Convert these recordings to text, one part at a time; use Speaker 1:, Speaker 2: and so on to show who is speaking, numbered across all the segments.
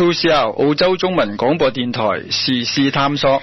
Speaker 1: To 澳洲中文廣播電台時事探索。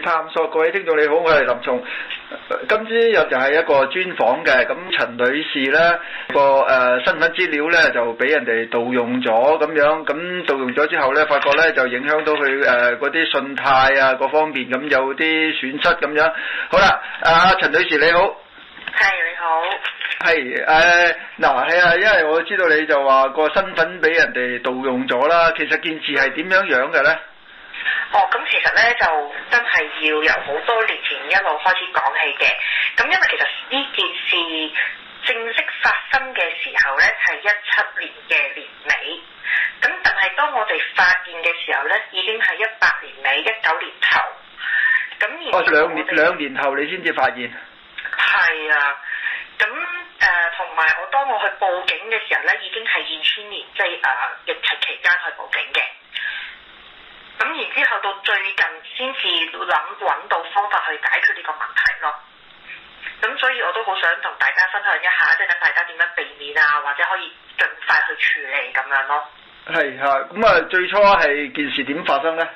Speaker 1: 探索各位聽眾你好，我係林松。今次又就係一個專訪嘅。咁陳女士呢個誒身份資料呢就俾人哋盜用咗咁樣。咁盜用咗之後呢，發覺呢就影響到佢誒嗰啲信貸啊各方面咁有啲損失咁樣。好啦，阿陳女士你好，係你好，係誒嗱係啊，因為我知道你就話個身份俾人哋盜用咗啦。其實件事係點樣樣嘅呢？
Speaker 2: 哦，咁其實咧就真係要由好多年前一路開始講起嘅。咁因為其實呢件事正式發生嘅時候咧係一七年嘅年尾，咁但係當我哋發現嘅時候咧已經係一八年尾一九年頭。咁而、哦、兩兩年兩
Speaker 1: 年後你先至發現。
Speaker 2: 係啊，咁誒同埋我當我去報警嘅時候咧，已經係二千年即係誒、啊、疫情期間去報警嘅。咁然之後到最近先至諗揾到方法去解決呢個問題咯。咁所以我都好想同大家分享一下，即係等大家點樣避免啊，或者可以盡快去處理咁樣咯。
Speaker 1: 係，咁啊最初係件事點發生咧？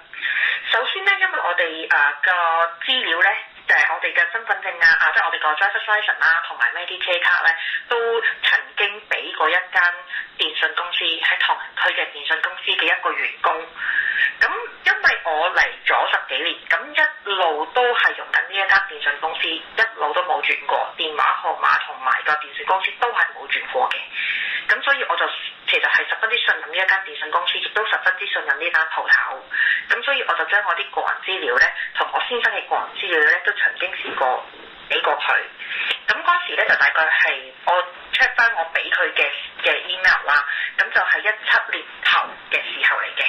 Speaker 2: 首先咧，因為我哋、呃個資料咧，誒、就係、我哋嘅身份證啊，啊即係、就係、我哋個 driver's licence 啦、啊，同埋 Medicare 卡咧，都曾經俾過一間。電信公司，喺唐人區嘅電信公司嘅一個員工，咁因為我嚟咗十幾年，咁一路都係用緊呢一間電信公司，一路都冇轉過電話號碼，同埋個電信公司都係冇轉過嘅，咁所以我就其實係十分之信任呢一間電信公司，亦都十分之信任呢間鋪頭，咁所以我就將我啲個人資料咧，同我先生嘅個人資料咧都曾經試過。俾過佢，咁嗰時咧就大概係我 check 翻我俾佢嘅嘅 email 啦，咁就係一七年頭嘅時候嚟嘅。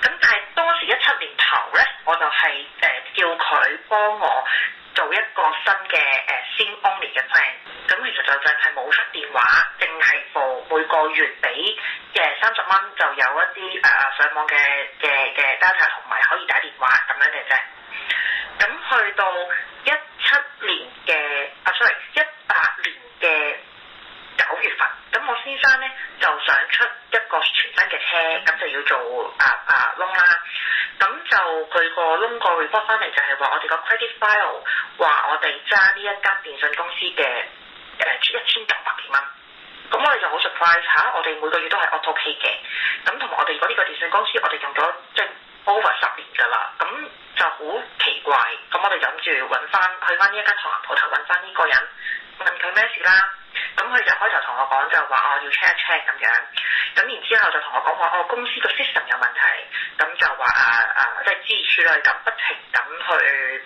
Speaker 2: 咁但係當時一七年頭咧，我就係誒叫佢幫我做一個新嘅誒 sim only 嘅 plan。咁其實就淨係冇出電話，淨係部每個月俾嘅三十蚊，就有一啲誒上網嘅嘅嘅 data 同埋可以打電話咁樣嘅啫。咁去到一年嘅、啊，sorry，一八年嘅九月份，咁我先生咧就想出一個全新嘅車，咁就要做啊啊窿啦。咁就佢、個窿、個 report 翻嚟就係話我哋個 credit file 話我哋揸呢一間電信公司嘅誒一千九百幾蚊，咁我哋就好 surprise 吓，我哋每個月都係 auto pay 嘅，咁同埋我哋如果呢個電信公司我哋用咗即係。就是 over 十年㗎啦，咁就好奇怪。咁我哋諗住揾翻去翻呢一間同行鋪頭，揾翻呢個人，問佢咩事啦。咁佢就開頭同我講就話我、哦、要 check 一 check 咁樣。咁然之後就同我講話，我、哦、公司個 system 有問題。咁就話即係支處咧，咁、啊啊就是、不停咁去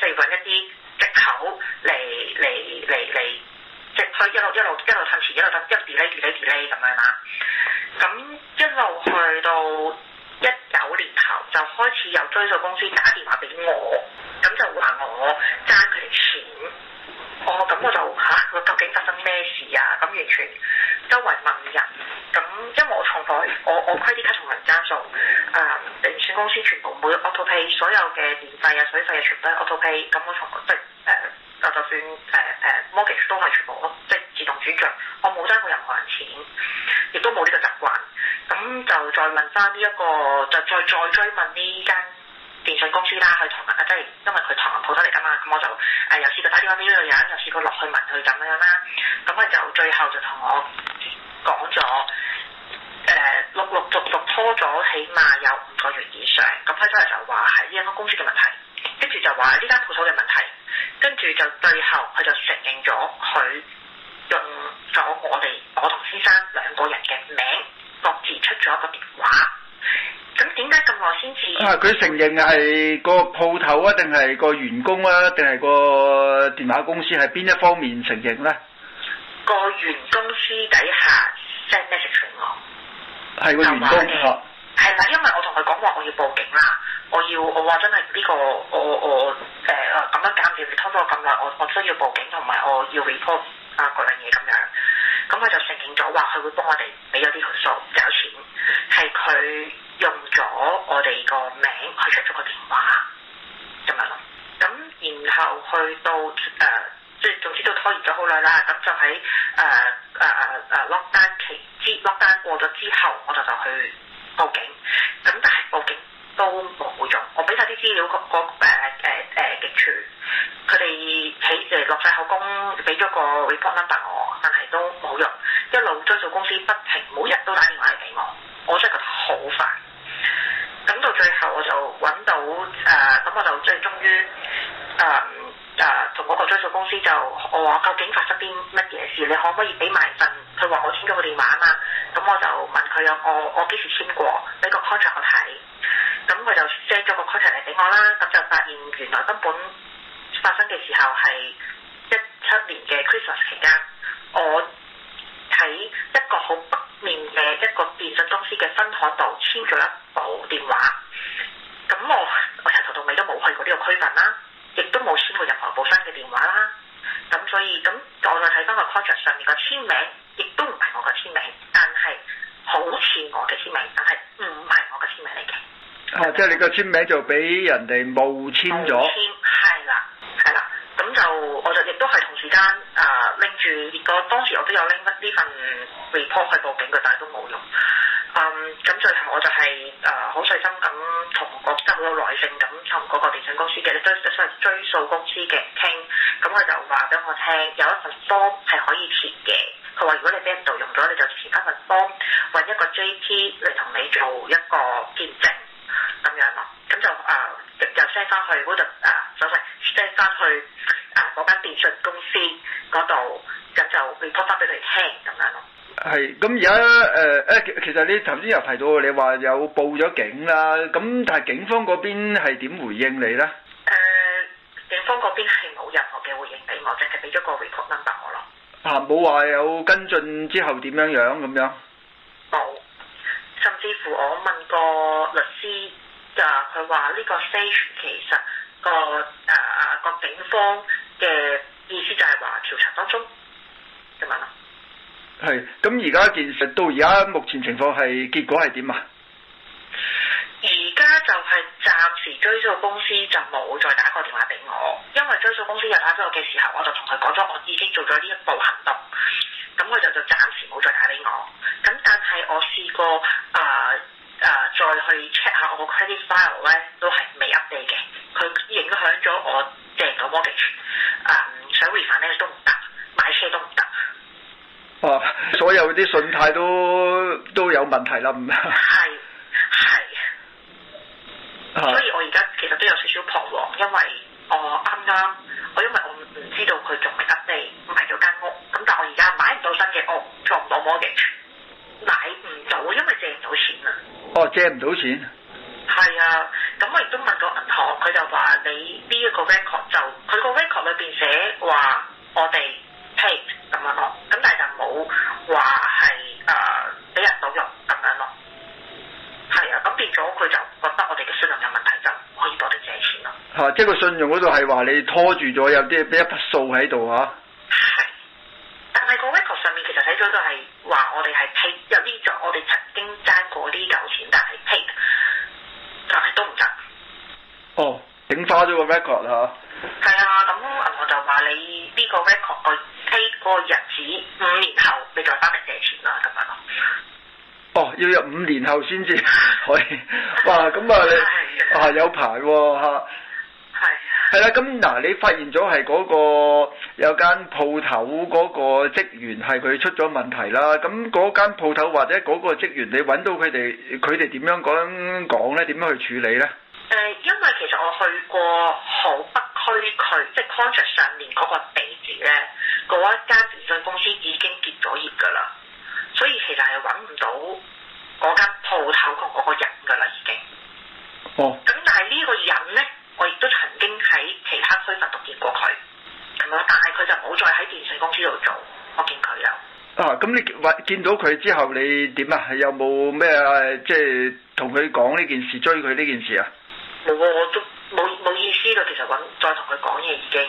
Speaker 2: 即係揾一啲藉口嚟嚟嚟嚟，直去、就是、一路一路一路褪遲一路一路 delay delay delay 咁樣啦。咁一路去到。一九年頭就開始有追數公司打電話俾我，咁就話我爭佢哋錢。哦，咁我就嚇、啊，究竟發生咩事啊？咁完全周圍問人，咁因為我從來我我規啲卡同人爭數，誒、呃、電訊公司全部每 auto pay 所有嘅年費啊，水費啊全部都係 auto pay，咁我從來即誒。呃就就算誒誒，mortgage 都係全部我即係自動轉帳，我冇爭過任何人錢，亦都冇呢個習慣。咁就再問翻呢一個，就再再追問呢間電信公司啦，去唐人，即係因為佢唐人鋪得嚟㗎嘛。咁我就誒又、呃、試過打電話俾呢個人，又試過落去問佢咁樣啦。咁佢就最後就同我講咗誒陸陸續續拖咗起碼有五個月以上。咁佢真係就話係呢間公司嘅問題。跟住就話呢間鋪頭嘅問題，跟住就最後佢就承認咗佢用咗我哋我同先生兩個人嘅名各自出咗個電話。咁點解咁耐先
Speaker 1: 至？啊！佢承認係個鋪頭啊，定係個員工啊，定係個電話公司係邊一方面承認咧？
Speaker 2: 個、啊啊、員工私底下 send message 畀
Speaker 1: 我，係個員工、啊係啦，因為我同佢講話我要報警啦，
Speaker 2: 我要我話真係呢個我我誒咁樣間你拖咗我咁耐，我、這個、我需、呃、要報警同埋我要 report 啊嗰樣嘢咁樣，咁、嗯、佢就承認咗話佢會幫我哋俾咗啲數，就搞錢，係佢用咗我哋個名去出咗個電話咁樣咯，咁然後去到誒即係總之都拖延咗好耐啦，咁就喺呃呃誒、啊啊啊、lock down 期之 lock down 過咗之後，我就就去。報警，咁但係報警都冇用，我俾晒啲資料、嗰個誒誒誒警署，佢哋起誒落晒口供，俾咗個 report number 我，但係都冇用，一路追訴公司不停，每日都打電話嚟俾我，我真係覺得好煩。咁到最後我就揾到誒，咁、呃、我就終終於誒誒同嗰個追訴公司就我話究竟發生啲乜嘢事，你可唔可以俾埋份佢話我簽咗個電話啊嘛？咁我就。佢有、嗯、我，我幾時簽過？俾個 contract 我睇，咁佢就 send 咗個 contract 嚟俾我啦。咁就發現原來根本發生嘅時候係一七年嘅 Christmas 期間，我喺一個好北面嘅一個電信公司嘅分行度簽咗一部電話。咁我我由頭到尾都冇去過呢個區份啦，亦都冇簽過任何部新嘅電話啦。咁所以咁我再睇翻個 contract 上面個簽名，亦都唔係我個簽名，好似我嘅簽名，但係唔係我嘅簽名嚟嘅。
Speaker 1: 哦、啊，嗯、即係你個簽名就俾人哋冒簽咗。冒
Speaker 2: 簽，係啦，係啦，咁就我就亦都係同時間啊拎住個，當時我都有拎呢份 report 去報警嘅，但係都冇用。嗯，咁最後我就係啊好細心咁同郭生好耐性咁同嗰個電信公司嘅追追追訴公司嘅傾，咁佢就話俾我聽有一份單係可以切嘅。佢話：如果你俾人盜用咗，你就遲返去幫搵一個 JP 嚟同你做一個見證咁樣咯。咁就誒又 send 翻去嗰度誒，唔係 send 翻去啊嗰間電訊公司嗰度，就就 report 翻俾佢哋聽咁樣咯。
Speaker 1: 係，咁而家誒誒，其實你頭先又提到你話有報咗警啦，咁但係警方嗰邊係點回應你咧？
Speaker 2: 誒，警方嗰邊係冇任何嘅回應俾我，淨係俾咗個 report number 我咯。
Speaker 1: 啊！冇話有跟進之後點樣樣咁樣，
Speaker 2: 冇、哦。甚至乎我問過個律師，就佢話呢個 stage 其實個,、啊、個警方嘅意思就係話調查當中咁樣
Speaker 1: 咯。係。咁而家件事到而家目前情況係結果係點啊？
Speaker 2: 而家就係暫時追數公司就冇再打過電話俾我，因為追數公司又打咗我嘅時候，我就同佢講咗我已經做咗呢一步行動，咁佢就就暫時冇再打俾我。咁但係我試過、呃呃、再去 check 下我嘅 credit file 咧，都係未 update 嘅。佢影響咗我訂嘅 mortgage 想 refund 呢，都唔得、呃，買車都唔得。哦、
Speaker 1: 啊，所有啲信貸都都有問題啦。係 係。是。嗯、所以我而家其實都有少少彷徨，因為我啱啱
Speaker 2: 我因為我唔知道佢仲未得地買咗間屋，咁但係我而家買唔到新嘅屋，做唔到 mortgage，買唔到，因為借唔到錢
Speaker 1: 啊！哦，借唔到錢？
Speaker 2: 係啊，咁我亦都問過銀行，佢就話你呢一個 record 就佢個 record 裏邊寫話我哋 paid 咁樣咯，咁但係就冇話係誒俾人盜用咁樣咯。係啊，咁變咗佢就覺得我哋嘅信用有問題，就可以幫你借錢
Speaker 1: 咯。吓、啊，即係個信用嗰度係話你拖住咗有啲一筆數喺度啊。係，
Speaker 2: 但係個 record 上面其實睇咗都係話我哋係 pay 有呢，就我哋曾經爭過啲舊錢，但係 pay，但係
Speaker 1: 都唔得。哦，整花咗個 record 啦吓。係啊，咁我就話你
Speaker 2: 呢個 record 我、uh, pay 個日子五年後你再返嚟借錢啦咁樣咯。
Speaker 1: 哦，要入五年後先至可以， 哇！咁啊， 的啊，啊，啊有排喎嚇，係係啦。咁嗱、啊，你發現咗係嗰個有間鋪頭嗰個職員係佢出咗問題啦。咁嗰間鋪頭或者嗰個職員，你揾到佢哋，佢哋點樣講呢？咧？點樣去處理咧、呃？因為其實我
Speaker 2: 去過河北區佢，即係 contract 上面嗰個地址咧，嗰一間電信公司已經結咗業㗎啦。所以其實又揾唔到嗰間鋪頭個嗰個人㗎啦，已經。
Speaker 1: 哦。咁
Speaker 2: 但係呢個人咧，我亦都曾經喺其他區域度見過佢，係咪？但係佢就冇再喺電視公司度做，我見佢又。
Speaker 1: 啊，咁你揾見到佢之後，你點啊？有冇咩即係同佢講呢件事、追佢呢件事啊？
Speaker 2: 冇喎、啊，我都冇冇意思啦。其實揾再同佢講嘢已經，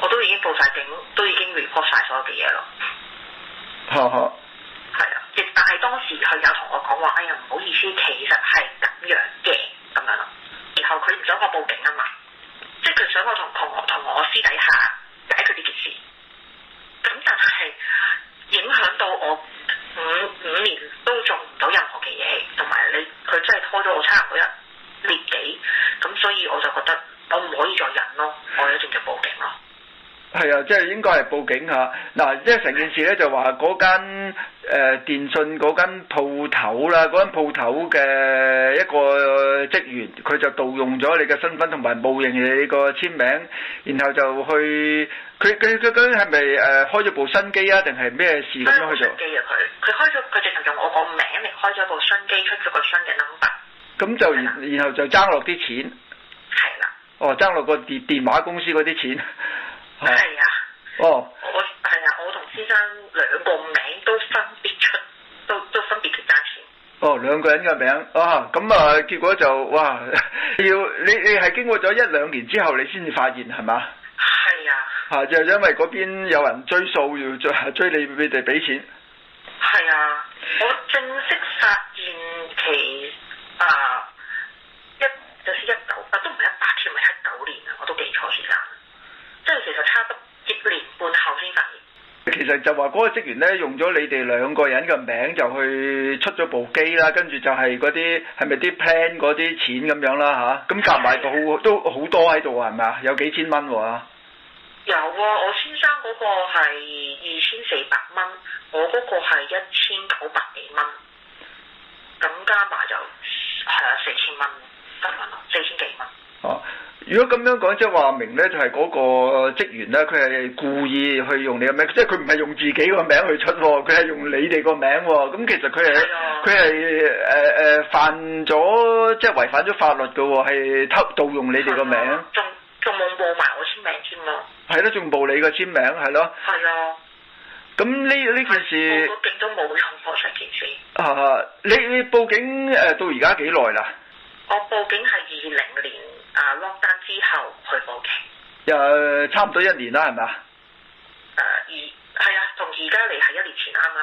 Speaker 2: 我都已經報晒警，都已經 report 曬所有嘅嘢咯。
Speaker 1: 嚇嚇。
Speaker 2: 但係當時佢有同我講話，哎呀唔好意思，其實係咁樣嘅咁樣啦。然後佢唔想我報警啊嘛，即係佢想我同同同我私底下解決呢件事。咁但係影響到我五五年都做唔到任何嘅嘢，同埋你佢真係拖咗我差唔多一年幾，咁所以我就覺得我唔可以再忍咯，我一定要報警咯。
Speaker 1: 係啊，即係應該係報警吓。嗱、啊，即係成件事咧，就話嗰間誒電信嗰間鋪頭啦，嗰間鋪頭嘅一個職員，佢就盜用咗你嘅身份同埋冒認你個簽名，然後就去佢佢佢佢究竟係咪誒開咗部新機啊？定係咩事咁樣去做？佢開新機啊！佢佢開咗佢直頭用
Speaker 2: 我個名嚟開咗部新機，出咗個新嘅 number。
Speaker 1: 咁就然然後就爭落啲錢。
Speaker 2: 係
Speaker 1: 啦。哦，爭落個電電話公司嗰啲錢。
Speaker 2: 係啊！是啊哦，我係啊！我同先生兩個名都分別出，都都
Speaker 1: 分別其他錢。哦，兩個人嘅名，哦、啊，咁啊，啊，結果就哇，要你你係經過咗一兩年之後，你先至發現係咪？係啊！啊，就因為嗰邊有人追數，要追追你，你哋俾錢。係啊，我正式發現其
Speaker 2: 啊，一就是一九，啊，都唔係一八年，係一九年啊，我都記錯先生。即係其實差不多一年
Speaker 1: 半後先發現，其實就話嗰個職員咧用咗你哋兩個人嘅名就去出咗部機啦，跟住就係嗰啲係咪啲 plan 嗰啲錢咁樣啦吓，咁夾埋都都好多喺度啊，係咪啊？有幾千蚊喎，啊。有啊，我先生嗰個係二千四百蚊，我嗰個係一千
Speaker 2: 九百幾蚊，咁加埋就係啊四千蚊，得啦，四千幾蚊。
Speaker 1: 哦、啊，如果咁樣講，即係話明咧，就係、是、嗰個職員咧，佢係故意去用你個名，即係佢唔係用自己個名去出，佢係用你哋個名。咁其實佢係佢係誒誒犯咗，即係違反咗法律噶，係偷盜用你哋個名。仲
Speaker 2: 仲冇報埋我簽
Speaker 1: 名添咯？係咯，仲報你個簽名係咯？係咯，
Speaker 2: 咁
Speaker 1: 呢呢件事？我報警都冇重我上
Speaker 2: 件事，
Speaker 1: 啊，你你報警誒、呃、到而家幾耐啦？我
Speaker 2: 報警係二零年。啊落單之後去
Speaker 1: 報警，又差唔多一年啦，係咪？誒、啊，
Speaker 2: 而係啊，同而家嚟係一年前啱啱。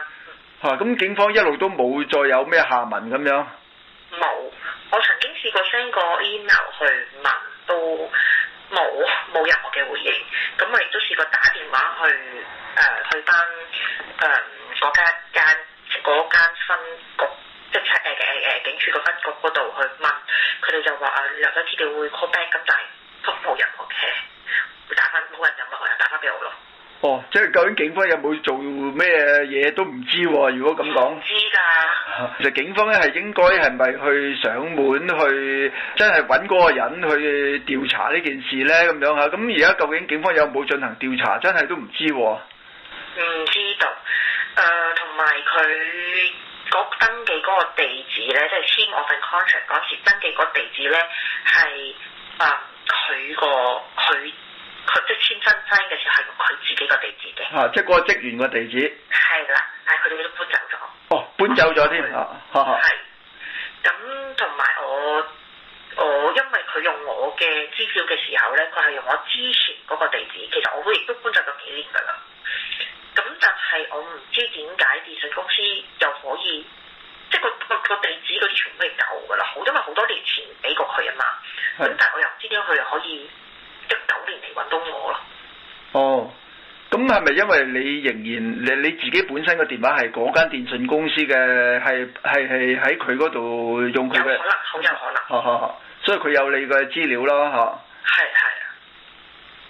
Speaker 1: 吓、啊，咁、啊、警方一路都冇再有咩下文咁樣。
Speaker 2: 冇，我曾經試過 send 個 email 去問，都冇冇任何嘅回應。咁我亦都試過打電話去誒、呃、去返誒嗰間間間分局。警署個分局嗰
Speaker 1: 度去問，佢哋就話啊，留咗資料會 call back，咁但係都冇任何嘅，打翻冇人任何人打翻俾我咯。哦，即係究竟警方有冇做
Speaker 2: 咩嘢都唔知喎、哦。如果咁講，知
Speaker 1: 㗎。其實警方咧係應該係咪去上門去，真係揾嗰個人去調查呢件事咧咁樣吓？咁而家究竟警方有冇進行調查，真係都唔知喎、
Speaker 2: 哦。唔知道，誒同埋佢。嗰登記嗰個地址咧，即係簽我份 contract 嗰時登記嗰地址咧，係啊，佢個佢佢即係簽新單嘅時候用佢自己個地址嘅。
Speaker 1: 呃、址啊，即係個職員個地址。
Speaker 2: 係啦，但係佢哋都搬走咗。
Speaker 1: 哦，搬走咗添的啊！
Speaker 2: 咁同埋我我因為佢用我嘅資料嘅時候咧，佢係用我之前嗰個地址，其實我亦都搬走咗幾年㗎啦。咁但係我唔知點解電信公司又可以，即係個個個地址
Speaker 1: 啲全部
Speaker 2: 都係舊㗎啦，好因為好多年前俾過
Speaker 1: 佢啊嘛。咁是但係我又唔知點解佢又可以一九年嚟揾到我啦。哦，咁係咪因為你仍然你你自己本身個電話係嗰間電信公司嘅，係係係喺佢嗰度用佢嘅？有可
Speaker 2: 能，好有可能。可能
Speaker 1: 所以佢有你嘅資料咯，吓，
Speaker 2: 係係啊，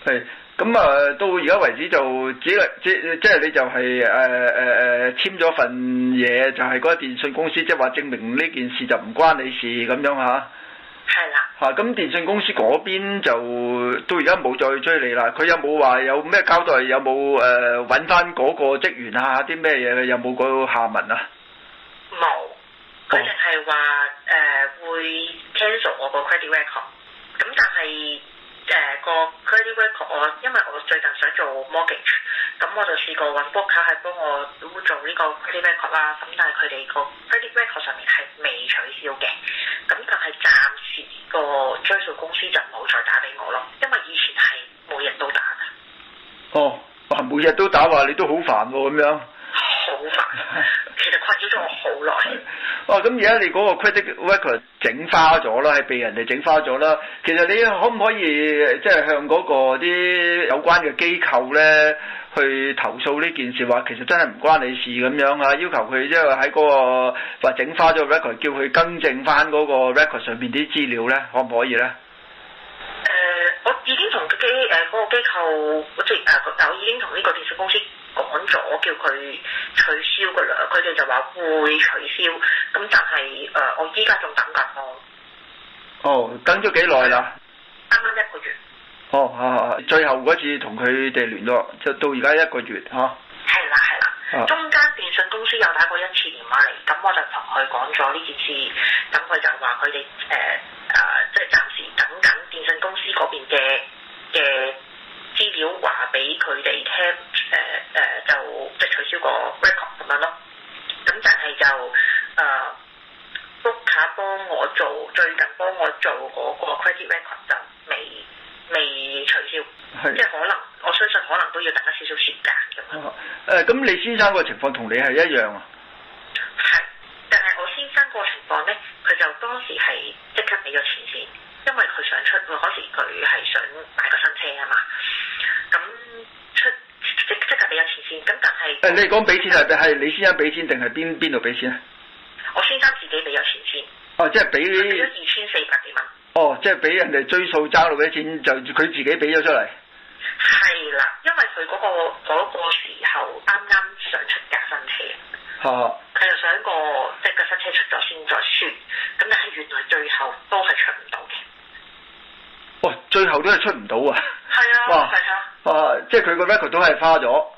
Speaker 1: 係。咁啊、嗯，到而家為止就只係即即係你就係誒誒誒簽咗份嘢，就係、是、嗰個電信公司，即係話證明呢件事就唔關你事咁樣嚇。係、啊、啦。嚇的，咁、嗯、電信公司嗰邊就到而家冇再追你啦。佢有冇話有咩交代？有冇誒搵返嗰個職員啊？啲咩嘢？有冇個下文啊？冇。佢
Speaker 2: 淨係話誒會 cancel 我個 credit record。咁但係。誒個、uh, credit record，我因為我最近想做 mortgage，咁我就試過揾 broker 係幫我做呢個 credit record 啦。咁但係佢哋個 credit record 上面係未取消嘅，咁但係暫時個追數公司就冇再打俾我咯。因為以前係每日都打
Speaker 1: 噶。哦，每日都打話，你都好煩喎咁樣。好煩，其實困擾咗我好耐。哇，咁而家你嗰個 credit record 整花咗啦，係被人哋整花咗啦。其實你可唔可以即係、就是、向嗰、那個啲有關嘅機構咧，去投訴呢件事，話其實真係唔關你事咁樣啊？要求佢即係喺嗰個話整花咗 record，叫佢更正返嗰個 record 上面啲資料咧，可唔可以咧？誒、呃，我已經同機誒嗰個機構，即係我已經同
Speaker 2: 呢個電視公司。講咗叫佢取消噶啦，佢哋就話會取消，咁但係誒、呃、我依家仲等緊我。
Speaker 1: 哦，等咗幾耐啦？
Speaker 2: 啱啱一個月。
Speaker 1: 哦、啊，最後嗰次同佢哋聯絡，就到而家一個月嚇。
Speaker 2: 係啦係啦，是是啊、中間電信公司又打過一次電話嚟，咁我就同佢講咗呢件事。咁佢就話佢哋誒誒即係暫時等緊電信公司嗰邊嘅嘅資料話俾佢哋聽。做嗰個 credit record 就未未取消，是即係可能我相信可能都要等一少少時間
Speaker 1: 咁。誒、啊，咁李先生個情況同你係一樣啊？
Speaker 2: 係，但係我先生個情況咧，佢就當時係即刻俾咗錢先，因為佢想出，嗰時佢係想買個新車啊嘛。咁出即即刻俾咗錢先，咁但係誒、啊，你講俾錢係
Speaker 1: 係李先生俾錢定係邊邊度俾錢啊？
Speaker 2: 我先生自己俾咗錢先。哦、啊，
Speaker 1: 即係俾。即係俾人哋追數揸到幾多錢，就佢自己俾咗出嚟。
Speaker 2: 係啦，因為佢嗰個嗰個時候
Speaker 1: 啱啱想出架新車。哦、啊。
Speaker 2: 佢就想過即係架新車出咗先再算，咁但係原來最後都係出
Speaker 1: 唔到嘅。哇、哦！最後都係出唔到啊！
Speaker 2: 係啊！哇！
Speaker 1: 哇！即係佢個 record 都係花咗。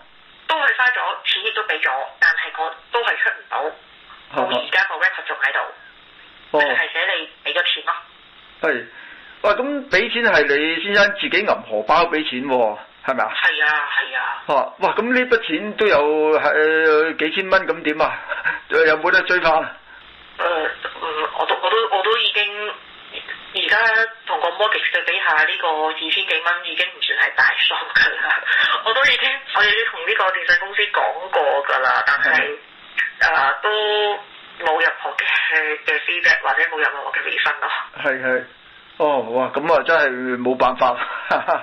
Speaker 1: 俾錢係你先生自己銀荷包俾錢，係咪啊？
Speaker 2: 係啊，係啊。
Speaker 1: 哦、啊，哇！咁呢筆錢都有係、呃、幾千蚊，咁點啊？有冇得追翻、呃。我都我都我都已經
Speaker 3: 而家同個 mortgage 對比下呢個二千幾蚊已經唔算係大數噶
Speaker 2: 啦。我都已經現在跟個比我已經同呢個電信公司講過噶啦，但係誒、啊呃、都冇入何任何嘅嘅 feedback 或者冇任何嘅
Speaker 1: 微信咯。係係。好啊，咁啊真係冇辦法，哈哈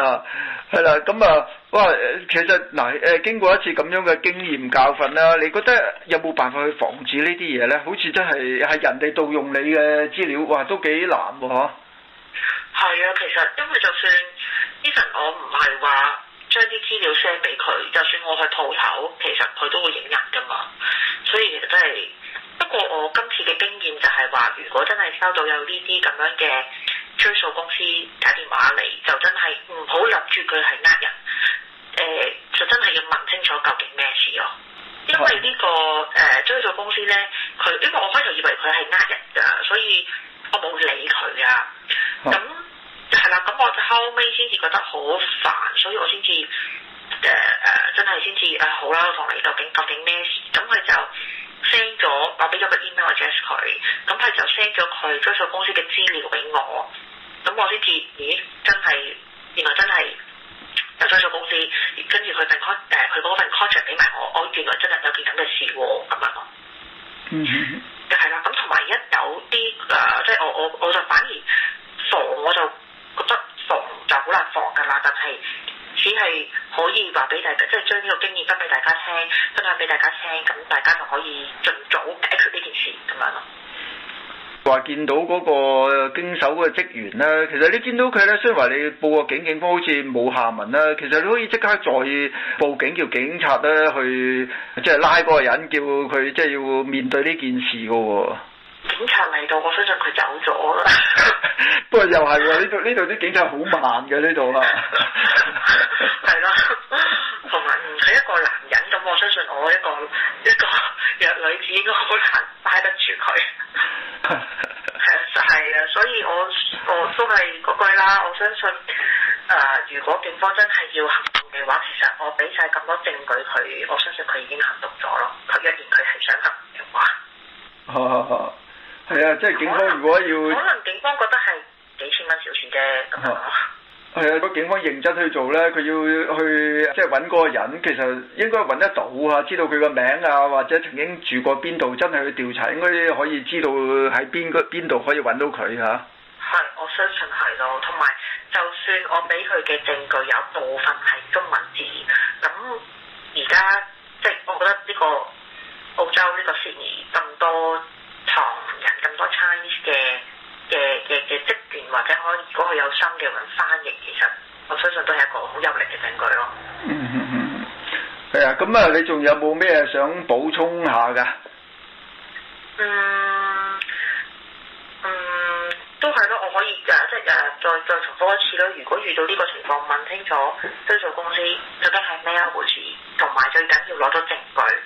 Speaker 1: 啊係啦，咁啊，係啊、嗯、哇，其實嗱誒、啊、經過一次咁樣嘅經驗教訓啦，你覺得有冇辦法去防止呢啲嘢咧？好似真係係人哋盜用你嘅資料，哇都幾難喎。
Speaker 2: 係啊，啊，其實因為就算 Evan 我唔係話將啲資料 send 俾佢，就算我去鋪頭，其實佢都會影人㗎嘛，所以其實真係。不過我今次嘅經驗就係話，如果真係收到有呢啲咁樣嘅追數公司打電話嚟，就真係唔好諗住佢係呃人，誒、呃，就真係要問清楚究竟咩事咯。因為呢個誒、呃、追數公司咧，佢因為我開頭以為佢係呃人㗎，所以我冇理佢啊。咁係啦，咁我後尾先至覺得好煩，所以我先至誒誒，真係先至誒好啦，同你究竟究竟咩事？咁、嗯、佢就。send 咗我俾咗個 email address 佢，咁佢就 send 咗佢追售公司嘅資料俾我，咁我先至咦，真係，原來真係有追售公司，跟住佢份 con 佢份 contract 俾埋我，我原來真係有件咁嘅事喎，咁樣囉，嗯哼，係啦，咁同埋一有啲誒，即係我我我就反而防我就覺得防就好難防㗎啦，但係。只係可以話俾大家，即係將呢個經驗分俾大家
Speaker 1: 聽，分享俾大家聽，咁大家就可以盡早解決呢件事咁樣咯。話見到嗰個經手嘅職員咧，其實你見到佢咧，雖然話你報個警，警方好似冇下文啦，其實你可以即刻再報警，叫警察咧去即係拉嗰個人，叫佢即係要面對呢件事噶喎。
Speaker 2: 警察嚟到，我相信佢走咗
Speaker 1: 啦。 不過又係喎，呢度呢度啲警察好慢嘅呢度啦。
Speaker 2: 係咯，同埋唔係一個男人，咁我相信我一個一個弱女子應該好難拉得住佢。係啊， 所以我我都係嗰句啦。我相信，誒、呃，如果警方真係要行動嘅話，其實我俾晒咁多證據佢，我相信佢已經行動咗咯。佢若然佢係想行嘅話，好好
Speaker 1: 好，係啊，即係警方如果要。可能。可能警方認真去做呢，佢要去即係揾嗰個人。其實應該揾得到啊，知道佢個名啊，或者曾經住過邊度，真係去調查，應該可以知道喺邊個邊度可以揾到佢嚇。
Speaker 2: 係，我相信係咯。同埋就算我俾佢嘅證據有部分係中文字，咁而家即係我覺得呢個澳洲呢個先或者可以如果佢有心嘅人翻譯，其實我相信都係一個好有
Speaker 1: 力嘅證據咯，嗯。嗯嗯嗯，係啊，咁啊，你仲有冇咩想補充下噶？嗯嗯，
Speaker 2: 都係咯，我可以噶，即係日再再重複一次咯。如果遇到呢個情況，問清楚追數公司到底係咩一回事，同埋最緊要攞到證據。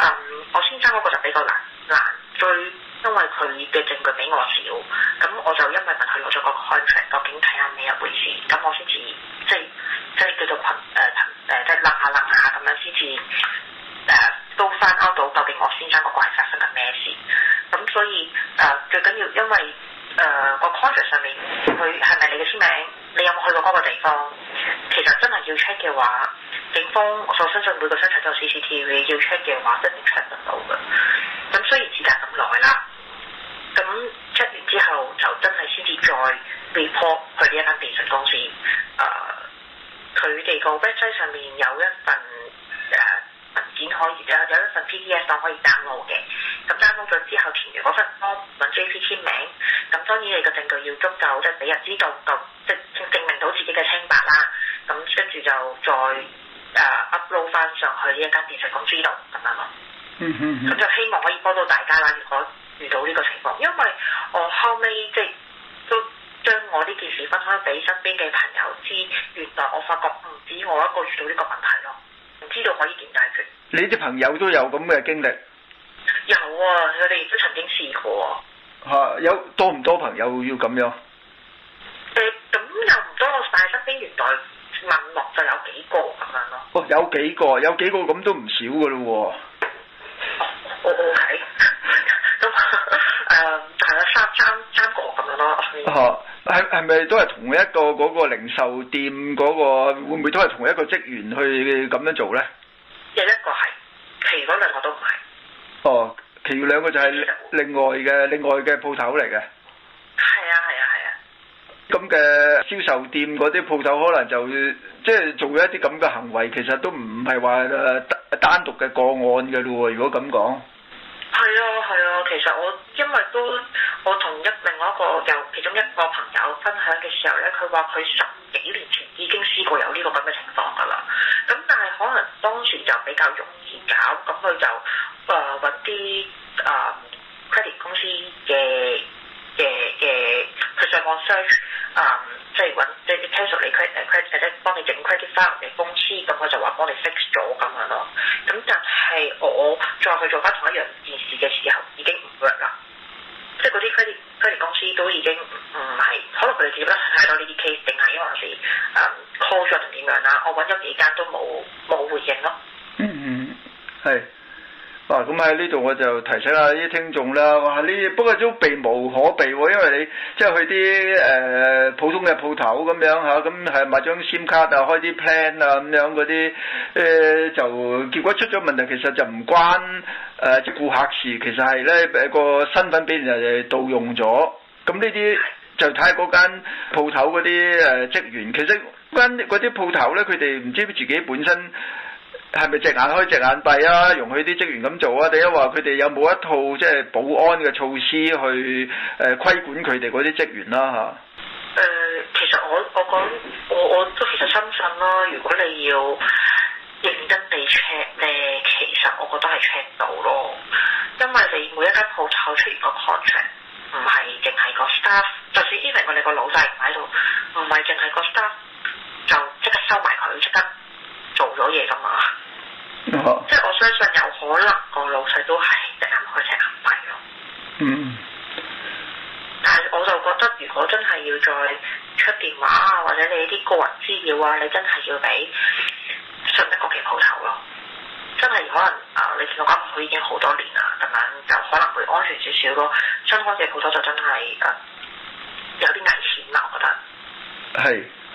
Speaker 2: 嗯，我先生嗰個就比較難難最。因為佢嘅證據比我少，咁我就因為問佢攞咗個 contract，究竟睇下咩一回事，咁我，呃呃、我先至即係即係叫做困誒困誒，即係諗下諗下咁樣先至誒都翻交到，究竟我先生嗰個係發生緊咩事？咁所以誒、呃、最緊要因為誒個 contract 上面佢係咪你嘅簽名？你有冇去過嗰個地方？其實真係要 check 嘅話，警方我相信每個商場都有 CCTV，要 check 嘅話，一定 check 得到嘅。咁雖然事隔咁耐啦。咁出完之後就真係先至再 report 去呢一間電信公司，誒、呃，佢哋個 website 上面有一份、啊、文件可以，有一份 PDF 檔可以 download 嘅。咁 download 咗之後填完嗰份 form 畀 J P 簽名，咁當然你個證據要足夠，即係俾人知道，就即係證明到自己嘅清白啦。咁跟住就再 upload 翻、啊、上去呢一間電信公司度，明白嗎？嗯嗯，咁就希望可以幫到大家啦，如果遇到呢個情況，因為我後尾即係都將我呢件事分開俾身邊嘅朋友知，原來我發覺唔止我一個遇到呢個問題咯，唔知道可以點解決。
Speaker 1: 你啲朋友都有咁嘅經歷？
Speaker 2: 有啊，佢哋都曾經試過
Speaker 1: 啊。啊有多唔多朋友要咁樣？誒、嗯，
Speaker 2: 咁、嗯、又唔多，但係身邊原來問落就有幾個咁
Speaker 1: 樣咯、啊。哦，有幾個，有幾個咁都唔少噶嘞喎。我我睇。哦 okay 誒，係啊、 嗯，三三三個咁樣咯。哦，係係咪都係同一個嗰、那個零售店嗰、那個，會唔會都係同一個職員去咁樣做咧？
Speaker 2: 有
Speaker 1: 一個係，其餘兩個都唔係。哦，其餘兩個就係另外嘅另外嘅鋪頭嚟嘅。係啊，係啊，係啊。咁嘅銷售店嗰啲鋪頭，可能就即係、就是、做咗一啲咁嘅行為，其實都唔係話單單獨嘅個案嘅咯喎。如果咁講。
Speaker 2: 係啊，係啊，其實我因為都我同一另外一個由其中一個朋友分享嘅時候咧，佢話佢十幾年前已經試過有呢、這個咁嘅情況㗎啦。咁但係可能當時就比較容易搞，咁佢就誒揾啲誒 credit 公司嘅嘅嘅去上網商。啊、um，即係搵即係啲 cashier 嚟 credit credit 幫你整 credit 翻嚟嘅公司，咁我就話幫你 fix 咗咁樣咯。咁但係我再去做翻同一樣件事嘅時候，已經唔 work 啦。即係嗰啲 credit 公司都已經唔唔係，可能佢哋接得太多呢啲 case，定係因為啲啊 call 咗定點樣啦？我揾咗幾間都冇冇回應咯。嗯嗯，係、
Speaker 1: 嗯。係啊，咁喺呢度我就提醒下啲聽眾啦。哇，呢不過都避無可避喎，因為你即係、就是、去啲誒、呃、普通嘅鋪頭咁樣嚇，咁係買張 SIM 卡啊、卡開啲 plan 啊咁樣嗰啲、呃，就結果出咗問題，其實就唔關誒啲顧客事，其實係呢個身份俾人誒盜用咗。咁呢啲就睇下嗰間鋪頭嗰啲職員，其實嗰間嗰啲鋪頭呢，佢哋唔知自己本身。係咪隻眼開隻眼閉啊？容許啲職員咁做啊？定係話佢哋有冇一套即係、就是、保安嘅措施去誒、呃、規管佢哋嗰啲職員啦、啊？嚇誒、呃，其實我我講我我都其實深信啦。如
Speaker 2: 果你要認真地 check 咧，其實我覺得係 check 到咯，因為你每一間鋪頭出現一個 contract，唔係淨係個 staff，就算 even 我哋個老細唔喺度，唔係淨係個 staff，就即刻收埋佢，即刻。做咗嘢噶嘛？啊、即係我相信有可能個老細都係一眼開一眼閉咯。嗯，但係我就覺得如果真係要再出電話啊，或者你啲個人資料啊，你真係要俾信得過嘅鋪頭咯。真係可能啊、呃，你見到間鋪已經好多年啦，咁樣就可能會安全少少咯。新開嘅鋪頭就真係誒、呃、有啲危
Speaker 1: 險啦，我覺得。係。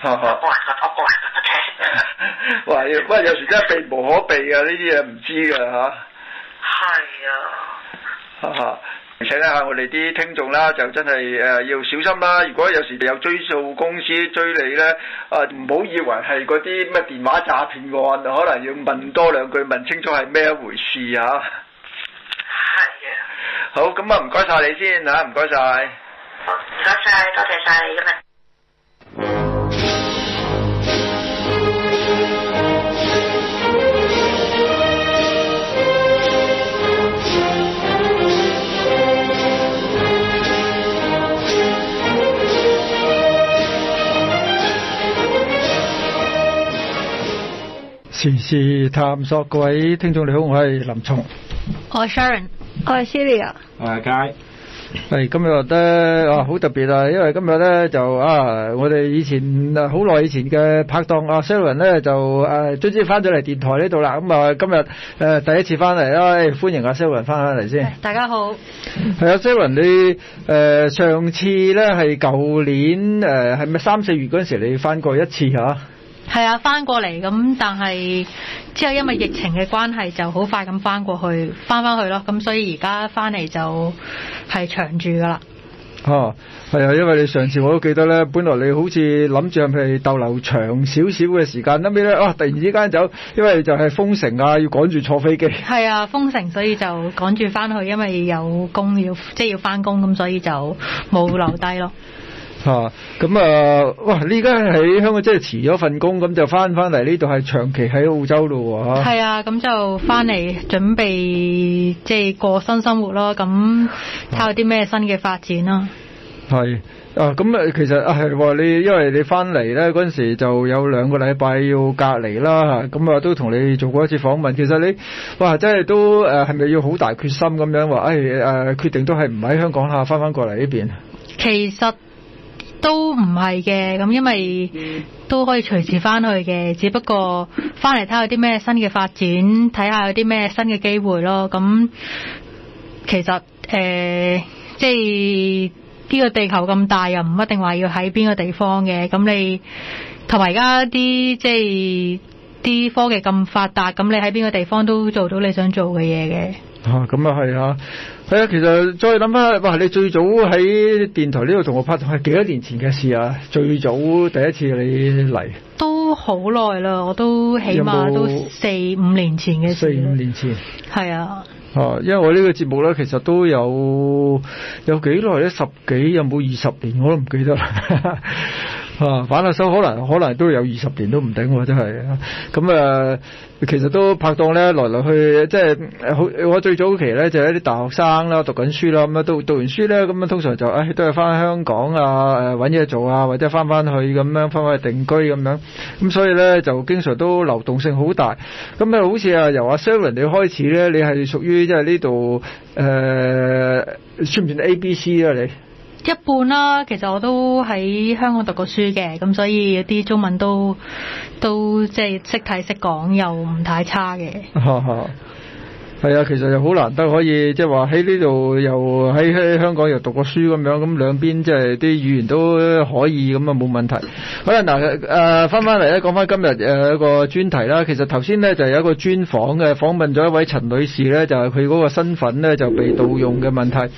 Speaker 1: 我幫人個，我幫人個都聽，話要，不過有時真係避無可避㗎呢啲嘢，唔知㗎吓。係啊。
Speaker 2: 哈
Speaker 1: 哈，而且咧嚇，我哋啲聽眾啦，就真係誒要小心啦。如果有時有追數公司追你咧，啊唔好以為係嗰啲咩電話詐騙案，可能要問多兩句，問清楚係咩一回事啊。係啊。好，咁啊唔該晒你先吓，唔該晒。唔該晒，多
Speaker 2: 謝
Speaker 1: 晒你今日。時事探索，各位聽眾你好，我係林松。
Speaker 4: 我係 Sharon，我係是 Siri 啊，
Speaker 1: 我係佳。我是係今日咧啊，好特別啊！因為今日咧就啊，我哋以前好耐以前嘅拍檔 Sullivan 呢就啊 Sullivan 咧就誒終於翻咗嚟電台呢度啦。咁、嗯、啊，今日誒、呃、第一次翻嚟啊，歡迎阿 Sullivan 翻翻嚟先。大家好，係啊 Sullivan 你誒、呃、上次咧係舊年誒係咪三四月嗰陣時你翻過一次嚇、啊？
Speaker 4: 係啊，翻過嚟咁，但係之後因為疫情嘅關係，就好快咁翻過去，翻翻去咯。咁所以而家翻嚟就係長住噶啦。
Speaker 1: 哦、啊，係啊，因為你上次我都記得咧，本來你好似諗住係逗留長少少嘅時間，後尾咧，哇，突然之間走，因為就係封城啊，要趕住坐飛機。
Speaker 4: 係啊，封城，所以就趕住翻去，因為有工要，即係要翻工，咁所以就冇留低咯。
Speaker 1: 啊！咁啊，哇！你而家喺香港即係辭咗份工，咁就翻翻嚟呢度，係長期喺澳洲咯。
Speaker 4: 係啊，咁就翻嚟準備即係、就是、過新生活咯。咁睇下啲咩新嘅發展咯。
Speaker 1: 係啊，咁啊，其實啊，你因為你翻嚟咧嗰陣時就有兩個禮拜要隔離啦。咁啊，都同你做過一次訪問。其實你哇，真係都係咪要好大決心咁樣話？誒、哎啊、決定都係唔喺香港下翻翻過嚟呢邊。
Speaker 4: 其實。都唔係嘅，咁因為都可以隨時翻去嘅，只不過翻嚟睇下有啲咩新嘅發展，睇下有啲咩新嘅機會咯。咁其實誒即係呢個地球咁大，又唔一定話要喺邊個地方嘅。咁你同埋而家啲即係啲科技咁發達，咁你喺邊個地方都做到你想做嘅嘢嘅。
Speaker 1: 咁又係啊！其實再諗翻，哇！你最早喺電台呢度同我拍係幾多年前嘅事啊！最早第一次你嚟
Speaker 4: 都好耐啦，我都起碼都四五年前嘅事。四
Speaker 1: 五年前，係啊！啊，因為我呢個節目咧，其實都有有幾耐咧，十幾有冇二十年我都唔記得啦。 啊，反落手可能可能都有二十年都唔頂喎、啊，真係。咁、啊、其實都拍檔咧，來來去即係好。我最早期咧就係、是、啲大學生啦，讀緊書啦，咁樣都讀完書咧，咁樣通常就誒、哎、都係翻香港啊，搵嘢做啊，或者翻翻去咁樣翻翻去定居咁樣。咁所以咧就經常都流動性好大。咁咧好似啊，由阿 Sir 你開始咧，你係屬於即係呢度誒算唔算 ABC 啊？你？
Speaker 4: 一半啦、啊，其實我都喺香港讀過書嘅，咁所以有啲中文都都即係識睇識講又唔太差嘅。
Speaker 1: 係啊，其實又好難得可以即係話喺呢度又喺香港又讀過書咁樣，咁兩邊即係啲語言都可以咁啊，冇問題。好啦，嗱誒，翻翻嚟咧，講翻今日誒一個專題啦。其實頭先咧就有一個專訪嘅訪問咗一位陳女士咧，就係佢嗰個身份咧就被盜用嘅問題。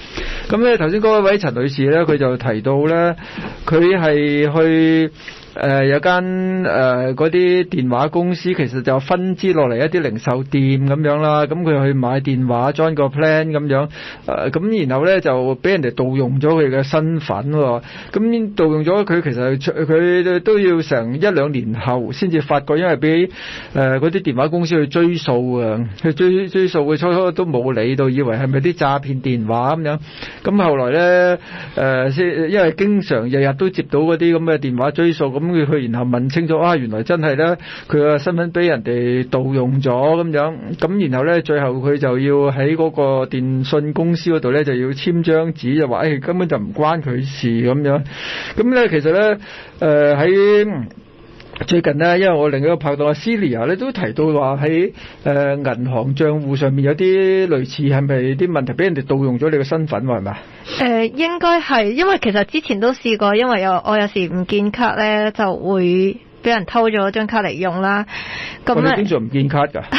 Speaker 1: 咁咧頭先嗰一位陳女士咧，佢就提到咧，佢係去。誒、呃、有間誒嗰啲電話公司，其實就分支落嚟一啲零售店咁樣啦，咁佢去買電話 join 個 plan 咁樣，誒、呃、咁然後咧就俾人哋盜用咗佢嘅身份喎、哦，咁、嗯、盜用咗佢，其實佢都都要成一兩年後先至發覺，因為俾誒嗰啲電話公司去追訴啊，去追追訴佢，初初都冇理到，以為係咪啲詐騙電話咁樣，咁、嗯、後來咧誒先因為經常日日都接到嗰啲咁嘅電話追訴咁佢然後問清楚，啊，原來真係咧，佢個身份俾人哋盜用咗咁樣，咁然後咧最後佢就要喺嗰個電信公司嗰度咧就要簽張紙，就話誒根本就唔關佢事咁樣，咁咧其實咧誒喺。呃最近呢，因為我另一個拍檔阿 Silia 咧都提到話喺誒銀行帳戶上面有啲類似係咪啲問題，俾人哋盜用咗你嘅身份喎，係咪啊？
Speaker 3: 誒、呃，應該係，因為其實之前都試過，因為有我有時唔見卡咧，就會俾人偷咗張卡嚟用啦。咁啊、嗯，我們經
Speaker 1: 常唔見卡㗎？誒、嗯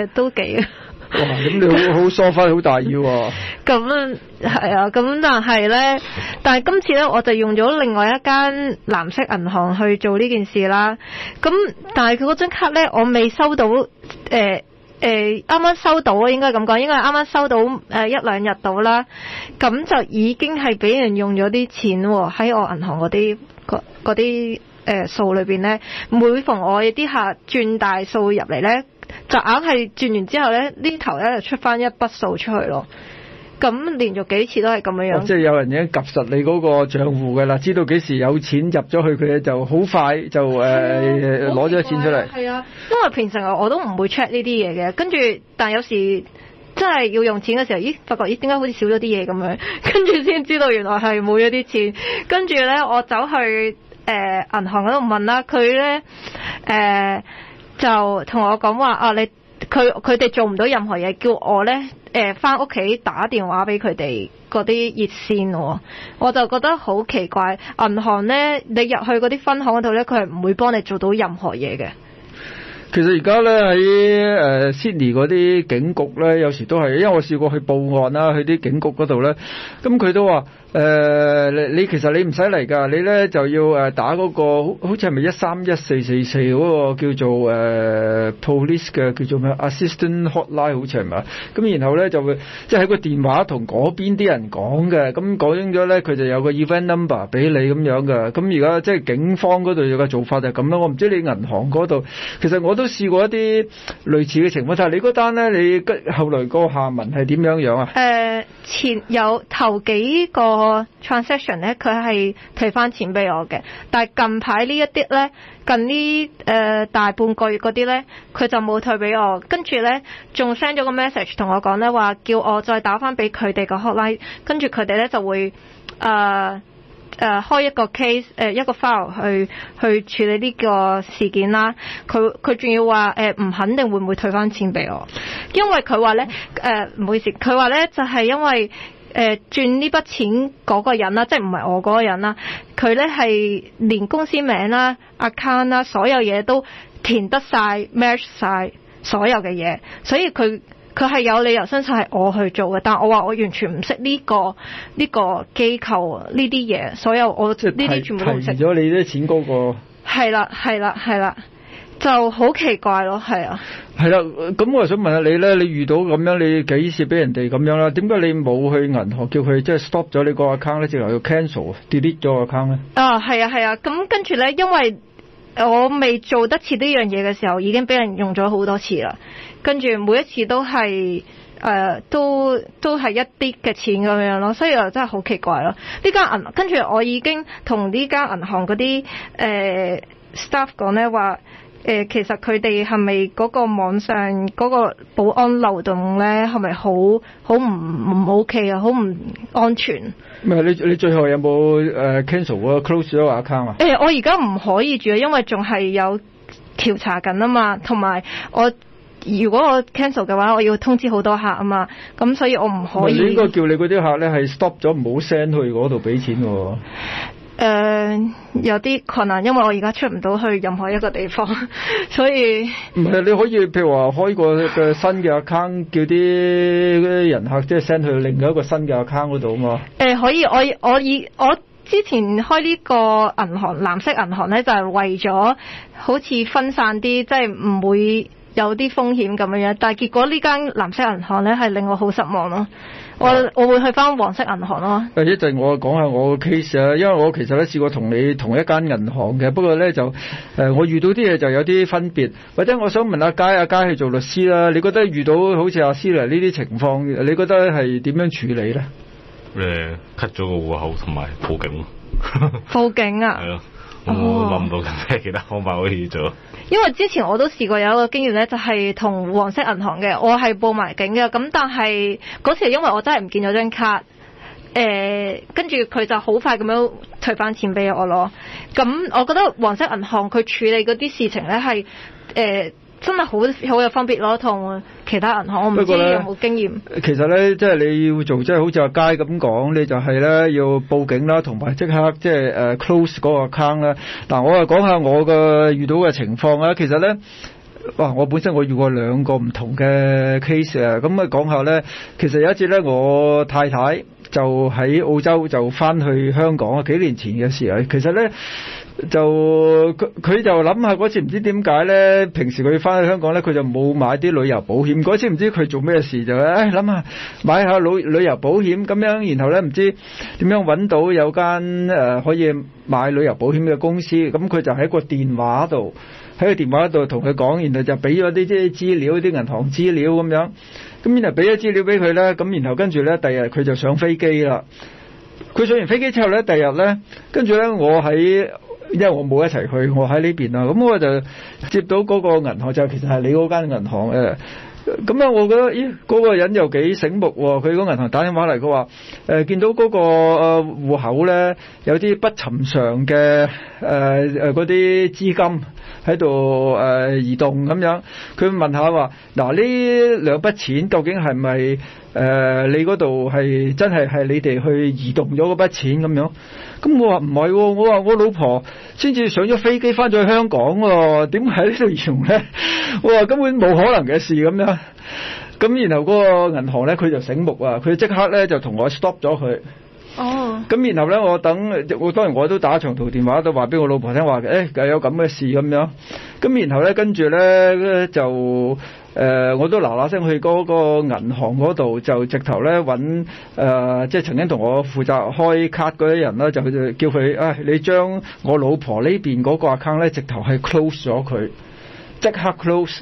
Speaker 1: 呃，
Speaker 3: 都幾～
Speaker 1: 咁你好好疏忽，好大意喎。
Speaker 3: 咁啊，係 啊，咁但係咧，但係今次咧，我就用咗另外一間藍色銀行去做呢件事啦。咁但係佢嗰張卡咧，我未收到誒誒，啱啱收到啊，應該咁講，應該係啱啱收到誒一兩日到啦。咁就已經係俾人用咗啲錢喺我銀行嗰啲嗰啲誒數裏邊咧。每逢我啲客轉大數入嚟咧。就硬係轉完之後咧，呢頭咧就出翻一筆數出去咯。咁連續幾次都係咁樣樣。即
Speaker 1: 係有人已經及實你嗰個賬戶噶啦，知道幾時有錢入咗去，佢就好快就誒攞咗啲錢出嚟。係
Speaker 3: 啊，啊因為平時我都唔會 check 呢啲嘢嘅。跟住，但有時真係要用錢嘅時候，咦發覺咦點解好似少咗啲嘢咁樣？跟住先知道原來係冇咗啲錢。跟住咧，我走去誒銀、呃、行嗰度問啦、啊，佢咧誒。呃就同我講話啊！你佢佢哋做唔到任何嘢，叫我呢誒返屋企打電話俾佢哋嗰啲熱線咯、哦。我就覺得好奇怪，銀行呢，你入去嗰啲分行嗰度呢，佢係唔會幫你做到任何嘢嘅。
Speaker 1: 其實而家呢，喺誒 Sydney 嗰啲警局呢，有時都係，因為我試過去報案啦，去啲警局嗰度呢，咁、嗯、佢都話。誒、呃、你你其實你唔使嚟㗎，你咧就要誒打嗰、那個好似係咪一三一四四四嗰個叫做誒、呃、police 嘅叫做咩 assistant hotline 好似係嘛？咁然後咧就會即係喺個電話同嗰邊啲人講嘅，咁講咗咧佢就有個 event number 俾你咁樣㗎。咁而家即係警方嗰度有個做法就係咁啦。我唔知你銀行嗰度，其實我都試過一啲類似嘅情況。就係你嗰單咧，你後來個下文係點樣樣啊、
Speaker 3: 呃？前有頭幾個。個 transaction 咧，佢係退翻錢俾我嘅。但係近排呢一啲咧，近呢誒大半個月嗰啲咧，佢就冇退俾我。跟住咧，仲 send 咗個 message 同我講咧，話叫我再打翻俾佢哋個 hotline。跟住佢哋咧就會誒誒開一個 case 誒一個 file 去去處理呢個事件啦。佢佢仲要話誒唔肯定會唔會退翻錢俾我，因為佢話咧誒唔好意思，佢話咧就係因為。誒轉呢筆錢嗰個人啦，即係唔係我嗰個人啦？佢呢係連公司名啦、account 啦，所有嘢都填得晒 match 晒所有嘅嘢，所以佢佢係有理由相信係我去做嘅。但我話我完全唔識呢個呢個機構呢啲嘢，所有我呢啲全部都唔識。提
Speaker 1: 咗你啲錢嗰個
Speaker 3: 係啦，係啦，係啦。是就好奇怪咯，係啊，
Speaker 1: 係啦、啊。咁我就想問下你咧，你遇到咁樣，你幾時俾人哋咁樣啦？點解你冇去銀行叫佢即係 stop 咗你個 account 咧，直頭要 cancel delete 咗 account 咧？
Speaker 3: 啊，係啊，係啊。咁跟住咧，因為我未做得似呢樣嘢嘅時候，已經俾人用咗好多次啦。跟住每一次都係誒、呃，都都係一啲嘅錢咁樣咯，所以又真係好奇怪咯。呢間銀跟住我已經同呢間銀行嗰啲誒 staff 講咧話。誒，其實佢哋係咪嗰個網上嗰個保安漏洞咧？係咪好好唔唔 OK 啊？好唔安全？
Speaker 1: 唔係你你最後有冇 cancel 啊 close 咗 account 啊？
Speaker 3: 欸，我而家唔可以住啊，因為仲係有調查緊啊嘛。同埋我如果我 cancel 嘅話，我要通知好多客啊嘛。咁所以我唔可以。唔係，應該
Speaker 1: 叫你嗰啲客咧係 stop 咗唔好 send 去嗰度俾錢喎。
Speaker 3: 誒，uh, 有啲困難，因為我而家出唔到去任何一個地方，所以
Speaker 1: 唔係你可以譬如話開個嘅新嘅 account，叫啲人客即係 send 去另外一個新嘅 account 嗰度啊嘛。
Speaker 3: 誒，uh, 可以，我我以我之前開呢個銀行藍色銀行咧，就係為咗好似分散啲，即係唔會有啲風險咁樣樣，但係結果呢間藍色銀行咧係令我好失望咯。我我會去返黃色銀行咯。
Speaker 1: 或者就我講下我嘅 case 啊，因為我其實咧試過同你同一間銀行嘅，不過咧就誒、呃、我遇到啲嘢就有啲分別。或者我想問阿佳，阿佳去做律師啦，你覺得遇到好似阿思 i 呢啲情況，你
Speaker 5: 覺得係點樣處理咧？誒，cut 咗個戶口同埋報警。
Speaker 3: 報 警啊！
Speaker 5: 係咯、 嗯 oh.，我諗唔到其他方法可以做。
Speaker 3: 因為之前我都試過有一個經驗呢就係同黃色銀行嘅，我係報埋警嘅，咁但係嗰時係因為我真係唔見咗張卡，誒、呃，跟住佢就好快咁樣退翻錢俾我咯，咁、嗯、我覺得黃色銀行佢處理嗰啲事情呢，係、呃、誒真係好好有分別咯，同。其他銀行我
Speaker 1: 唔知你有冇經驗？其實咧，即係你要做，即係好似阿佳咁講，你就係咧要報警啦，同埋即刻即係誒 close 嗰個 account 啦。嗱，我誒講下我嘅遇到嘅情況啊。其實咧，哇，我本身我遇過兩個唔同嘅 case 啊。咁誒講下咧，其實有一次咧，我太太就喺澳洲就翻去香港啊。幾年前嘅事啊，其實咧。就佢佢就諗下嗰次唔知點解呢，平時佢翻去香港呢，佢就冇買啲旅遊保險。嗰次唔知佢做咩事就，係諗下買下旅旅遊保險咁樣，然後呢，唔知點樣揾到有間可以買旅遊保險嘅公司。咁佢就喺個電話度，喺個電話度同佢講，然後就俾咗啲啲資料，啲銀行資料咁樣。咁然後俾咗資料俾佢呢。咁然後跟住呢，第二日佢就上飛機啦。佢上完飛機之後呢，第二日呢，跟住呢，我喺。因為我冇一齊去，我喺呢邊啊。咁我就接到嗰個銀行就其實係你嗰間銀行誒，咁咧我覺得咦嗰個人又幾醒目喎，佢嗰銀行打電話嚟，佢話誒見到嗰個誒戶口咧有啲不尋常嘅誒誒嗰啲資金喺度誒移動咁樣，佢問下話嗱，呢兩筆錢究竟係咪？誒、呃，你嗰度係真係係你哋去移動咗嗰筆錢咁樣，咁我話唔係喎，我話我老婆先至上咗飛機翻咗去香港喎，點喺呢度移動咧？我話根本冇可能嘅事咁樣，咁然後嗰個銀行咧，佢就醒目啊，佢即刻咧就同我 stop 咗佢。哦。咁然後咧，我等我當然我都打長途電話都話俾我老婆聽話嘅，誒，有咁嘅事咁樣，咁然後咧，跟住咧就。誒、呃，我都嗱嗱聲去嗰個銀行嗰度，就直頭咧揾誒，即係曾經同我負責開卡嗰啲人啦，就叫佢、哎，你將我老婆呢邊嗰個 account 咧，直頭係 close 咗佢，即刻 close。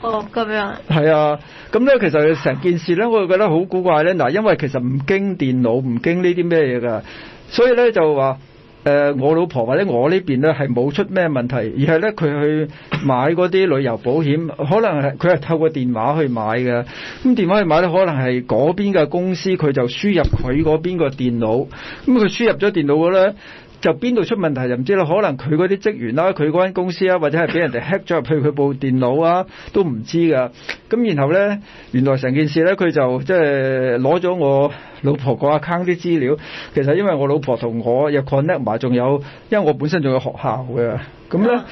Speaker 3: 哦，咁樣。
Speaker 1: 係啊，咁、嗯、咧其實成件事咧，我覺得好古怪咧。嗱，因為其實唔經電腦，唔經呢啲咩嘢㗎，所以咧就話。誒、呃，我老婆或者我邊呢邊咧係冇出咩問題，而係咧佢去買嗰啲旅遊保險，可能係佢係透過電話去買嘅。咁電話去買咧，可能係嗰邊嘅公司佢就輸入佢嗰邊個電腦，咁佢輸入咗電腦嘅咧。就邊度出問題就唔知啦，可能佢嗰啲職員啦，佢嗰間公司啊，或者係俾人哋 hack 咗入去佢部電腦啊，都唔知㗎。咁然後呢，原來成件事呢，佢就即係攞咗我老婆個 account 啲資料。其實因為我老婆同我又 connect 埋，仲有，因為我本身仲有學校嘅。咁呢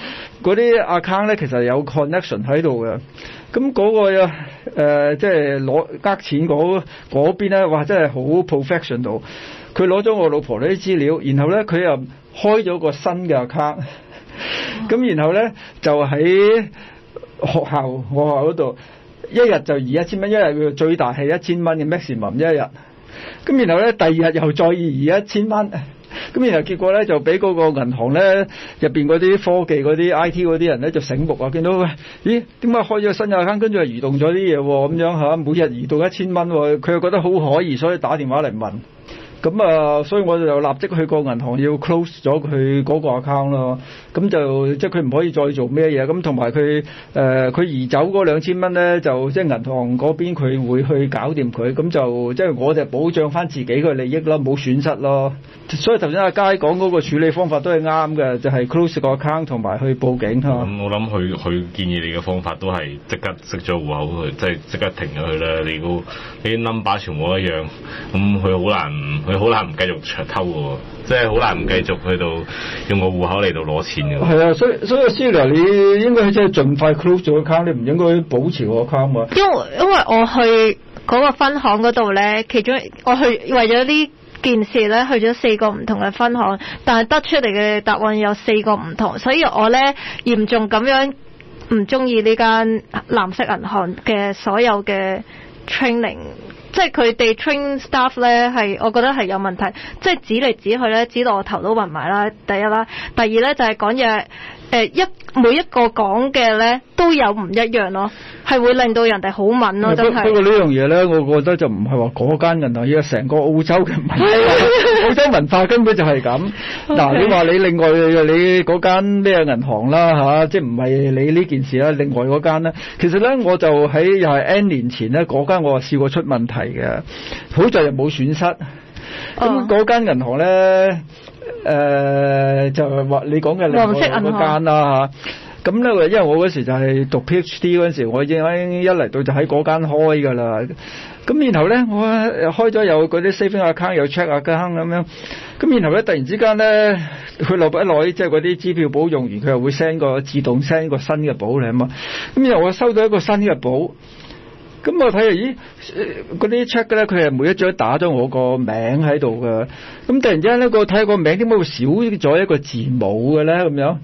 Speaker 1: 嗰啲 account 呢，其實有 connection 喺度嘅。咁嗰、嗰個呀，即係攞呃、就是、錢嗰嗰邊呢，哇！真係好 professional 到。佢攞咗我老婆啲資料，然後咧佢又開咗個新嘅 account。咁、oh. 然後咧就喺學校我學校嗰度，一日就移一千蚊，一日最大係一千蚊嘅 max limit 一日。咁然後咧第二日又再移一千蚊。咁然後結果咧就俾嗰個銀行咧入邊嗰啲科技嗰啲 I T 嗰啲人咧就醒目啊！見到，喂，咦，點解開咗新嘅 account，跟住又移動咗啲嘢咁樣嚇，每日移動一千蚊，佢又覺得好可疑，所以打電話嚟問。咁啊，所以我就立即去個銀行要 close 咗佢嗰個 account 咯。咁就即係佢唔可以再做咩嘢。咁同埋佢誒佢移走嗰兩千蚊咧，就即係銀行嗰邊佢會去搞掂佢。咁就即係我就保障翻自己嘅利益咯，冇損失咯。所以頭先阿佳講嗰個處理方法都係啱嘅，就係 close 個 account 同埋去報警嚇。
Speaker 5: 咁我諗佢佢建議你嘅方法都係即刻熄咗戶口去，即係即刻停咗佢啦。你個你 number 全部一樣，咁佢好難。佢好難唔繼續長偷喎，即係好難唔繼續去到用個戶口嚟到攞錢嘅。
Speaker 1: 係啊，所以所以 Sir 你應該即係盡快 close 咗個 account，你唔應該保持個 account 啊。
Speaker 3: 因因為我去嗰個分行嗰度咧，其中我去為咗呢件事咧，去咗四個唔同嘅分行，但係得出嚟嘅答案有四個唔同，所以我咧嚴重咁樣唔中意呢間藍色銀行嘅所有嘅 training。即係佢哋 train staff 咧係，我覺得係有問題。即係指嚟指去咧，指到我頭都暈埋啦。第一啦，第二咧就係講嘢。誒一每一個講嘅咧都有唔一樣咯，係會令到人哋好敏咯、啊，真係。不過呢
Speaker 1: 樣嘢咧，我覺得就唔係話嗰間銀行，而係成個澳洲嘅文化。 澳洲文化根本就係咁。嗱 Okay.、啊，你話你另外你嗰間咩銀行啦嚇、啊，即係唔係你呢件事啦。另外嗰間咧，其實咧我就喺又係 N 年前咧嗰間我話試過出問題嘅，好在又冇損失。咁嗰間銀行咧。Oh. 誒、呃、就係話你講嘅另外嗰間啦、啊、嚇，咁咧因為我嗰時就係讀 PhD 嗰陣時，我已經一嚟到就喺嗰間開噶啦。咁然後咧，我開咗有嗰啲 saving account，有 check account 咁樣。咁然後咧，突然之間咧，佢落咗一內，即係嗰啲支票簿用完，佢又會 send 個自動 send 個新嘅簿嚟啊嘛。咁然後我收到一個新嘅簿。咁我睇下，咦，嗰啲 check 咧，佢係每一張打咗我個名喺度嘅。咁突然之間咧，我睇個名點解會少咗一個字母嘅咧？咁樣，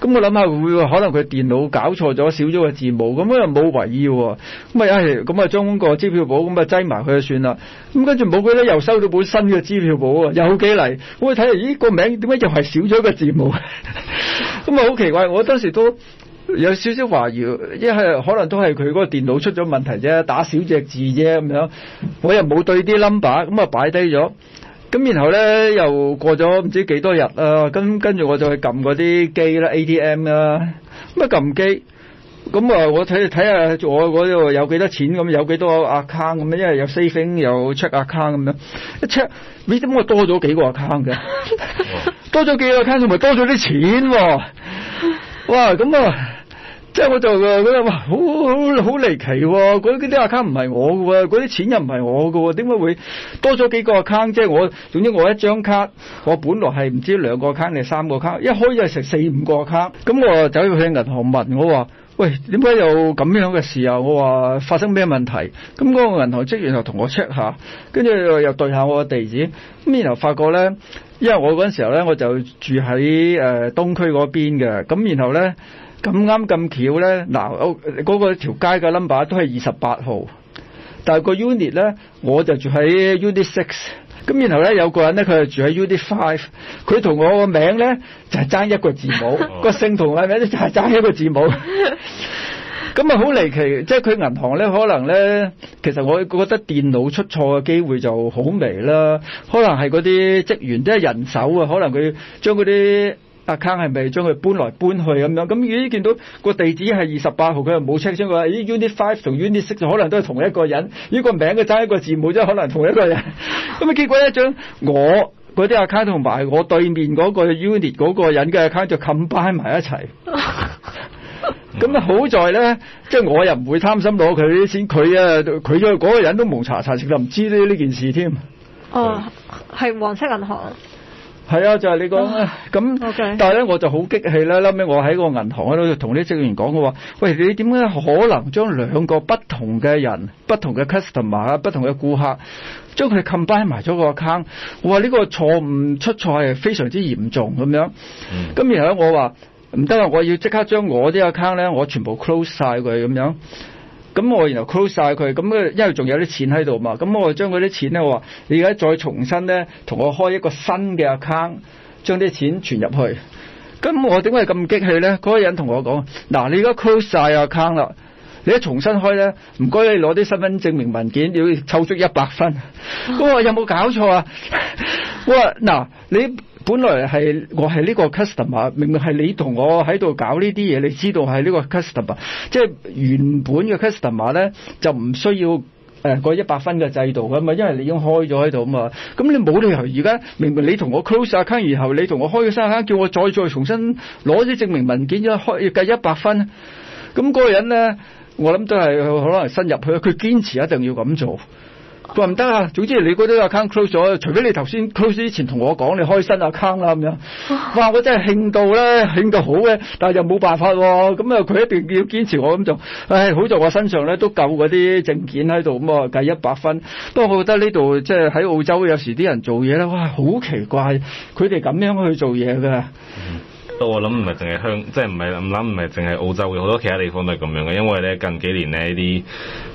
Speaker 1: 咁我諗下會唔會可能佢電腦搞錯咗，少咗個字母。咁又冇為意喎。咁咪唉，咁咪將個支票簿咁咪擠埋佢就算啦。咁跟住冇佢多，又收到本新嘅支票簿啊，又好幾嚟。我睇啊，咦，個名點解又係少咗一個字母？咁啊好奇怪，我當時都～有少少懷疑，一係可能都係佢嗰個電腦出咗問題啫，打少隻字啫咁樣。我又冇對啲 number，咁啊擺低咗。咁然後咧又過咗唔知幾多日啦、啊。咁跟住我就去撳嗰啲機啦，ATM 啦。咁啊撳機，咁啊我睇睇下我嗰度有幾多錢，咁有幾多 account 咁。因為有 saving，有 check account 咁樣。一 check，你點我多咗幾個 account 嘅？ 多咗幾個 account，同埋多咗啲錢喎、啊？哇，咁啊！即係我就覺得：哇，好好好離奇喎、啊！嗰啲啲 account 唔係我嘅喎，嗰啲錢又唔係我嘅喎，點解會多咗幾個 account？即、就、係、是、我總之我一張卡，我本來係唔知兩個 account 定三個 account，一開咗食四五個 account。咁我走去去銀行問，我話：喂，點解有咁樣嘅事啊？我話發生咩問題？咁、那、嗰個銀行職員又同我 check 下，跟住又對下我嘅地址。咁然後發覺呢，因為我嗰時候呢，我就住喺東區嗰邊嘅，咁然後咧。咁啱咁巧咧，嗱，嗰個條街嘅 number 都係二十八號，但係個 unit 咧，我就住喺 unit six，咁然後咧有個人咧，佢就住喺 unit five，佢同我個名咧就係、是、爭一個字母， 個姓同個名咧就係爭一個字母，咁啊好離奇，即係佢銀行咧，可能咧，其實我覺得電腦出錯嘅機會就好微啦，可能係嗰啲職員即係、就是、人手啊，可能佢將嗰啲。account 係咪將佢搬來搬去咁樣？咁如果見到個地址係二十八號，佢又冇 check 先，佢話：咦，unit five 同 unit six 就可能都係同一個人。呢個名佢爭一個字母啫，即係可能同一個人。咁啊，結果一張我嗰啲 account 同埋我對面嗰個 unit 嗰個人嘅 account 就冚埋一齊。咁啊， 好在咧，即係我又唔會貪心攞佢啲錢。佢啊，佢嗰個人都冇查查，直頭唔知到呢件事添。哦、
Speaker 3: 啊，係是黃色銀行。
Speaker 1: 係啊，就係你講啊。咁樣，okay 但係咧，我就好激氣啦。後屘我喺個銀行嗰度同啲職員講嘅話，喂，你點解可能將兩個不同嘅人、不同嘅 customer 啊、不同嘅顧客，將佢 combine 埋咗個 account？我話呢個錯誤出錯係非常之嚴重咁樣。咁、嗯、然後咧，我話唔得呀，我要即刻將我啲 account 咧，我全部 close 曬佢咁樣。咁我然後 close 曬佢，咁因為仲有啲錢喺度嘛，咁我將嗰啲錢咧，我話你而家再重新咧，同我開一個新嘅 account，將啲錢存入去。咁我點解咁激氣咧？嗰個人同我講，嗱，你而家 close 曬 account 啦，你一重新開咧，唔該你攞啲身份證明文件，你要湊足一百分。咁我有冇搞錯啊？我話嗱，你。本來係我係呢個 customer，明明係你同我喺度搞呢啲嘢，你知道係呢個 customer，即係原本嘅 customer 咧就唔需要誒個一百分嘅制度㗎嘛，因為你已經開咗喺度咁啊，咁你冇理由而家明明你同我 close account，然後你同我開個 account 叫我再再重新攞啲證明文件一開要計一百分，咁嗰個人咧，我諗都係可能新入去，佢堅持一定要咁做。佢話唔得啊！總之你嗰啲 account close 咗，除非你頭先 close 之前同我講你開新 account 啦咁樣。哇！我真係慶到咧，慶到好嘅，但係又冇辦法喎。咁啊，佢一定要堅持我咁做。唉，好在我身上咧都夠嗰啲證件喺度，咁啊計一百分。不過我覺得呢度即係喺澳洲有時啲人做嘢咧，哇，好奇怪！佢哋咁樣去做嘢㗎。
Speaker 5: 我諗唔係淨係香，嗯、即係唔係咁諗，唔係淨係澳洲，好多其他地方都係咁樣嘅。因為咧近幾年咧呢啲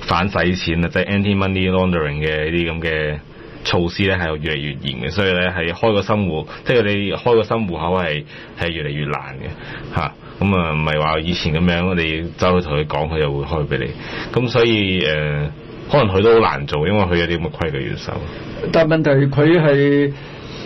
Speaker 5: 反洗錢啊，即係 Anti Money Laundering 嘅呢啲咁嘅措施咧係越嚟越嚴嘅，所以咧係開個新戶，即係你開個新戶口係係越嚟越難嘅嚇。咁啊唔係話以前咁樣，我哋走去同佢講，佢就會開俾你。咁所以誒、呃，可能佢都好難做，因為佢有啲咁嘅規矩要守。
Speaker 1: 但問題佢係。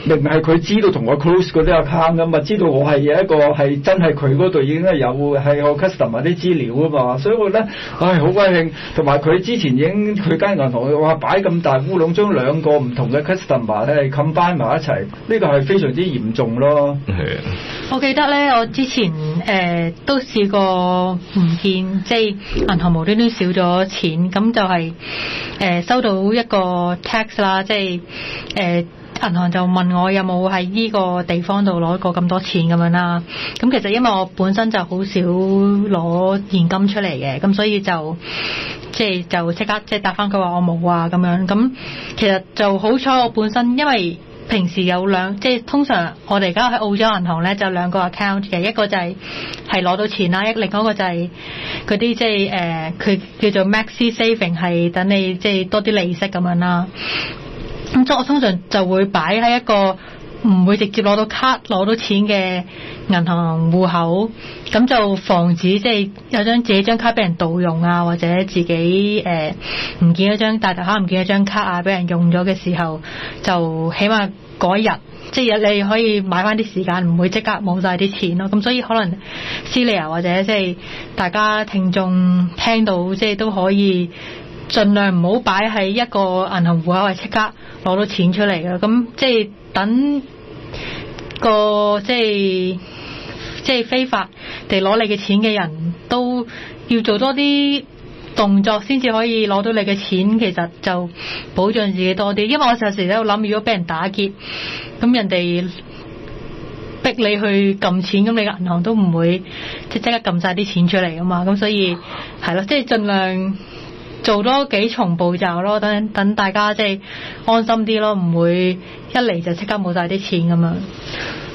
Speaker 1: 明係佢知道同我 close 嗰啲 account 噶嘛，知道我係一個係真係佢嗰度已經係有係個 customer 啲資料噶嘛，所以我覺得唉，好鬼慶，同埋佢之前已經佢間銀行話擺咁大烏龍，將兩個唔同嘅 customer 埋嚟 combine 埋一齊，呢個係非常之嚴重咯。係
Speaker 4: 啊，我記得咧，我之前誒、呃、都試過唔見，即係銀行無端端少咗錢，咁就係、係呃、收到一個 tax 啦，即、呃、係銀行就問我有冇喺呢個地方度攞過咁多錢咁樣啦，咁其實因為我本身就好少攞現金出嚟嘅，咁所以就即係就即刻即係答翻佢話我冇啊咁樣，咁其實就好彩我本身因為平時有兩即係通常我哋而家喺澳洲銀行咧就兩個 account 嘅，一個就係係攞到錢啦，一另外一個就係嗰啲即係誒佢叫做 max saving 係等你即係多啲利息咁樣啦。咁即係我通常就會擺喺一個唔會直接攞到卡攞到錢嘅銀行戶口，咁就防止即係有張自己張卡俾人盜用啊，或者自己呃、唔見咗張大頭卡唔見咗張卡啊，俾人用咗嘅時候，就起碼嗰日即係你可以買翻啲時間，唔會即刻冇曬啲錢咯。咁所以可能 Celia、啊、或者即係大家聽眾聽到即係都可以。盡量唔好擺喺一個銀行戶口，係即刻攞到錢出嚟嘅。咁即係等個即係即係非法地攞你嘅錢嘅人都要做多啲動作，先至可以攞到你嘅錢。其實就保障自己多啲。因為我成時喺諗，如果俾人打劫，咁人哋逼你去撳錢，咁你嘅銀行都唔會即即刻撳晒啲錢出嚟啊嘛。咁所以係咯，即係盡量。做多幾重步驟咯，等等大家即係安心啲咯，唔會一嚟就即刻冇晒啲錢咁樣。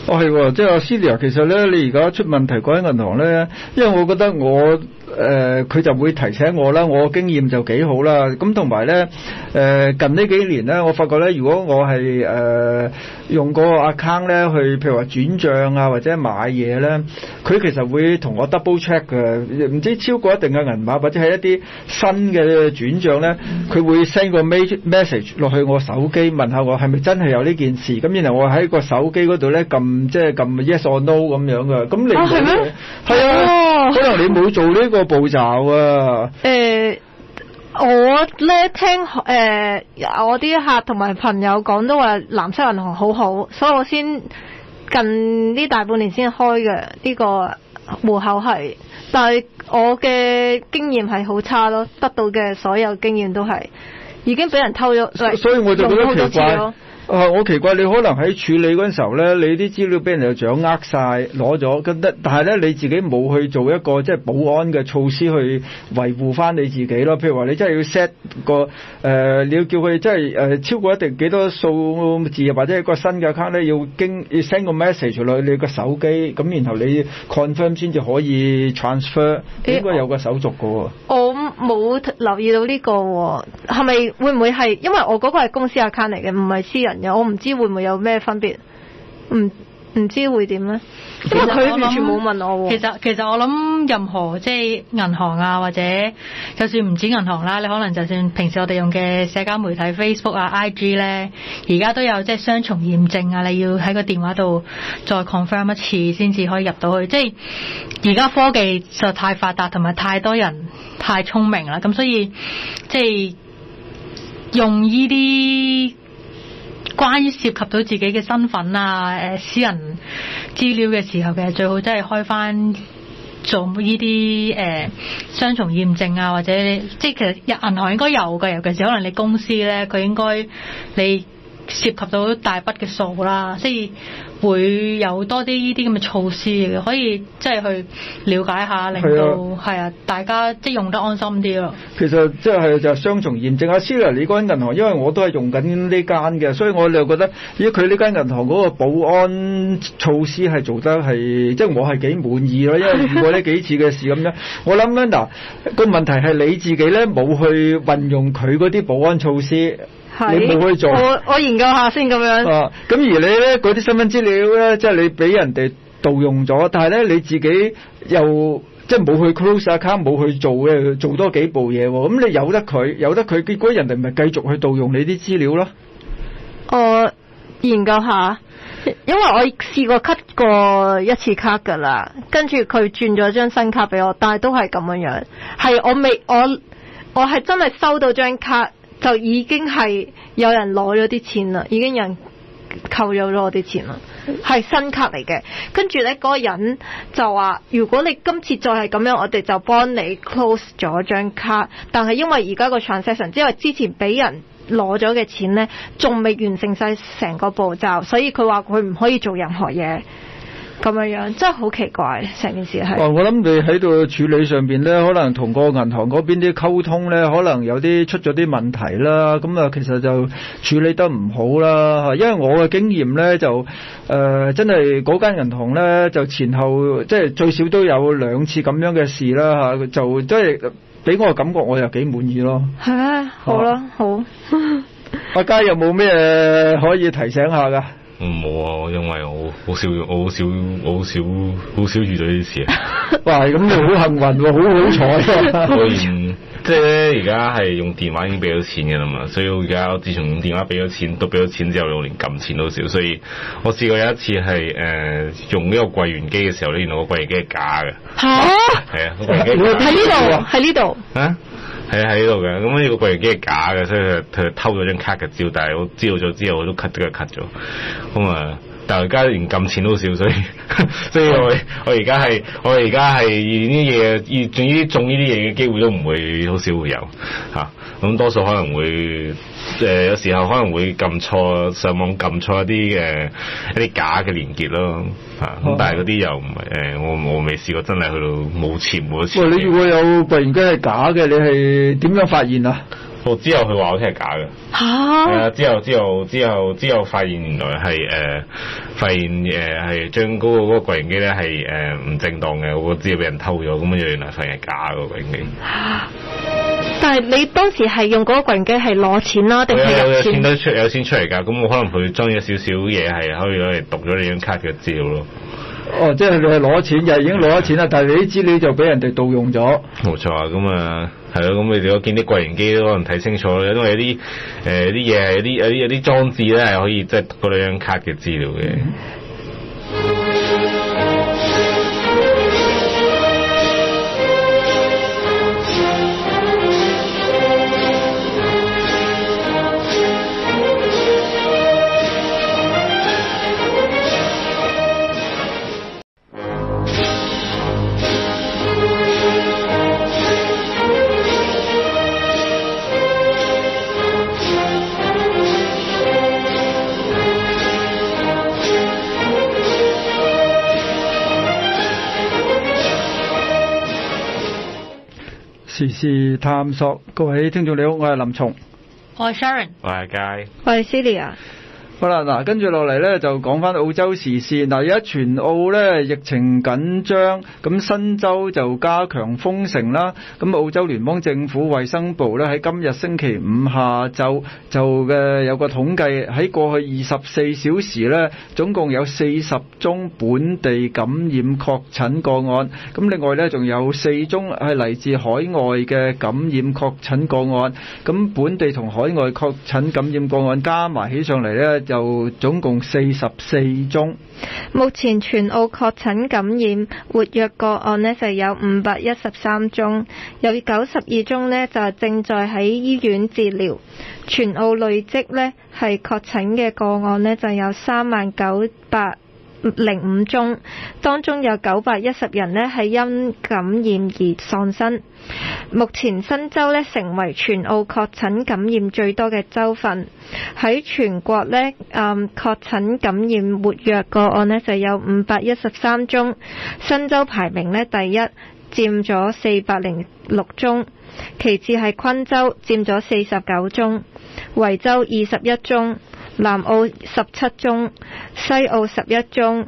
Speaker 1: 哦係喎，即係阿 Sir，其實咧，你而家出問題嗰間銀行咧，因為我覺得我。誒佢、呃、就會提醒我啦，我經驗就幾好啦。咁同埋咧，誒、呃、近呢幾年咧，我發覺咧，如果我係誒、呃、用個 account 咧去，譬如話轉帳啊或者買嘢咧，佢其實會同我 double check 嘅。唔知超過一定嘅銀碼，或者係一啲新嘅轉帳咧，佢、嗯、會 send 個 message 落去我手機問下我係咪真係有呢件事。咁然後我喺個手機嗰度咧撳即係撳 yes or no 咁樣㗎。咁你唔做嘢？係啊。可能你冇做呢個步驟啊！誒、
Speaker 3: 呃，我咧聽誒、呃、我啲客同埋朋友講都話藍色銀行好好，所以我先近呢大半年先開嘅呢、這個戶口係，但係我嘅經驗係好差咯，得到嘅所有經驗都係已經俾人偷咗，所以我就覺得奇怪咯。
Speaker 1: 啊！我奇怪你可能喺處理嗰陣時候咧，你啲資料俾人又掌握曬攞咗，咁得但係咧，你自己冇去做一個即係、就是、保安嘅措施去維護翻你自己咯。譬如話你真係要 set 個、呃、你要叫佢即係超過一定幾多數字，或者一個新嘅 card 咧要經要 send 個 message 落去你個手機，咁然後你 confirm 先至可以 transfer，應該有個手續㗎喎、哦。
Speaker 3: 冇留意到呢個喎，係咪會唔會係因為我嗰個係公司 account 嚟嘅，唔係私人嘅，我唔知會唔會有咩分別，唔。唔知會點呢？因為佢完全冇
Speaker 4: 問我喎。其實其實我諗任何即係銀行啊，或者就算唔止銀行啦、啊，你可能就算平時我哋用嘅社交媒體 Facebook 啊、IG 呢，而家都有即係雙重驗證啊，你要喺個電話度再 confirm 一次先至可以入到去。即係而家科技實在太發達，同埋太多人太聰明啦，咁所以即係用呢啲。關於涉及到自己嘅身份啊、誒私人資料嘅時候嘅，最好真係開翻做呢啲誒雙重驗證啊，或者即係其實入銀行應該有嘅，尤其是可能你公司咧，佢應該你涉及到大筆嘅數啦，即係。會有多啲呢啲咁嘅措施嘅，可以即係去了解下，令到係啊，係啊，大家即係用得安心啲咯。
Speaker 1: 其實即係就雙重驗證啊，Celia，你間銀行，因為我都係用緊呢間嘅，所以我又覺得如果佢呢間銀行嗰個保安措施係做得係，即係我係幾滿意咯，因為遇過呢幾次嘅事咁樣。 我諗咧，嗱，個問題係你自己咧冇去運用佢嗰啲保安措施。是你冇去做
Speaker 3: 我，我研究下先咁
Speaker 1: 樣，啊。咁而你呢嗰啲身份資料呢，即係你俾人哋盜用咗，但係呢你自己又即係冇去 close 下卡，冇去做嘅，做多幾步嘢喎。咁你由得佢，由得佢，結果人哋咪繼續去盜用你啲資料咯。
Speaker 3: 我研究下，因為我試過 cut 過一次卡噶啦，跟住佢轉咗張新卡俾我，但係都係咁樣樣，係我未我我係真係收到張卡。就已經係有人攞咗啲錢啦，已經有人扣咗咗我啲錢啦，係新卡嚟嘅。跟住呢個人就話：如果你今次再係咁樣，我哋就幫你 close 咗張卡。但係因為而家個 transaction 因為之前俾人攞咗嘅錢呢，仲未完成晒成個步驟，所以佢話佢唔可以做任何嘢。咁樣真係好奇怪，成件事係、
Speaker 1: 哦。我諗你喺度處理上面呢，可能同個銀行嗰邊啲溝通呢，可能有啲出咗啲問題啦。咁、嗯、啊，其實就處理得唔好啦。因為我嘅經驗呢，就誒、呃、真係嗰間銀行呢，就前後即係最少都有兩次咁樣嘅事啦。就即係俾我嘅感覺，我又幾
Speaker 5: 滿意咯。係啊，
Speaker 3: 好啦。好。
Speaker 1: 阿佳有冇咩可以提醒下
Speaker 5: 㗎？唔冇啊！我因為我好少，我好少，我好少，好少，少遇到呢啲事
Speaker 1: 啊！咁你好幸運喎，好好彩啊！可以，
Speaker 5: 即係咧，而家係用電話已經俾咗錢嘅啦嘛，所以我而家我自從用電話俾咗錢，都俾咗錢之後，我連撳錢都少，所以我試過有一次係誒、呃、用呢個櫃員機嘅時候咧，原來個櫃員機係假嘅吓，係啊，喺呢度，喺呢度啊。係喺呢度嘅，咁呢個櫃員機係假嘅，所以佢偷咗張卡嘅照，但係我知道咗之後，我都 cut 咗佢 cut 咗，咁啊。但係而家連撳錢都好少，所以 所以我 我而家係我而家係呢啲嘢，以至於中呢啲嘢嘅機會都唔會好少會有嚇。咁、啊、多數可能會誒、呃，有時候可能會撳錯，上網撳錯一啲嘅、呃、一啲假嘅連結咯嚇。咁、啊、但係嗰啲又唔係誒，我我未試過真係去到冇錢冇錢
Speaker 1: 的喂。你如果有突然間係假嘅，你係點樣發現啊？
Speaker 5: 哦、之後佢話我聽係假嘅，
Speaker 1: 係啊，啊，
Speaker 5: 之後之後之後之後發現原來係誒、呃，發現誒係將嗰個嗰、嗰個櫃員機咧係誒唔正當嘅，我之後俾人偷咗，咁啊原來發現係假嘅櫃員機。
Speaker 3: 但係你當時係用嗰個櫃員機係攞錢啦，定係、哦？有有錢，都
Speaker 5: 出有錢出嚟噶，咁我可能佢裝咗少少嘢，係可以攞嚟讀咗你張卡嘅照咯。
Speaker 1: 哦，即係你係攞錢又已經攞咗錢啦，嗯、但係你啲資料就俾人哋盜用咗。
Speaker 5: 冇錯啊，咁、嗯、啊。係咯，咁你哋我見啲櫃員機都可能睇清楚啦，因為有啲誒啲嘢係有啲有啲有啲裝置咧係可以即係讀到張卡嘅資料嘅。
Speaker 1: 時事探索，各位聽眾你好，我係林松。
Speaker 3: 我係 Sharon。
Speaker 5: 我係 Guy。
Speaker 3: 我係 Celia。
Speaker 1: 好啦，嗱，跟住落嚟呢就講翻澳洲時事。嗱，而家全澳呢疫情緊張，咁新州就加強封城啦。咁澳洲聯邦政府衛生部呢喺今日星期五下晝就嘅有個統計，喺過去二十四小時呢總共有四十宗本地感染確診個案，咁另外呢仲有四宗係嚟自海外嘅感染確診個案。咁本地同海外確診感染個案加埋起上嚟呢，就總共四十四宗。
Speaker 3: 目前全澳確診感染活躍個案呢，就有五百一十三宗，有九十二宗呢，就正在喺醫院治療。全澳累積呢，係確診嘅個案呢，就有三萬九百。零五宗，當中有九百一十人呢，係因感染而喪生。目前新州呢，成為全澳確診感染最多嘅州份，喺全國呢嗯，確診感染活躍個案呢，就有五百一十三宗，新州排名呢第一，佔咗四百零六宗，其次係昆州，佔咗四十九宗，維州二十一宗。南澳十七宗，西澳十一宗，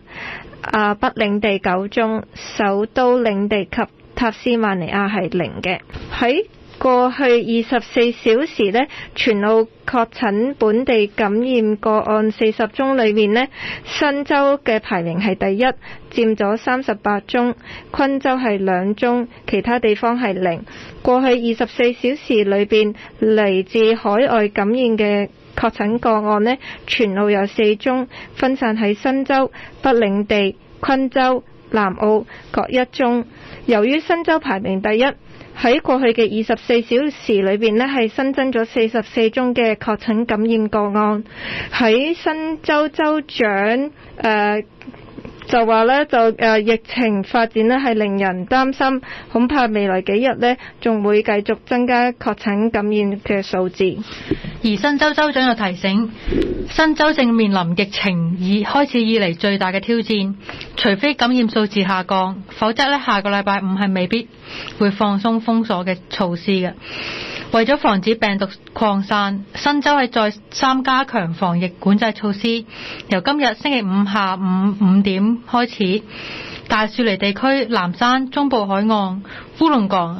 Speaker 3: 阿北領地九宗，首都領地及塔斯曼尼亞係零嘅。喺過去二十四小時，呢全澳確診本地感染個案四十宗裏面，呢新州嘅排名係第一，佔咗三十八宗，昆州係兩宗，其他地方係零。過去二十四小時裏邊嚟自海外感染嘅。確診個案呢，全澳有四宗，分散喺新州、北領地、昆州、南澳各一宗。由於新州排名第一，喺過去嘅二十四小時裏面呢，係新增咗四十四宗嘅確診感染個案。喺新州州長，呃就話咧，就、啊、疫情發展呢係令人擔心，恐怕未來幾日呢仲會繼續增加確診感染嘅數字。
Speaker 4: 而新州州長又提醒，新州正面臨疫情以開始以嚟最大嘅挑戰，除非感染數字下降，否則呢下個禮拜五係未必會放鬆封鎖嘅措施嘅。為咗防止病毒擴散，新州係再三加強防疫管制措施，由今日星期五下午五點。開始，大雪梨地區、南山、中部海岸、烏龍崗、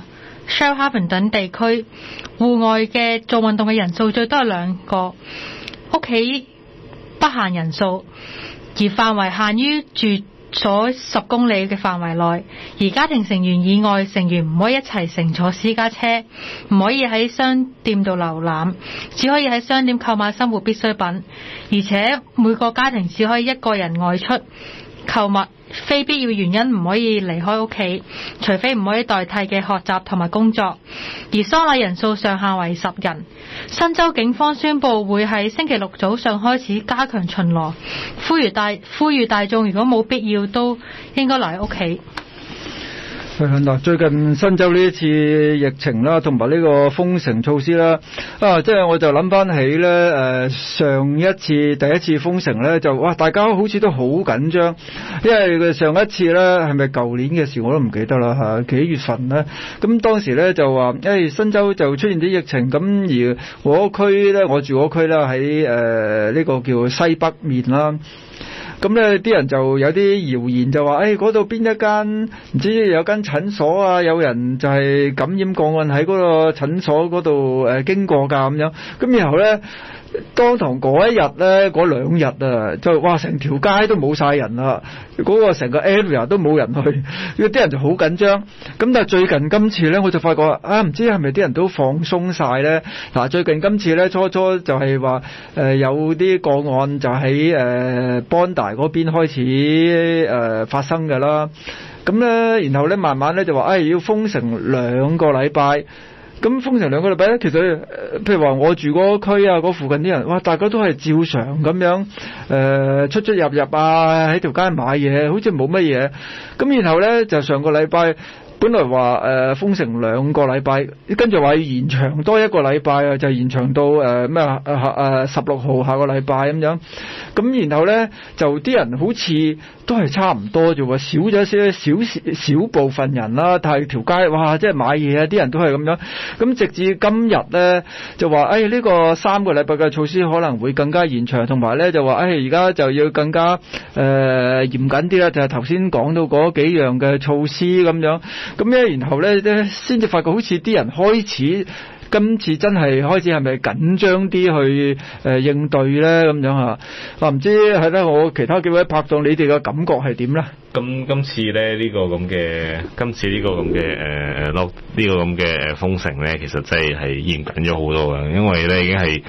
Speaker 4: Shell Harbour 等地區，戶外嘅做運動嘅人數最多係兩個，屋企不限人數，而範圍限於住所十公里嘅範圍內，而家庭成員以外成員唔可以一齊乘坐私家車，唔可以喺商店度瀏覽，只可以喺商店購買生活必需品，而且每個家庭只可以一個人外出。購物非必要原因唔可以離開屋企，除非唔可以代替嘅學習同埋工作。而喪禮人數上限為十人。新州警方宣布會喺星期六早上開始加強巡邏，呼籲大呼籲大眾如果冇必要都應該留喺屋企。
Speaker 1: 嗱，最近新州呢一次疫情啦，同埋呢個封城措施啦，啊，即係我就諗翻起咧，誒、呃、上一次第一次封城咧，就哇，大家好似都好緊張，因為佢上一次咧係咪舊年嘅事我都唔記得啦嚇、啊，幾月份咧？咁當時咧就話，因為新州就出現啲疫情，咁而我區咧，我住嗰區啦，喺誒呢個叫西北面啦。咁咧，啲人就有啲謠言就話，誒、哎，嗰度邊一間唔知有間診所啊，有人就係感染個案喺嗰個診所嗰度誒，經過㗎咁樣。咁然後咧。當堂嗰一日咧，嗰兩日啊，就哇成條街都冇曬人啦，嗰個成個 area 都冇人去，啲人就好緊張。咁但係最近今次咧，我就發覺啊，唔知係咪啲人都放鬆曬咧？嗱，最近今次咧，初初就係話誒有啲個案就喺誒邦達嗰邊開始誒發生㗎啦。咁咧，然後咧慢慢咧就話，唉、哎、要封城兩個禮拜。咁封城兩個禮拜咧，其實、呃、譬如話我住嗰區啊，嗰附近啲人，哇，大家都係照常咁樣，誒、呃，出出入入啊，喺條街買嘢，好似冇乜嘢。咁然後咧，就上個禮拜。本來話誒、呃、封城兩個禮拜，跟住話要延長多一個禮拜啊，就延長到誒咩、呃、啊十六號下個禮拜咁樣。咁然後呢，就啲人好似都係差唔多啫喎，少咗少少少部分人啦，但係條街哇，即係買嘢啊，啲人都係咁樣。咁直至今日呢，就話誒呢個三個禮拜嘅措施可能會更加延長，同埋呢，就話哎，而家就要更加誒嚴謹啲啦，就係頭先講到嗰幾樣嘅措施咁樣。咁咧，然後咧，咧先至發覺，好似啲人開始，今次真係開始係咪緊張啲去誒、呃、應對咧？咁樣吓，嗱、啊、唔知係咧，我其他幾位拍檔，你哋嘅感覺係點咧？
Speaker 5: 咁今次咧呢個咁嘅，今次呢個咁嘅誒落呢個咁嘅封城咧，其實真係係嚴謹咗好多㗎！因為咧已經係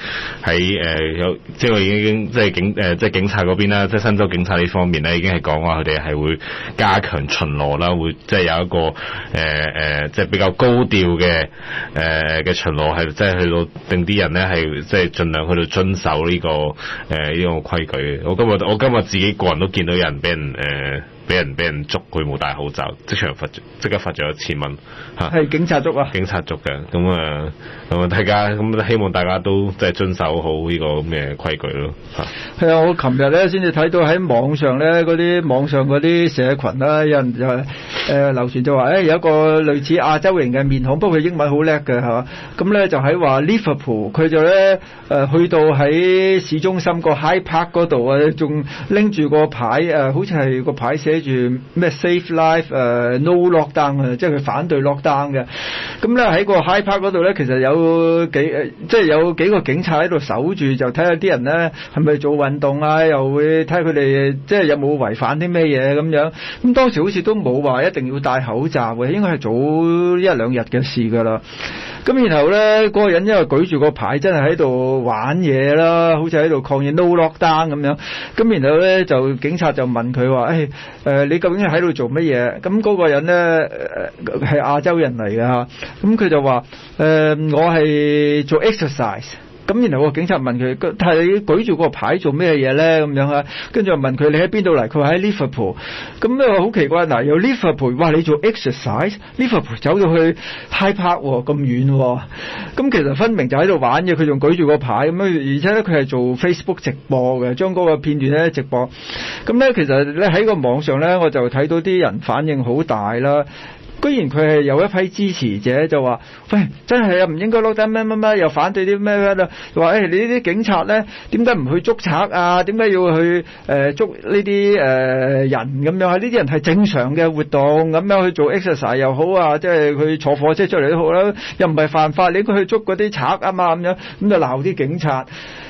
Speaker 5: 喺誒有，即係我已經即係警、呃、即係警察嗰邊啦，即係新州警察呢方面咧，已經係講話佢哋係會加強巡邏啦，會即係有一個誒、呃、即係比較高調嘅誒嘅巡邏，係即係去到令啲人咧係即係儘量去到遵守呢個誒呢、呃呢個規矩。我今日，我今日自己個人都見到有人俾人誒。呃俾人俾人捉，佢冇戴口罩，即場罰即刻罰咗一千蚊吓。係警察捉啊！警察捉嘅，咁、嗯、啊，咁、嗯、啊，大家咁、嗯、希望大家都即係遵守好呢、這個咁嘅規矩咯
Speaker 1: 吓。係啊，我琴日咧先至睇到喺網上咧啲網上啲社群啦、啊、有人就係誒流傳就話誒、欸、有一個類似亞洲型嘅面孔，不過佢英文好叻嘅係嘛。咁、啊、咧、嗯、就喺話 Liverpool，佢就咧誒、呃、去到喺市中心個 High Park 度啊，仲拎住個牌誒、呃、好似係個牌寫。跟住咩 safe life，誒，no lockdown 啊，即係佢反對 lockdown 嘅。咁咧喺個 high park 嗰度咧，其實有幾呃，即係有幾個警察喺度守住，就睇下啲人咧係咪做運動啊，又會睇下佢哋即係有冇違反啲咩嘢咁樣。咁當時好似都冇話一定要戴口罩嘅，應該係早一兩日嘅事㗎啦。咁然後咧，嗰個人因為舉住個牌，真係喺度玩嘢啦，好似喺度抗議 no lockdown 咁樣。咁然後咧就警察就問佢話：誒。誒、呃，你究竟喺度做乜嘢？咁嗰個人咧，係、呃、亞洲人嚟嘅吓，咁佢就話：誒、呃，我係做 exercise。咁然後個警察問佢，但係你舉住個牌做咩嘢咧？咁樣啊，跟住又問佢你喺邊度嚟？佢話喺 Liverpool。咁咧好奇怪，嗱，有 Liverpool 哇，你做 exercise？Liverpool 走咗去 High Park 喎，哦，咁遠喎。咁其實分明就喺度玩嘅，佢仲舉住個牌咁樣，而且咧佢係做 Facebook 直播嘅，將嗰個片段咧直播。咁咧其實咧喺個網上咧，我就睇到啲人反應好大啦。居然佢係有一批支持者就話：喂，真係啊，唔應該攞啲咩咩咩，又反對啲咩咩啦。話誒、哎，你呢啲警察咧，點解唔去捉賊啊？點解要去、呃、捉呢啲、呃、人咁樣啊？呢啲人係正常嘅活動，咁樣去做 exercise 又好啊，即係佢坐火車出嚟都好啦，又唔係犯法。你應該去捉嗰啲賊啊嘛，咁樣咁就鬧啲警察。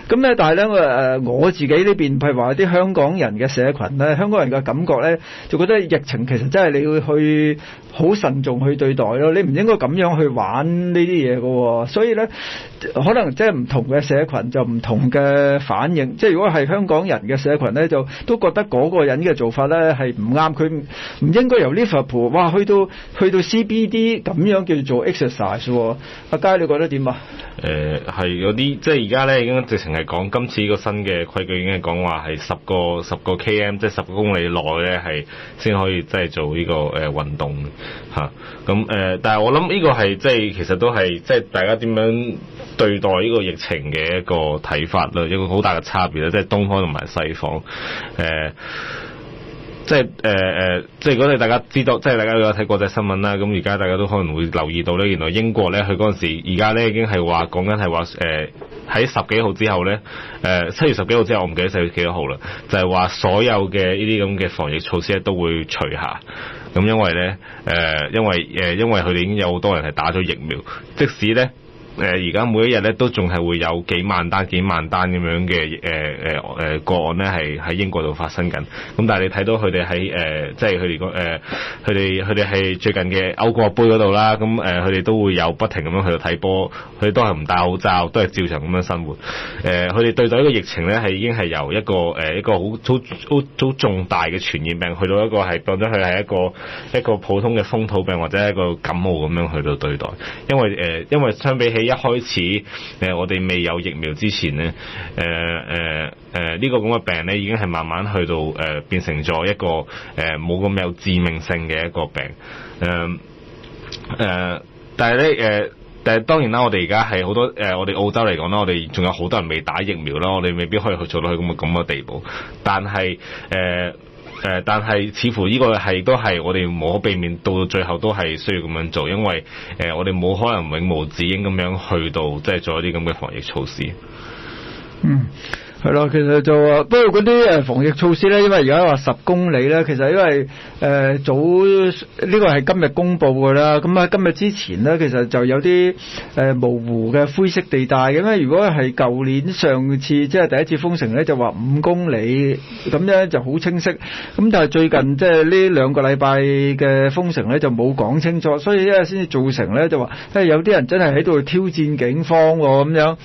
Speaker 1: 咁咧，但係咧，我、呃、誒我自己呢邊譬如話啲香港人嘅社群咧，香港人嘅感覺咧，就覺得疫情其實真係你要去好慎重去對待咯，你唔應該咁樣去玩呢啲嘢噶喎。所以咧，可能即係唔同嘅社群就唔同嘅反應。即係如果係香港人嘅社群咧，就都覺得嗰個人嘅做法咧係唔啱，佢唔應該由 Liverpool 哇去到去到 CBD 咁樣叫做 exercise。阿佳，你覺得點啊？
Speaker 5: 呃、係、有啲即係而家咧已經直情係講今次呢個新嘅規矩，已經係講話係十個十個 km，即係十個公里內咧，係先可以即係做呢、呢個誒運、呃、動吓。咁、啊、誒，但係、呃、我諗呢個係即係其實都係即係大家點樣對待呢個疫情嘅一個睇法啦，一個好大嘅差別啦，即係東方同埋西方誒。呃即係誒誒，即係如果你大家知道，即係大家都有睇國際新聞啦，咁而家大家都可能會留意到咧，原來英國咧，佢嗰陣時而家咧已經係話講緊係話誒喺十幾號之後咧，誒、呃、七月十幾號之後，我唔記得四月幾多號啦，就係、是、話所有嘅呢啲咁嘅防疫措施咧都會除下，咁因為咧誒、呃，因為、呃、因為佢哋已經有好多人係打咗疫苗，即使咧。誒而家每一日咧都仲係會有幾萬單幾萬單咁樣嘅誒誒誒個案咧係喺英國度發生緊。咁但係你睇到佢哋喺，誒即係佢哋個誒佢哋佢哋係最近嘅歐國杯嗰度啦。咁誒佢哋都會有不停咁樣去到睇波，佢哋都係唔戴口罩，都係照常咁樣生活。誒佢哋對待呢個疫情咧係已經係由一個誒、呃、一個好好好重大嘅傳染病去到一個係當咗佢係一個一個普通嘅風土病或者一個感冒咁樣去到對待。因為誒、呃、因為相比起。一開始誒、呃，我哋未有疫苗之前咧，誒誒誒，呃呃、呢個咁嘅病咧已經係慢慢去到誒、呃，變成咗一個誒冇咁有致命性嘅一個病。誒、呃、誒、呃，但係咧誒，但係當然啦，我哋而家係好多誒、呃，我哋澳洲嚟講啦，我哋仲有好多人未打疫苗啦，我哋未必可以去做到去咁嘅咁嘅地步。但係誒。呃誒，但係似乎呢個係都係我哋冇可避免，到最後都係需要咁樣做，因為誒、呃，我哋冇可能永無止境咁樣去到，即係做一啲咁嘅防疫措施。嗯。
Speaker 1: 係咯，其實就話，不過嗰啲防疫措施咧，因為而家話十公里咧，其實因為、呃、早呢、呢個係今日公佈㗎啦。咁啊，今日之前呢，其實就有啲、呃、模糊嘅灰色地帶嘅。如果係舊年上次即係第一次封城咧，就話五公里咁咧就好清晰。咁但係最近即係呢兩個禮拜嘅封城咧，就冇講清楚，所以咧先至造成咧就話，有啲人真係喺度挑戰警方喎咁樣。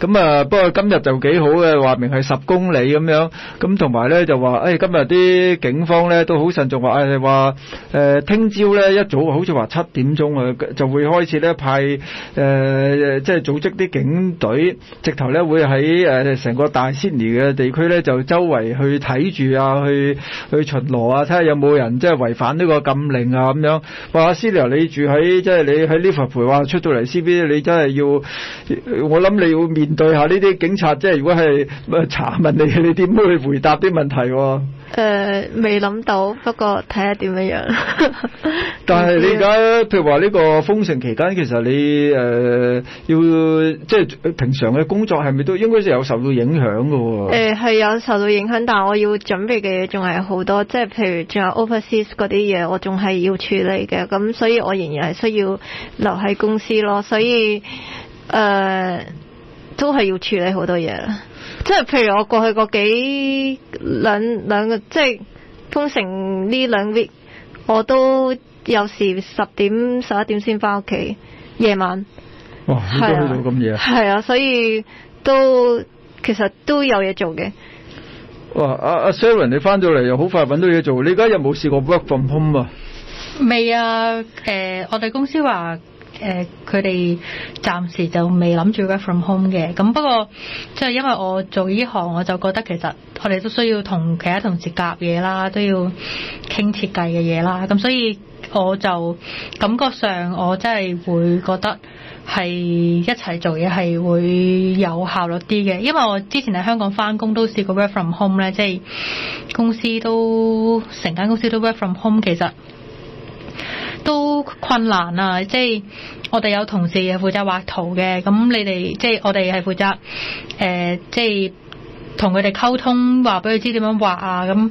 Speaker 1: 咁啊，不過今日就幾好嘅話。明係十公里咁樣，咁同埋咧就話，誒、哎、今日啲警方咧都好慎重話，誒話誒聽朝咧一早好似話七點鐘啊，就會開始咧派誒、呃、即係組織啲警隊，直頭咧會喺誒成個大悉尼嘅地區咧就周圍去睇住啊，去去巡邏啊，睇下有冇人即係違反呢個禁令啊咁樣。話悉尼由你住喺即係你喺利物浦，話出到嚟 C B 你真係要，我諗你要面對下呢啲警察，即係如果係。查問你，你點去回答啲問題？誒、
Speaker 3: 呃，未諗到，不過睇下點樣樣。
Speaker 1: 但係你而家知譬如話呢個封城期間，其實你誒、呃、要即係、就是、平常嘅工作係咪都應該有受到影響㗎？誒
Speaker 3: 係、呃、有受到影響，但我要準備嘅嘢仲係好多，即係譬如仲有 overseas 嗰啲嘢，我仲係要處理嘅。咁所，所以，我仍然係需要留喺公司咯。所以誒，都係要處理好多嘢。即係譬如我過去嗰幾兩兩個，即係通成呢兩 week，我都有時十點、十一點先翻屋企，夜晚、
Speaker 1: 晚。哇！呢啲都做咁夜啊！
Speaker 3: 係啊，所以都其實都有嘢做嘅。
Speaker 1: 哇！阿、啊、阿 s a l l i a n 你翻到嚟又好快揾到嘢做，你而家有冇試過 work from home 啊？未啊？
Speaker 4: 誒、呃，我哋公司話。誒，佢哋、呃、暫時就未諗住 work from home 嘅，咁不過即係、就是、因為我做呢行，我就覺得其實我哋都需要同其他同事夾嘢啦，都要傾設計嘅嘢啦，咁所以我就感覺上我真係會覺得係一齊做嘢係會有效率啲嘅，因為我之前喺香港返工都試過 work from home 咧，即係公司都成間公司都 work from home 其實。都困難啊！即係我哋有同事係負責畫圖嘅，咁你哋即係我哋係負責誒，即係同佢哋溝通，話俾佢知點樣畫啊！咁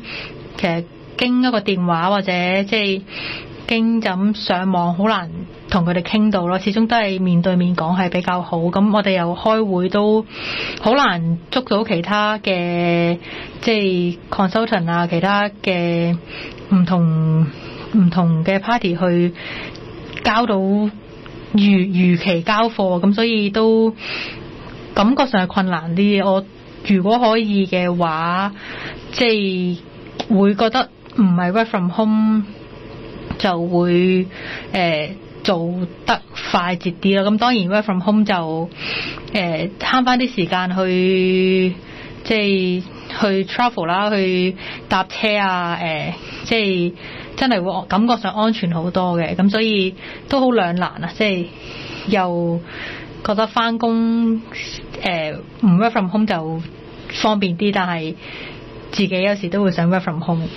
Speaker 4: 其實經一個電話或者即係經就咁上網，好難同佢哋傾到咯。始終都係面對面講係比較好。咁我哋又開會都好難捉到其他嘅即係 consultant 啊，其他嘅唔同。唔同嘅 party 去交到如如期交貨，咁所以都感覺上係困難啲。我如果可以嘅話，即係會覺得唔係 work from home 就會、呃、做得快捷啲咯。咁當然 work from home 就呃慳返啲時間去即係去 travel 啦，去搭車啊，呃、即係。真係會感覺上安全好多嘅，咁所以都好兩難啊！即係又覺得翻工誒唔 work from home 就方便啲，但係自己有時都會想 work from home。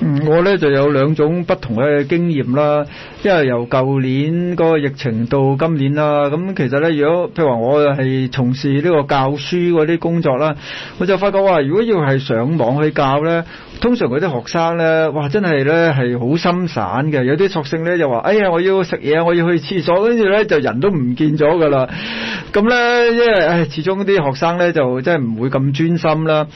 Speaker 1: 我呢就有兩種不同嘅經驗啦。因為由舊年嗰個疫情到今年啦，咁其實呢，如果譬如話我係從事呢個教書嗰啲工作啦，我就發覺話，如果要係上網去教呢，通常嗰啲學生呢，哇，真係呢係好心散嘅，有啲索性呢，就話，哎呀，我要食嘢，我要去廁所，跟住呢就人都唔見咗㗎啦。咁呢，因為始終啲學生呢，就真係唔會咁專心啦。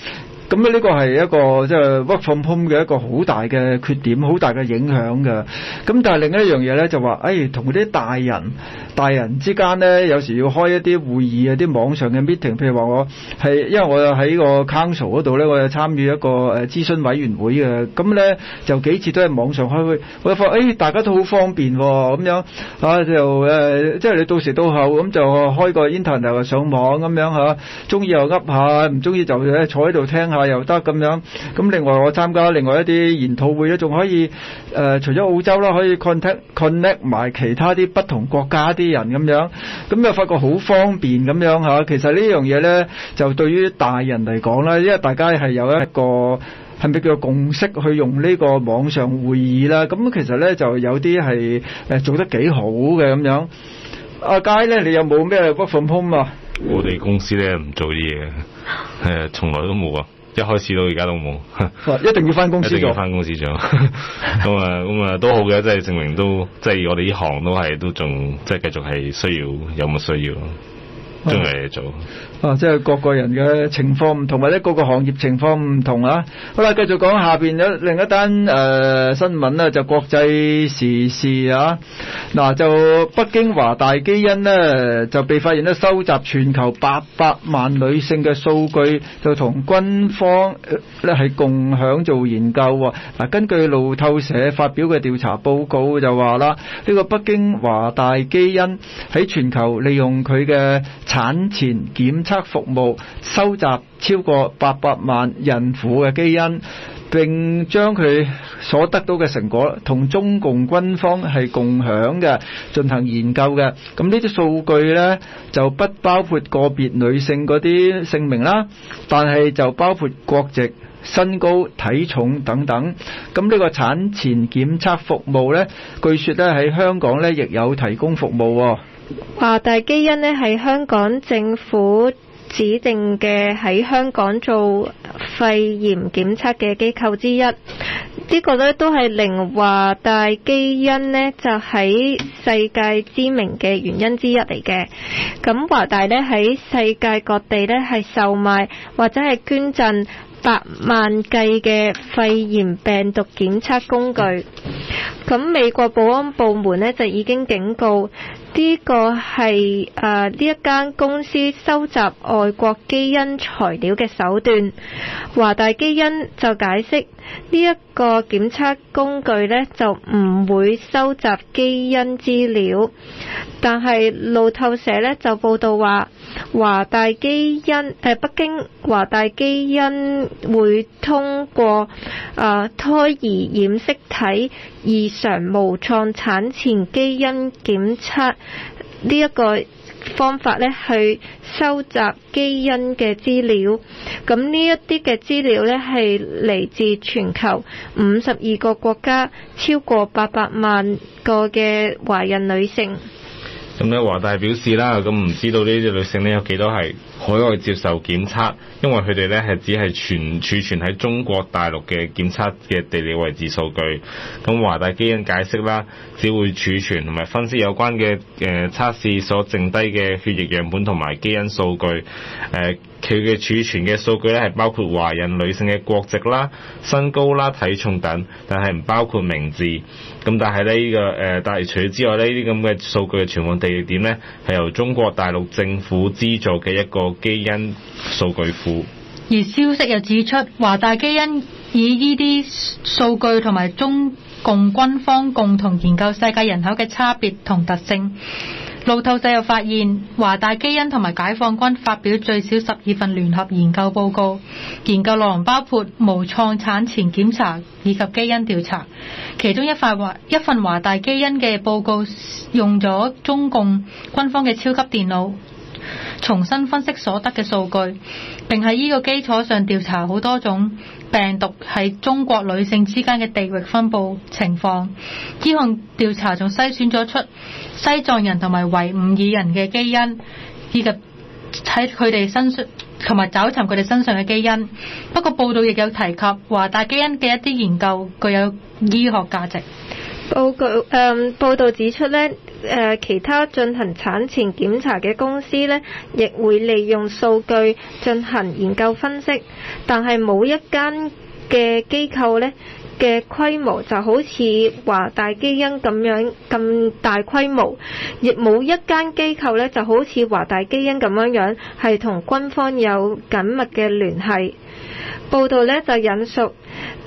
Speaker 1: 咁咧呢個係一個即係 Work from Home 嘅一個好大嘅缺點，好大嘅影響嘅。咁但係另一樣嘢咧就話，誒同啲大人、大人之間咧，有時要開一啲會議啊，啲網上嘅 Meeting，譬如話我係因為我喺個 Council 嗰度咧，我有參與一個誒諮詢委員會嘅。咁咧就幾次都係網上開會，我就發誒、哎、大家都好方便喎，哦，咁樣啊就誒即係你到時到後咁就開個 Internet 上網咁樣吓，中意又噏下，唔中意就坐喺度聽下。又得咁樣，咁另外我參加另外一啲研討會咧，仲可以誒、呃，除咗澳洲啦，可以 contact connect 埋其他啲不同國家啲人咁樣，咁又發覺好方便咁樣嚇。其實呢樣嘢咧，就對於大人嚟講啦，因為大家係有一個係咪叫共識去用呢個網上會議啦。咁其實咧就有啲係誒做得幾好嘅咁樣。阿佳咧，你有冇咩 conference
Speaker 5: 啊？我哋公司咧唔做啲嘢，係呀，從來都冇啊。一開始到而家都冇、啊，一定要翻公司㗎，翻公司做。咁啊， 咁啊，都好嘅，即係證明都，即係我哋呢行都係都仲，即係繼續係需要有冇需要，仲係做。
Speaker 1: 啊，即係各個人嘅情況唔同，或者各個行業情況唔同啊。好啦，繼續講下邊有另一單誒新聞啦，就國際時事啊。嗱，就北京華大基因咧就被發現咧收集全球八百萬女性嘅數據，就同軍方咧係共享做研究喎。嗱，根據路透社發表嘅調查報告就話啦，呢個北京華大基因喺全球利用佢嘅產前檢測服務收集超過八百萬孕婦嘅基因，並將佢所得到嘅成果同中共軍方係共享嘅，進行研究嘅。咁呢啲數據呢就不包括個別女性嗰啲姓名啦，但係就包括國籍、身高、體重等等。咁呢個產前檢測服務呢，據説呢喺香港呢亦有提供服務喎。華大
Speaker 3: 基因咧係香港政府指定嘅喺香港做肺炎檢測嘅機構之一，呢個咧都係令華大基因咧就喺世界知名嘅原因之一嚟嘅。咁華大咧喺世界各地咧係售賣或者係捐贈百萬計嘅肺炎病毒檢測工具。咁美國保安部門呢，就已經警告。呢個係誒呢一間公司收集外國基因材料嘅手段。華大基因就解釋。呢一個檢測工具呢，就唔會收集基因資料，但係路透社呢，就報道話華大基因誒北京華大基因會通過胎兒染色體異常無創產前基因檢測呢一個方法咧去收集基因嘅資料，咁呢一啲嘅資料呢，係嚟自全球五十二個國家，超過八百萬個嘅懷孕女性。
Speaker 5: 咁咧華大表示啦，咁唔知道呢啲女性呢，有幾多係。海外接受檢測，因為佢哋咧係只係存儲存喺中國大陸嘅檢測嘅地理位置數據，咁華大基因解釋啦，只會儲存同埋分析有關嘅誒、呃、測試所剩低嘅血液樣本同埋基因數據誒佢嘅儲存嘅數據咧係包括華人女性嘅國籍啦、身高啦、體重等，但係唔包括名字。咁但係咧呢、呢個誒但係除咗之外呢啲咁嘅數據嘅存放地點咧係由中國大陸政府資助嘅一個基因數據庫，
Speaker 4: 而消息又指出，華大基因以呢啲數據同埋中共軍方共同研究世界人口嘅差別同特性。路透社又發現，華大基因同埋解放軍發表最少十二份聯合研究報告，研究內容包括無創產前檢查以及基因調查。其中一塊或一份華大基因嘅報告用咗中共軍方嘅超級電腦。重新分析所得嘅數據，並喺呢個基礎上調查好多種病毒喺中國女性之間嘅地域分布情況。呢項調查仲篩選咗出西藏人同埋維吾爾人嘅基因，以及喺佢哋身上同埋找尋佢哋身上嘅基因。不過報道亦有提及華大基因嘅一啲研究具有醫學價值。
Speaker 3: 報告誒、um, 報道指出咧，誒其他進行產前檢查嘅公司呢，亦會利用數據進行研究分析，但係冇一間嘅機構呢嘅規模就好似華大基因咁樣咁大規模，亦冇一間機構呢，就好似華大基因咁樣樣係同軍方有緊密嘅聯繫。報道呢，就引述、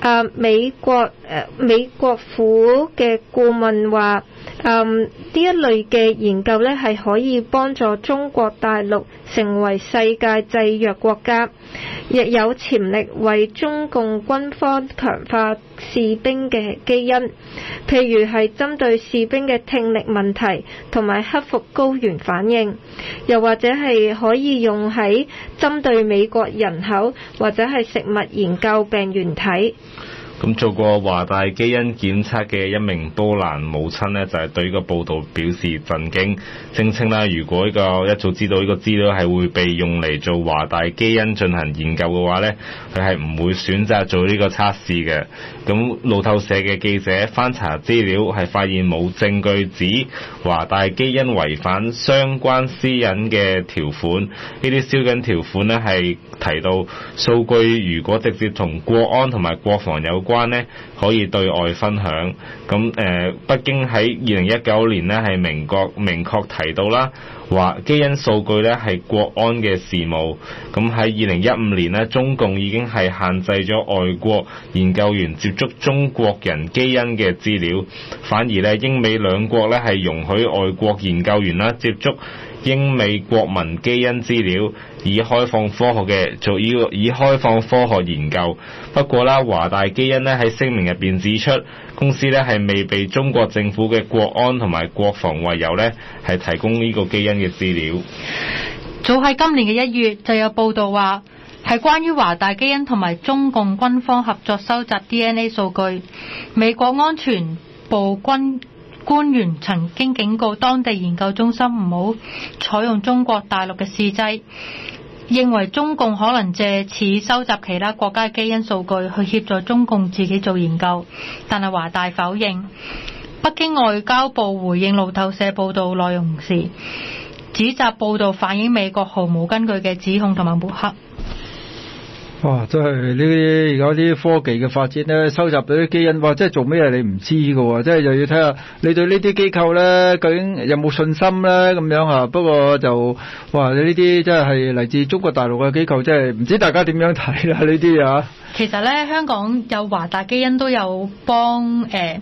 Speaker 3: 啊、美國、啊、美國府嘅顧問話。嗯，呢、um, 一類嘅研究咧，係可以幫助中國大陸成為世界製藥國家，亦有潛力為中共軍方強化士兵嘅基因，譬如係針對士兵嘅聽力問題，同埋克服高原反應，又或者係可以用喺針對美國人口或者係食物研究病原體。
Speaker 5: 咁做過華大基因檢測嘅一名波蘭母親咧，就係、是、對呢個報道表示震驚，聲稱啦，如果呢、這個一早知道呢個資料係會被用嚟做華大基因進行研究嘅話咧，佢係唔會選擇做呢個測試嘅。咁路透社嘅記者翻查資料係發現冇證據指華大基因違反相關私隱嘅條款，呢啲私隱條款咧係提到數據如果直接同國安同埋國防有關關呢，可以對外分享，咁誒北京喺二零一九年呢，係明國明確提到啦，話基因數據呢係國安嘅事務。咁喺二零一五年呢，中共已經係限制咗外國研究員接觸中國人基因嘅資料，反而呢，英美兩國呢係容許外國研究員啦接觸。英美國民基因資料以開放科學嘅，做以以開放科學研究。不過啦，華大基因咧喺聲明入面指出，公司呢係未被中國政府嘅國安同埋國防為由呢係提供呢個基因嘅資料。
Speaker 4: 早喺今年嘅一月就有報道話，係關於華大基因同埋中共軍方合作收集 DNA 數據，美國安全部軍。官員曾經警告當地研究中心唔好採用中國大陸嘅試劑，認為中共可能藉此收集其他國家嘅基因數據去協助中共自己做研究。但係華大否認。北京外交部回應路透社報導內容時，指責報導反映美國毫無根據嘅指控同埋抹黑。
Speaker 1: 哇！真係呢啲而家啲科技嘅發展咧，收集到啲基因，或者做咩你唔知嘅喎，即係又要睇下你對呢啲機構咧，究竟有冇信心咧咁樣啊？不過就哇！你呢啲真係係嚟自中國大陸嘅機構，即係唔知大家點樣睇啦呢啲啊？這
Speaker 4: 些啊其實咧，香港有華大基因都有幫誒、呃、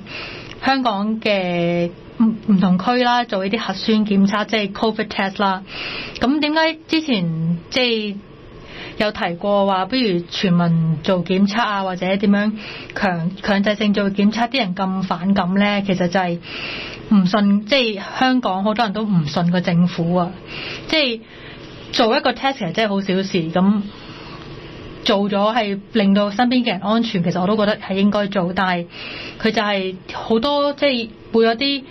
Speaker 4: 香港嘅唔唔同區啦，做呢啲核酸檢測，即係 COVID test 啦。咁點解之前即係？有提過話，不如全民做檢測啊，或者點樣強強制性做檢測，啲人咁反感呢，其實就係唔信，即係香港好多人都唔信個政府啊。即係做一個 test 嚟，真係好小事。咁做咗係令到身邊嘅人安全，其實我都覺得係應該做。但係佢就係好多即係會有啲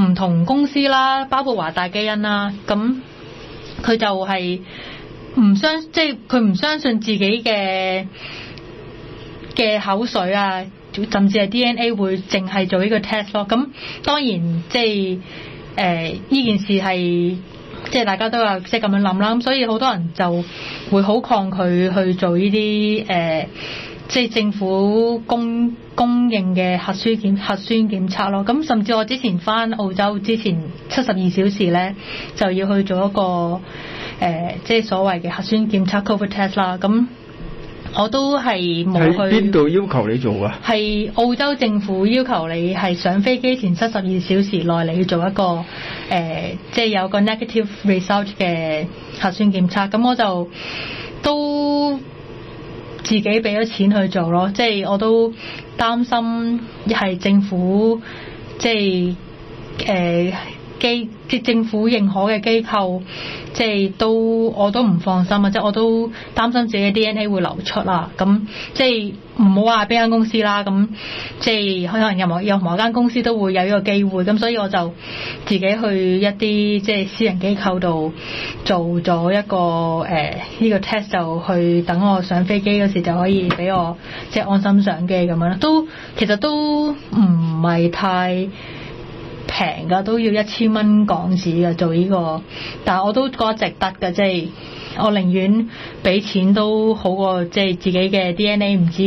Speaker 4: 唔同公司啦，包括華大基因啦，咁佢就係、是。唔相即係佢唔相信自己嘅嘅口水啊，甚至係 DNA 會淨係做呢個 test 咯。咁當然即係誒呢件事係即係大家都有即係咁樣諗啦。咁所以好多人就會好抗拒去做呢啲誒即係政府供供應嘅核酸檢核酸檢測咯。咁甚至我之前返澳洲之前七十二小時咧就要去做一個。誒、呃，即係所謂嘅核酸檢測 （COVID test） 啦。咁我都係冇去。喺邊度
Speaker 1: 要求你做啊？
Speaker 4: 係澳洲政府要求你係上飛機前七十二小時內你要做一個誒、即係有個 negative result 嘅核酸檢測。咁、呃嗯、我就都自己俾咗錢去做咯。即係我都擔心係政府即係誒，呃機即政府認可嘅機構，即係都我都唔放心啊！即係我都擔心自己嘅 DNA 會流出啦。咁即係唔好話邊間公司啦。咁即係可能有某，有某間公司都會有呢個機會。咁所以我就自己去一啲即係私人機構度做咗一個呢、呃呢個 test，就去等我上飛機嗰時就可以俾我即係安心上機咁樣，都其實都唔係太。平噶都要一千蚊港紙嘅做呢個，但係我都覺得值得嘅，即係我寧願俾錢都好過即係自己嘅 DNA 唔知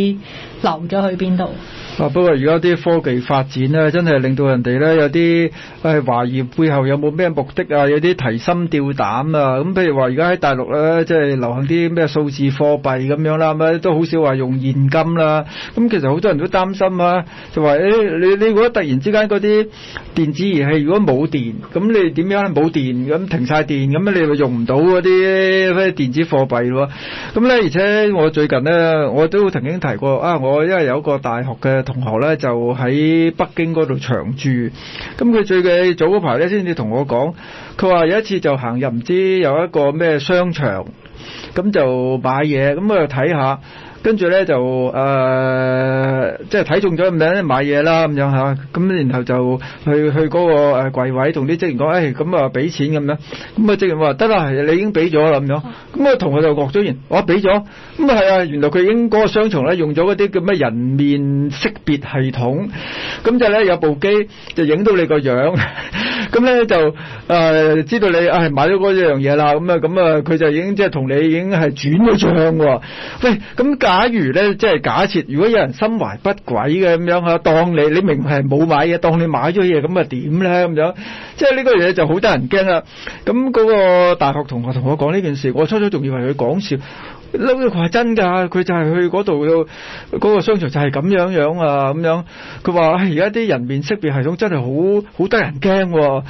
Speaker 4: 留咗去邊度。
Speaker 1: 啊！不過而家啲科技發展咧，真係令到人哋咧有啲誒懷疑背後有冇咩目的啊，有啲提心吊膽啊。咁譬如話，而家喺大陸咧，即係流行啲咩數字貨幣咁樣啦，咁都好少話用現金啦。咁其實好多人都擔心啊，就話誒你你你如果突然之間嗰啲電子儀器如果冇電，咁你點樣冇電咁停晒電咁咧，那你咪用唔到嗰啲咩電子貨幣喎？咁咧，而且我最近咧，我都曾經提過啊，我因為有個大學嘅。同學咧就喺北京嗰度長住，咁佢最近早嗰排咧先至同我講，佢話有一次就行入唔知有一個咩商場，咁就買嘢，咁我又睇下。跟住咧就誒即係睇中咗咁樣買嘢啦，咁樣吓，咁然後就去去嗰個誒櫃位，同啲職員講，誒咁啊俾錢咁樣。咁啊職員話：得啦，你已經俾咗啦，咁樣。咁啊同學就愕咗然，我俾咗。咁啊係啊，原來佢已經嗰個商場咧用咗啲叫咩人面識別系統。咁就咧有部機就影到你個樣。咁咧就誒、呃、知道你係、哎、買咗嗰樣嘢啦。咁啊咁啊，佢就已經即係同你已經係轉咗賬喎。 喂，咁假如咧，即係假設，如果有人心懷不軌嘅咁樣嚇，當你你明明係冇買嘢，當你買咗嘢，咁啊點咧咁樣，即係呢個嘢就好得人驚啦。咁、那、嗰個大學同學同我講呢件事，我初初仲以為佢講笑，嬲到佢係真㗎，佢就係去嗰度，嗰、那個商場就係咁樣樣啊，咁樣。佢話而家啲人面識別系統真係好好得人驚。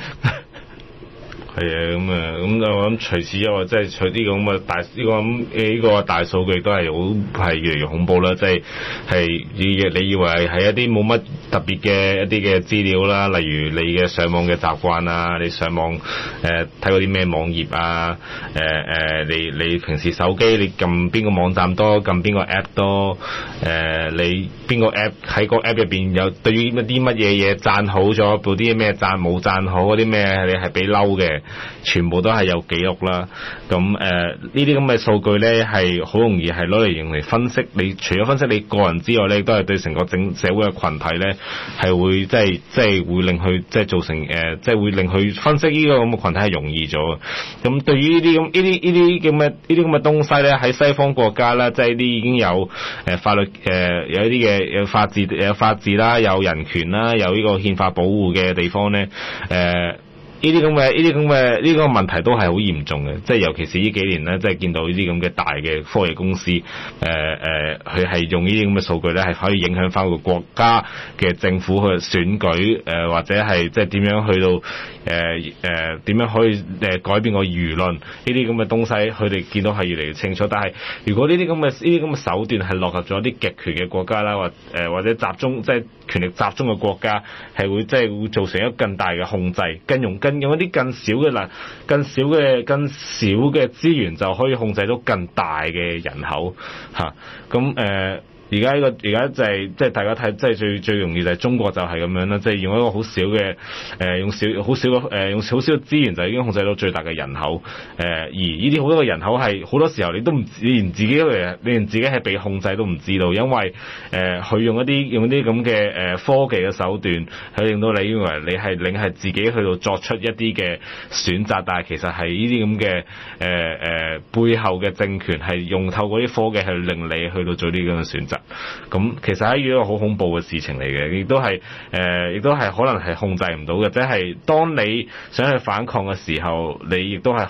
Speaker 5: 係啊，咁啊，咁我諗，除此之外，即係除啲個咁嘅大呢個咁呢個大數據都係好係越嚟越恐怖啦！即係係，你嘅，你以為係一啲冇乜特別嘅一啲嘅資料啦，例如你嘅上網嘅習慣啊，你上網誒睇啲咩網頁啊，誒、呃、誒、呃、你你平時手機你撳邊個網站多，撳邊個 app 多，誒、呃、你邊個 app 喺個 app 入邊有對於啲乜嘢嘢讚好咗，到啲咩讚冇讚好啲咩，你係俾嬲嘅。全部都係有記錄啦，咁誒呢啲咁嘅數據咧，係好容易係攞嚟用嚟分析你。你除咗分析你個人之外咧，都係對成個整社會嘅群體咧，係會即係即係會令佢即係造成誒、呃，即係會令佢分析呢個咁嘅群體係容易咗。咁對於呢啲咁呢啲呢啲咁嘅呢啲咁嘅東西咧，喺西方國家啦，即係啲已經有誒、呃、法律誒、呃、有一啲嘅有法治有法治啦，有人權啦，有呢個憲法保護嘅地方咧誒。呃呢啲咁嘅，呢啲咁嘅，呢個問題都係好嚴重嘅，即係尤其是呢幾年咧，即係見到呢啲咁嘅大嘅科技公司，誒誒佢係用呢啲咁嘅數據咧，係可以影響翻個國家嘅政府去選舉，誒、呃、或者係即係點樣去到，誒誒點樣可以誒改變個輿論呢啲咁嘅東西，佢哋見到係越嚟越清楚。但係如果呢啲咁嘅呢啲咁嘅手段係落入咗啲極權嘅國家啦，或誒或者集中即係、就是、權力集中嘅國家，係會即係、就是、會造成一個更大嘅控制、金融、用一啲更少嘅啦、更少嘅、更少嘅資源就可以控制到更大嘅人口，吓、啊，咁誒。呃而家呢個，而家就係即係大家睇，即係最最容易就係中國就係咁樣啦，即係用一個好少嘅誒，用少好少嘅誒，用少少嘅資源就已經控制到最大嘅人口誒、呃。而呢啲好多嘅人口係好多時候你都唔，你連自己嚟，你連自己係被控制都唔知道，因為誒佢、呃、用一啲用一啲咁嘅誒科技嘅手段，去令到你認為你係你係自己去到作出一啲嘅選擇，但係其實係呢啲咁嘅誒誒背後嘅政權係用透過啲科技去令你去到做呢啲咁嘅選擇。咁其實喺一個好恐怖嘅事情嚟嘅，亦都係誒，亦都係可能係控制唔到嘅，即係當你想去反抗嘅時候，你亦都係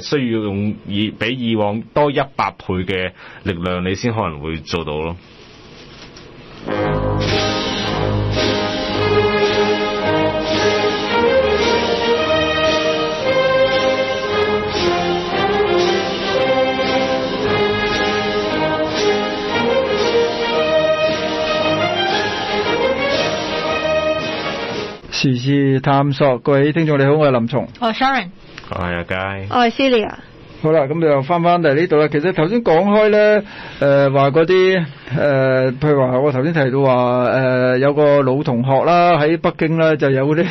Speaker 5: 誒需要用以比以往多一百倍嘅力量，你先可能會做到咯。
Speaker 1: 時事探索，各位聽眾你好，我係林松。哦，Sharon。我係阿佳。我係 Celia。好啦，咁就翻翻嚟呢度啦。其實頭先講開咧，誒話嗰啲誒，譬如話我頭先提到話誒、呃，有個老同學啦，喺北京咧就有嗰啲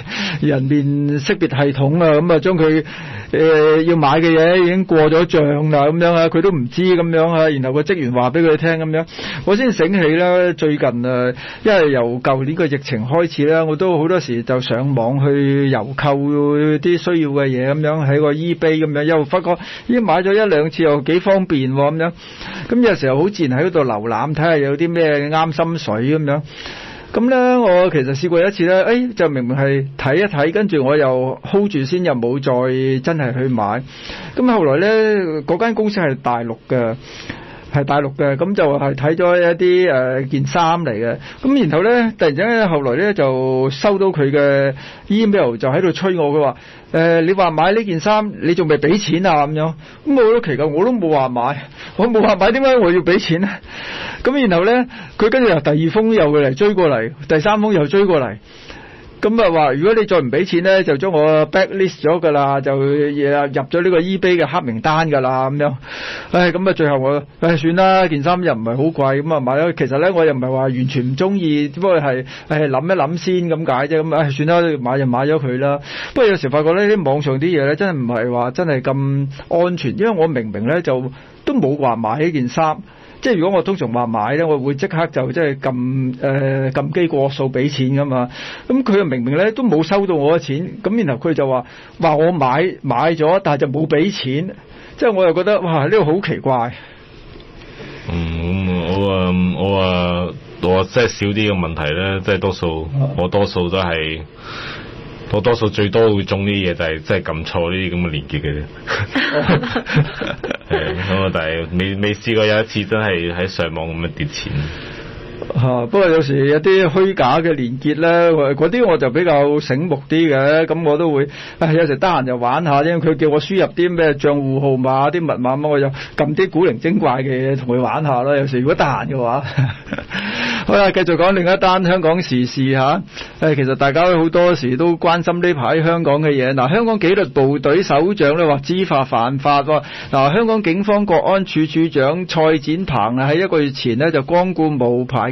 Speaker 1: 人面識別系統啊，咁啊將佢。呃、要買嘅嘢已經過咗帳啦，咁樣啊，佢都唔知咁樣啊。然後個職員話俾佢聽咁樣，我先醒起啦。最近啊，因為由舊年個疫情開始啦，我都好多時就上網去郵購啲需要嘅嘢咁樣，喺個 eBay 咁樣。又發覺已經買咗一兩次又幾方便喎，咁樣。咁有時候好自然喺嗰度瀏覽睇下有啲咩啱心水咁樣。咁咧，我其實試過一次咧，誒、哎、就明明係睇一睇，跟住我又 hold 住先，又冇再真係去買。咁後來呢，嗰間公司係大陸嘅。係大陸嘅，咁就係睇咗一啲誒、啊、件衫嚟嘅。咁然後咧，突然之間後來咧就收到佢嘅 email，就喺度催我。佢話：誒、呃，你話買呢件衫，你仲未俾錢啊？咁樣。咁我都奇怪，我都冇話買，我冇話買，點解我要俾錢咧？咁然後咧，佢跟住由第二封又會嚟追過嚟，第三封又追過嚟。咁啊話，如果你再唔俾錢咧，就將我 blacklist 咗㗎啦，就入咗呢個 eBay 嘅黑名單㗎啦，咁樣。唉，咁啊最後我唉算啦，件衫又唔係好貴，咁啊買咗。其實咧，我又唔係話完全唔中意，只不過係諗一諗先咁解啫。咁唉算啦，買就買咗佢啦。不過有時發覺呢啲網上啲嘢咧，真係唔係話真係咁安全，因為我明明咧就都冇話買呢件衫。即係如果我通常話買咧，我會即刻就即係撳誒撳機過數俾錢噶嘛。咁佢又明明咧都冇收到我嘅錢，咁然後佢就話話我買買咗，但係就冇俾錢。即係我又覺得哇，呢個好奇怪。
Speaker 5: 嗯，我我啊我啊我即係少啲嘅問題咧，即係多數我多數都係。我多數最多會中呢啲嘢，就係，就係真係撳錯呢啲咁嘅連結嘅啫。咁我但係未未試過有一次真係喺上網咁樣跌錢。
Speaker 1: 吓、啊，不過有時有啲虛假嘅連結咧，嗰啲我就比較醒目啲嘅，咁我都會、哎，有時得閒就玩一下，因為佢叫我輸入啲咩賬戶號碼、啲密碼咁，我就撳啲古靈精怪嘅嘢同佢玩一下啦。有時如果得閒嘅話，呵呵好啦、啊，繼續講另一單香港時事吓。誒、啊哎，其實大家都好多時都關心呢排香港嘅嘢。嗱、啊，香港紀律部隊首長呢話知法犯法。嗱、啊啊，香港警方國安處處長蔡展鵬啊，喺一個月前呢就光顧無牌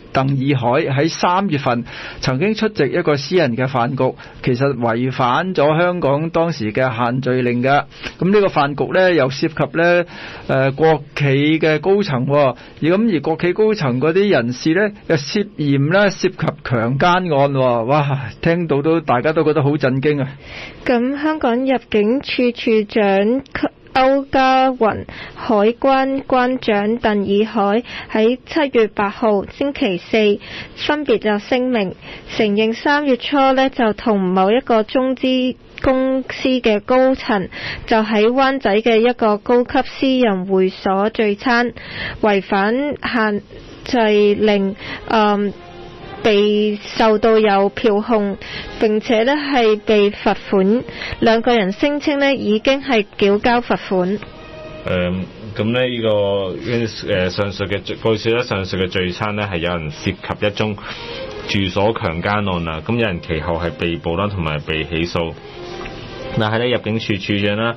Speaker 1: 鄧以海喺三月份曾經出席一個私人嘅飯局，其實違反咗香港當時嘅限聚令嘅。咁呢個飯局呢，又涉及呢誒、呃、國企嘅高層、哦，而咁而國企高層嗰啲人士呢，又涉嫌呢涉及強姦案、哦，哇！聽到都大家都覺得好震驚啊！
Speaker 3: 咁香港入境處處長。歐家雲海關關長鄧以海喺七月八號星期四，分別就聲明承認三月初呢就同某一個中資公司嘅高層就喺灣仔嘅一個高級私人會所聚餐，違反限制令。嗯。被受到有票控，並且咧係被罰款。兩個人聲稱咧已經係繳交罰款。誒、
Speaker 5: 嗯，咁呢依個誒上述嘅據說咧，上述嘅聚餐咧係有人涉及一宗住所強姦案啦。咁有人其後係被捕啦，同埋被起訴。但係咧入境處處長啦。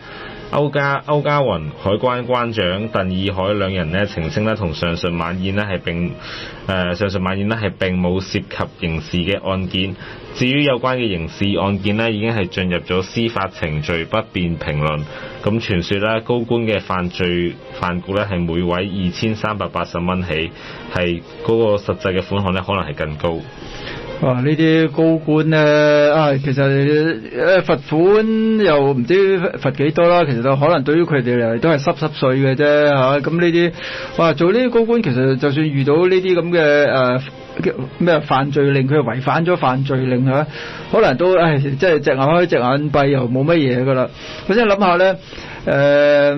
Speaker 5: 歐家歐家雲海關關長鄧以海兩人咧，澄清咧同上述晚宴咧係並誒、呃，上述晚宴咧係並冇涉及刑事嘅案件。至於有關嘅刑事案件咧，已經係進入咗司法程序不評論，不便評論。咁傳說咧，高官嘅犯罪飯局咧係每位二千三百八十蚊起，係嗰個實際嘅款項咧可能係更高。哇！呢
Speaker 1: 啲高官咧啊，其實誒罰款又唔知罰幾多啦，其實可能對於佢哋嚟都係濕濕碎嘅啫嚇。咁呢啲哇，做呢啲高官其實就算遇到呢啲咁嘅誒咩犯罪令，佢又違反咗犯罪令嚇、啊，可能都誒、啊、即係隻眼開隻眼閉又冇乜嘢噶啦。我真係諗下咧。誒、呃，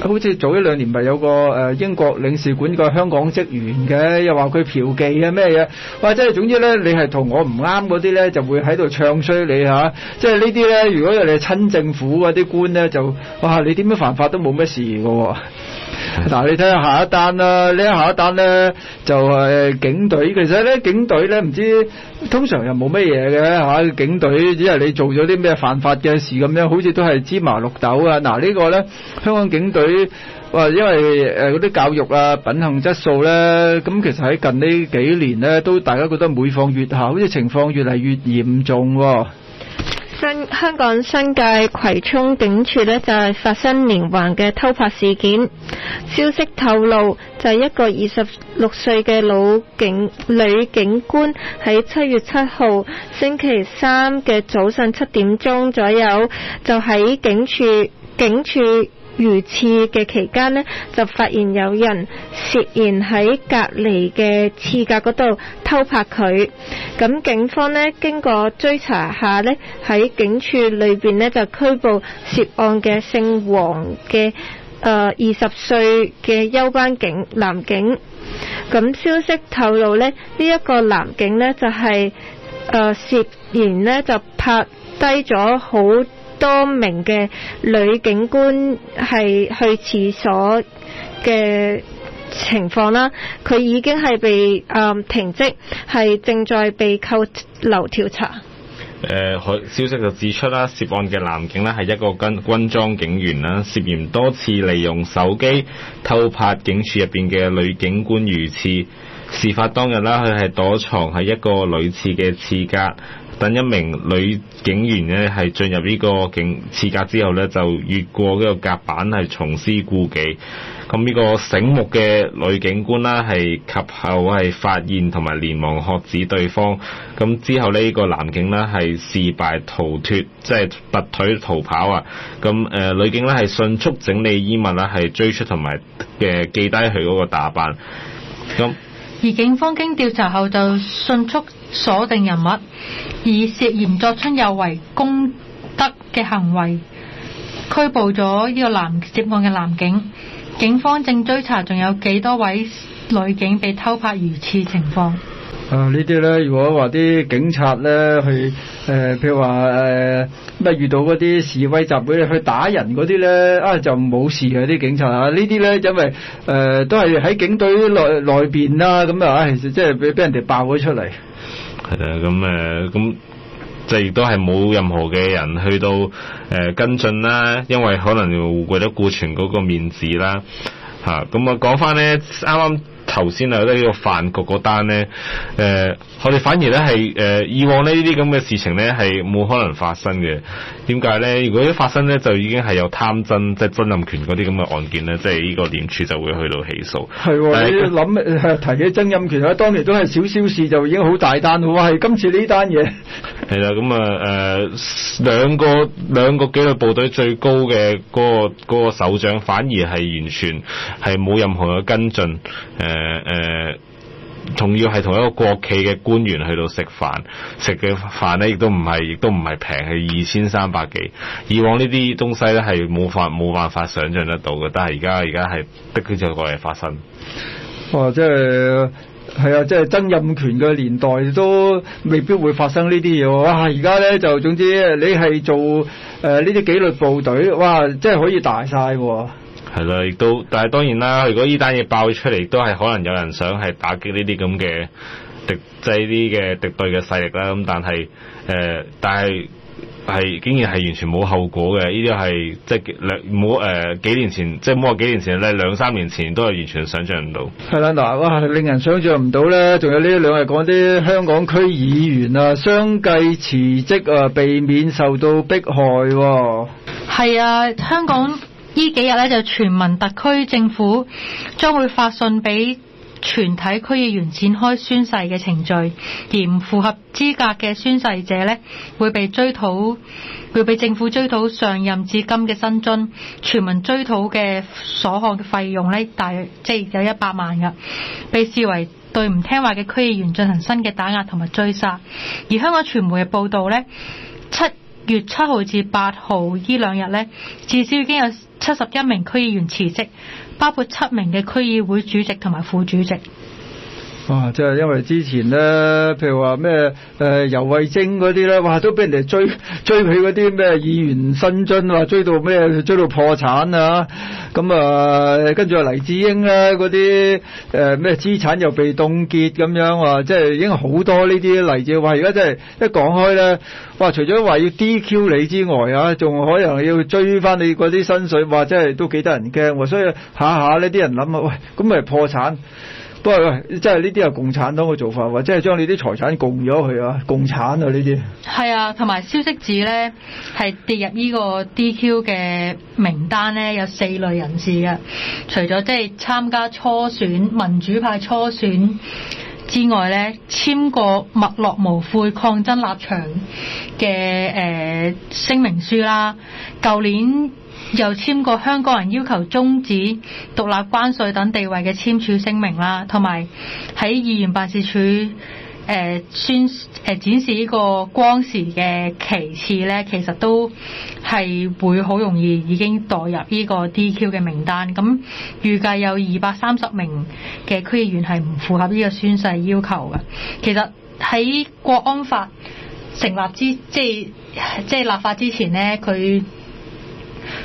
Speaker 1: 好似早一兩年咪有個誒英國領事館個香港職員嘅，又話佢嫖妓啊咩嘢，或者係總之咧，你係同我唔啱嗰啲咧，就會喺度唱衰你嚇、啊。即係呢啲咧，如果有你親政府嗰啲官咧，就哇，你點樣犯法都冇咩事噶喎。嗱，你睇下下一單啦，呢下一單咧就係警隊。其實咧，警隊咧唔知通常又冇乜嘢嘅嚇。警隊只係你做咗啲咩犯法嘅事咁樣，好似都係芝麻綠豆啊。嗱、這個，呢個咧香港警隊話，因為嗰啲教育啊、品行質素咧，咁其實喺近呢幾年咧都大家覺得每況愈下，好似情況越嚟越嚴重、哦。
Speaker 3: 香港新界葵涌警署呢，就係發生連環嘅偷拍事件，消息透露就係、是、一個二十六歲嘅老警女警官喺七月七號星期三嘅早上七點鐘左右就喺警署警署。警署如廁嘅期間呢，就發現有人涉嫌喺隔離嘅廁格嗰度偷拍佢。咁警方呢，經過追查下呢，喺警署裏邊呢，就拘捕涉案嘅姓黃嘅誒二十歲嘅休班警男警。咁消息透露呢，呢、這、一個男警呢，就係、是、誒、呃、涉嫌呢，就拍低咗好多名嘅女警官係去廁所嘅情況啦，佢已經係被誒、嗯、停職，係正在被扣留調查。
Speaker 5: 誒、呃，佢消息就指出啦，涉案嘅男警呢係一個軍軍裝警員啦，涉嫌多次利用手機偷拍警署入邊嘅女警官如廁。事發當日啦，佢係躲藏喺一個女廁嘅廁格。等一名女警員係進入呢個警廁格之後呢就越過呢個隔板係重施故技。咁呢個醒目嘅女警官啦，係及後係發現同埋連忙喝止對方。咁之後呢、呢個男警啦，係事敗逃脫，即係拔腿逃跑啊！咁、呃、女警呢，係迅速整理衣物啦，係追出同埋嘅記低佢嗰個打扮。咁
Speaker 4: 而警方經調查後就迅速，鎖定人物，以涉嫌作出有違公德嘅行為拘捕咗呢個男涉案嘅男警。警方正追查仲有幾多位女警被偷拍如廁情況。
Speaker 1: 啊！呢啲咧，如果話啲警察咧去誒，譬、呃、如話誒，咁、呃、遇到嗰啲示威集會去打人嗰啲咧，啊就冇事啊啲警察啊！這些呢啲咧，因為誒、呃、都係喺警隊內內邊啦，咁啊，啊其實，即係俾俾人哋爆咗出嚟。
Speaker 5: 係啊，咁誒、嗯，咁即係亦都係冇任何嘅人去到誒、嗯、跟進啦，因為可能要為咗顧全嗰個面子啦，吓、嗯，咁啊講翻咧啱啱。頭先啊，呢、這個飯局嗰單呢，我、呃、哋反而呢係誒，以往呢啲咁嘅事情呢係冇可能發生嘅。點解呢？如果一發生呢，就已經係有貪真即係、就是、曾蔭權嗰啲咁嘅案件呢，即係呢個廉署就會去到起訴。
Speaker 1: 係喎、哦，是你諗，提起曾蔭權，當年都係少少事，就已經好大單。話係今次呢單
Speaker 5: 嘢係啦，咁啊，兩個兩個紀律部隊最高嘅嗰、那個嗰、那個首長，反而係完全係冇任何嘅跟進。誒誒，仲要係同一個國企嘅官員去到食飯，食嘅飯咧亦都唔係，亦都唔係平，係二千三百幾。以往呢啲東西咧係冇法冇辦法想象得到嘅，但係而家而家係逼佢就過嚟發生。
Speaker 1: 哇！即係係啊！即係曾蔭權嘅年代都未必會發生呢啲嘢。哇！而家咧就總之你係做誒呢啲紀律部隊，哇！真係可以大晒喎。
Speaker 5: 係啦，亦都，但係當然啦。如果呢單嘢爆出嚟，都係可能有人想係打擊呢啲咁嘅敵制啲嘅敵對嘅勢力啦。咁但係誒，但係係、呃、竟然係完全冇後果嘅。呢啲係即係兩冇誒幾年前，即係冇話幾年前咧，兩三年前都係完全想象唔到
Speaker 1: 是。係啦，嗱，哇！令人想象唔到咧，仲有呢兩日講啲香港區議員啊，相繼辭職啊，避免受到迫害喎。係啊
Speaker 4: 是，香港、嗯。呢幾日咧就全民特區政府將會發信俾全體區議員展開宣誓嘅程序，而唔符合資格嘅宣誓者呢，會被追討，會被政府追討上任至今嘅薪津。全民追討嘅所耗嘅費用呢，大約即係有一百萬噶，被視為對唔聽話嘅區議員進行新嘅打壓同埋追殺。而香港傳媒嘅報道呢，七月七號至八號呢兩日呢，至少已經有，七十一名區議員辭職，包括七名嘅區議會主席同埋副主席。
Speaker 1: 哇！即、就、係、是、因為之前咧，譬如話咩誒游蕙禎嗰啲咧，哇都俾人哋追追佢嗰啲咩議員薪津，話、啊、追到咩追到破產啊！咁啊，跟住黎智英咧嗰啲誒咩資產又被凍結咁樣，啊，即、就、係、是、已經好多呢啲例子。話而家真係一講開咧，哇！除咗話要 DQ 你之外啊，仲可能要追翻你嗰啲薪水，哇！真係都幾得人驚喎、啊。所以下下呢啲人諗啊，喂，咁咪破產？喂喂，即係呢啲係共產黨嘅做法，或者係將你啲財產共咗去啊，共產啊呢啲。
Speaker 4: 係啊，同埋消息指呢，係跌入呢個 DQ 嘅名單呢，有四類人士嘅，除咗即係參加初選民主派初選之外呢，簽過墨落無悔抗爭立場嘅誒、呃、聲明書啦，舊年。又簽過香港人要求終止獨立關稅等地位嘅簽署聲明啦，同埋喺議員辦事處誒、呃、宣誒、呃、展示呢個光時嘅旗幟呢，其實都係會好容易已經墮入呢個 DQ 嘅名單。咁預計有二百三十名嘅區議員係唔符合呢個宣誓要求嘅。其實喺國安法成立之即係即係立法之前呢，佢。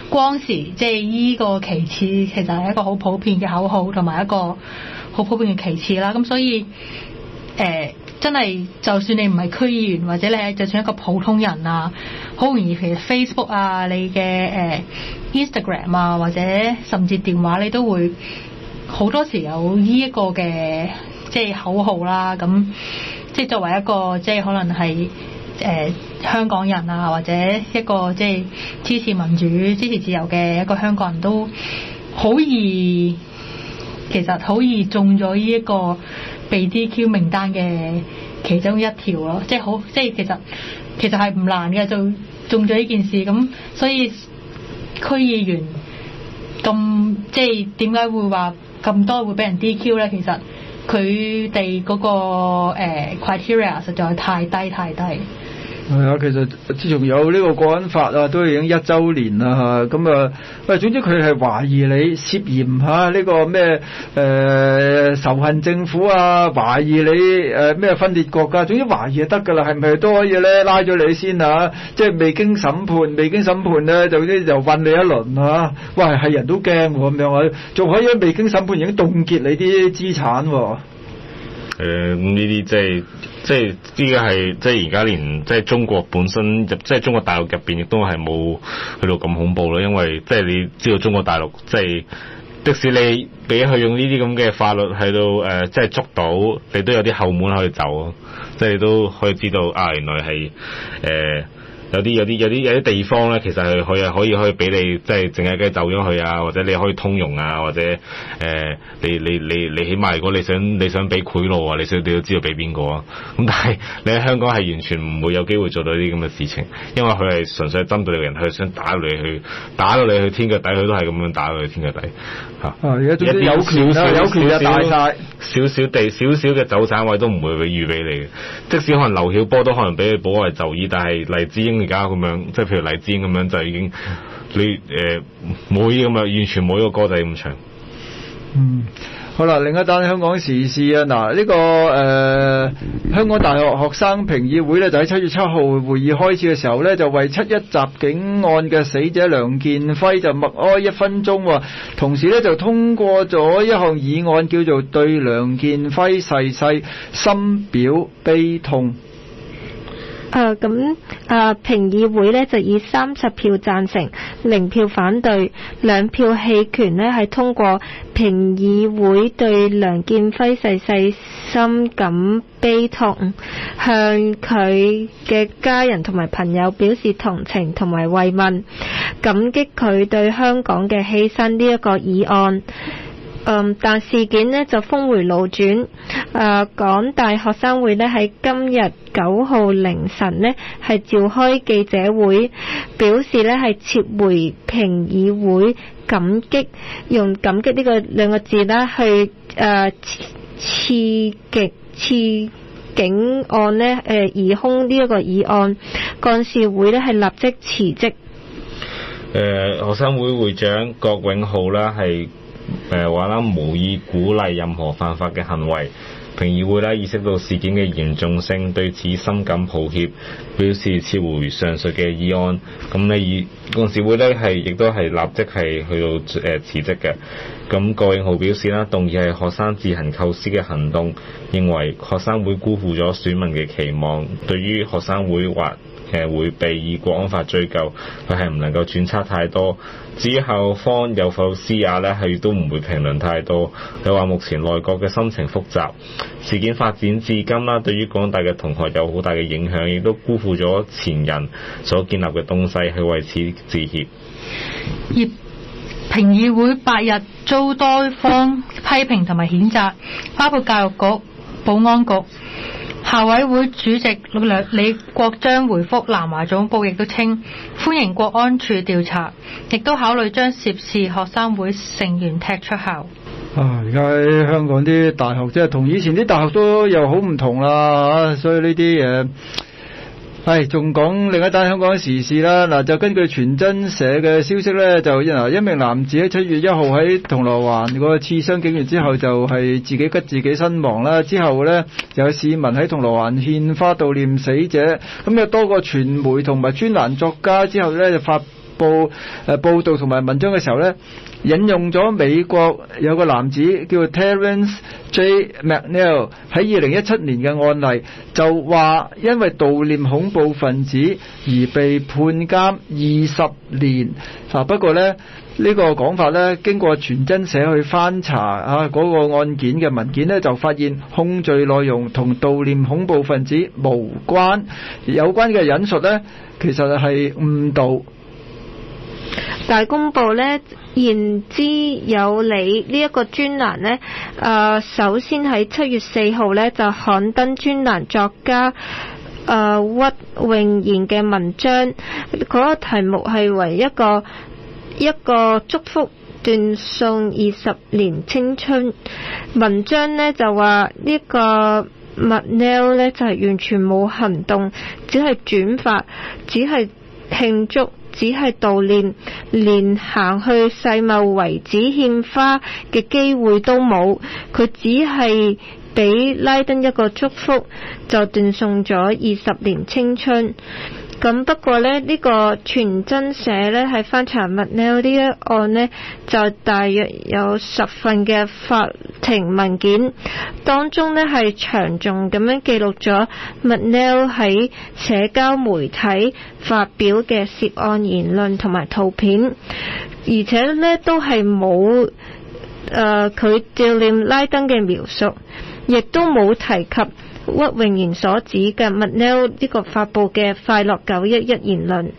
Speaker 4: 光時即是即係依個旗幟，其實係一個好普遍嘅口號，同埋一個好普遍嘅旗幟啦。咁所以，誒、呃、真係就算你唔係區議員，或者你就算一個普通人啊，好容易譬如 Facebook 啊、你嘅誒、呃、Instagram 啊，或者甚至電話，你都會好多時候有依一個嘅即係口號啦。咁即係作為一個，即係可能係。誒、呃、香港人啊，或者一個即係支持民主、支持自由嘅一個香港人都好易，其實好易中咗呢一個被 DQ 名單嘅其中一條咯，即係好，即係其實其實係唔難嘅，就中咗呢件事咁，所以區議員咁即係點解會話咁多會俾人 DQ 咧？其實佢哋、嗰個誒、呃、criteria 實在太低太低。
Speaker 1: 係啊，其實自從有呢個《國安法》啊，都已經一週年啦嚇，咁啊，喂，總之佢係懷疑你，涉嫌嚇呢個咩誒、呃、仇恨政府啊，懷疑你誒咩分裂國家，總之懷疑就得㗎啦，係咪都可以咧拉咗你先啊？即係未經審判，未經審判咧就啲就搵你一輪啊？喂，係人都驚喎咁樣，仲可以未經審判已經凍結你啲資產喎，
Speaker 5: 啊？呢啲即係。即係呢個係即係而家連即係中國本身入即係中國大陸入邊亦都係冇去到咁恐怖咯，因為即係你知道中國大陸即係，即使你俾佢用呢啲咁嘅法律喺度、呃、即係捉到你都有啲後門可以走，即係你都可以知道啊，原來係有啲有啲有啲有啲地方咧，其實佢佢係可以可以俾你，即係淨係跟走咗去啊，或者你可以通融啊，或者誒、呃、你你你你，起碼如果你想你想俾賄賂啊，你想你都知道俾邊個啊？咁但係你喺香港係完全唔會有機會做到呢啲咁嘅事情，因為佢係純粹針對你個人，佢想打你去打到你去，去天腳底，佢都係咁樣打到你天腳底吓。有少少少少地少少嘅走散位都唔會預備你嘅，即使可能劉曉波都可能俾佢保外就醫，但係黎智英。而家咁樣，即係譬如黎姿咁樣，就已經你誒冇呢咁啊，完全冇呢個歌仔咁唱。嗯，好啦，另一
Speaker 1: 單香港時事啊，嗱，呢、這個誒、呃、香港大學學生評議會呢，就喺七月七號會議開始嘅時候呢，就為七一襲警案嘅死者梁健輝就默哀一分鐘啊，同時呢，就通過咗一項議案，叫做對梁健輝逝世深表悲痛。
Speaker 3: 誒咁，誒、嗯、評議會咧就以三十票贊成，零票反對，兩票棄權咧，係通過評議會對梁健輝逝世深感悲痛，向佢嘅家人同埋朋友表示同情同埋慰問，感激佢對香港嘅犧牲呢一個議案。嗯，但事件呢就峰回路轉。誒、呃，港大學生會呢喺今日九號凌晨呢係召開記者會，表示呢係撤回評議會感激用感激呢個兩個字啦，去誒、呃、刺激刺警案呢，誒、呃、疑兇呢一個議案，幹事會呢係立即辭職。
Speaker 5: 誒、呃，學生會會長郭永浩啦係。誒話啦，無意鼓勵任何犯法嘅行為，評議會咧意識到事件嘅嚴重性，對此深感抱歉，表示撤回上述嘅議案。咁、嗯、咧，以幹事會呢，係亦都係立即係去到誒、呃、辭職嘅。咁、嗯、郭永豪表示啦，動議係學生自行構思嘅行動，認為學生會辜負咗選民嘅期望。對於學生會或誒會被以國安法追究，佢係唔能夠揣測太多。至於後方有否施壓呢，係都唔會評論太多。佢話目前內閣嘅心情複雜，事件發展至今啦，對於港大嘅同學有好大嘅影響，亦都辜負咗前人所建立嘅東西，係為此致歉。
Speaker 4: 評議會八日遭多方批評同埋譴責，包括教育局、保安局。校委會主席李李國章回覆南華總部，亦都稱歡迎國安處調查，亦都考慮將涉事學生會成員踢出校。
Speaker 1: 啊！而家香港啲大學即係同以前啲大學都又好唔同啦，所以呢啲誒。呃係，仲講、哎、另一單香港時事啦。嗱，就根據傳真社嘅消息呢，就一嗱一名男子喺七月一號喺銅鑼灣個刺傷警員之後，就係自己吉自己身亡啦。之後呢，有市民喺銅鑼灣獻花悼念死者。咁有多個傳媒同埋專欄作家之後呢，就發布、呃、報導同埋文章嘅時候呢，引用咗美國有個男子叫 Terence J McNeil 喺二零一七年嘅案例，就話因為悼念恐怖分子而被判監二十年，啊。不過呢，這個、呢個講法經過傳真社去翻查啊嗰、那個案件嘅文件呢，就發現控罪內容同悼念恐怖分子無關，有關嘅引述呢，其實係誤導。大
Speaker 3: 公報呢。言之有理呢一、這個專欄呢，誒首先喺七月四號呢，就刊登專欄作家、呃、屈穎妍嘅文章，嗰、嗰個題目係為一個一個祝福斷送二十年青春。文章呢，就話呢個麥 Neil 咧就係完全冇行動，只係轉發，只係慶祝。只係悼念，連行去世貿遺址獻花嘅機會都冇。佢只係俾拉登一個祝福，就斷送咗二十年青春。咁不過呢，呢、這個傳真社咧係翻查麥嬌呢一案呢，就大約有十份嘅法庭文件，當中呢，係詳盡咁樣記錄咗麥嬌喺社交媒體發表嘅涉案言論同埋圖片，而且呢，都係冇誒佢悼念拉登嘅描述，亦都冇提及。屈榮源所指嘅 m 麥 Neil 呢個發布嘅快樂九一一言論。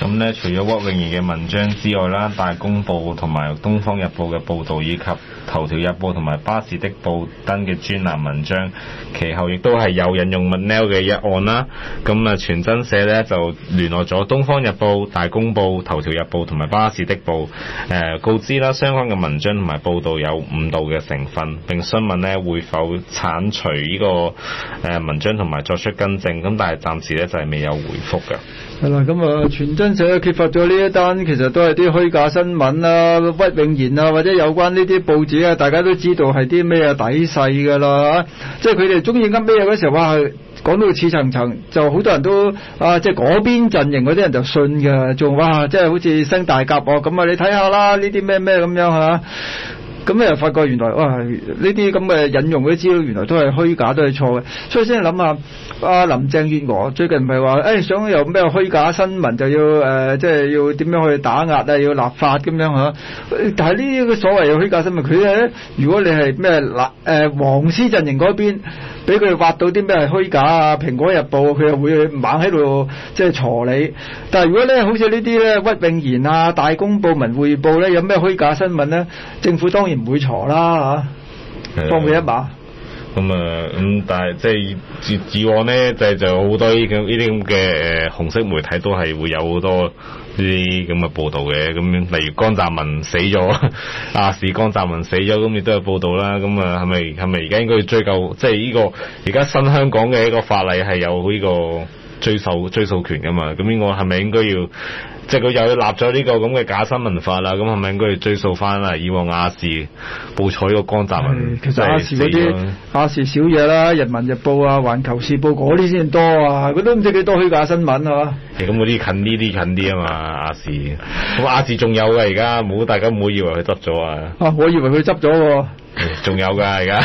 Speaker 5: 咁咧，除咗屈穎妍嘅文章之外啦，《大公報》同埋《東方日報》嘅報導，以及《頭條日報》同埋《巴士的報》登嘅專欄文章，其後亦都係有引用麥 n e l 嘅一案啦。咁啊，傳真社咧就聯絡咗《東方日報》、《大公報》、《頭條日報》同埋《巴士的報》，誒告知啦相關嘅文章同埋報導有誤導嘅成分，並詢問呢會否剷除呢個誒文章同埋作出更正。咁但係暫時咧就係未有回覆㗎。
Speaker 1: 係啦，咁啊，傳真社揭發咗呢一單，其實都係啲虛假新聞啊、屈永賢啊，或者有關呢啲報紙啊，大家都知道係啲咩底細噶啦，即係佢哋中意噏咩嘢嗰時候，哇，講到似層層，就好多人都啊，即係嗰邊陣營嗰啲人就信㗎。仲哇，即係好似升大甲喎，咁啊，你睇下啦，呢啲咩咩咁樣嚇。啊咁你又發覺，原來哇呢啲咁嘅引用嗰啲資料，原來都係虛假，都係錯嘅，所以先諗下阿林鄭月娥最近，唔係話誒想有咩虛假新聞就要即係、呃即係、要點樣去打壓啊，要立法咁樣、吓、但係呢啲所謂嘅虛假新聞，佢咧如果你係咩藍誒黃絲陣營嗰邊。俾佢哋挖到啲咩係虛假啊！《蘋果日報》佢又會猛喺度即係嘈你。但係如果咧，好似呢啲咧屈永賢啊、大公報文匯報咧，有咩虛假新聞咧？政府當然唔會嘈啦嚇，放佢一馬。
Speaker 5: 咁啊、嗯，咁、嗯嗯、但係即係以，以往咧就就好多呢啲咁嘅誒紅色媒體都係會有好多。啲咁嘅報道嘅，咁例如江澤民死咗啊，是，江澤民死咗，咁亦都有報道啦，咁啊係咪係咪而家應該要追究，即係依個而家新香港嘅一個法例，係有呢個追訴追訴權噶嘛，咁呢個係咪應該要？即係佢又要立咗呢個咁嘅假新聞法啦，咁係咪應該要追溯翻啦。以往亞視報彩個江澤民，其實亞視嗰啲
Speaker 1: 亞視少嘢啦，《人民日報》啊，《環球時報》嗰啲先多啊，佢都唔知幾多虛假新聞啊。
Speaker 5: 咁，嗰啲近呢啲近啲啊嘛，亞視。咁亞視仲有㗎，而家冇大家唔好以為佢執咗啊。
Speaker 1: 啊，我以為佢執咗
Speaker 5: 喎。仲有㗎，而家。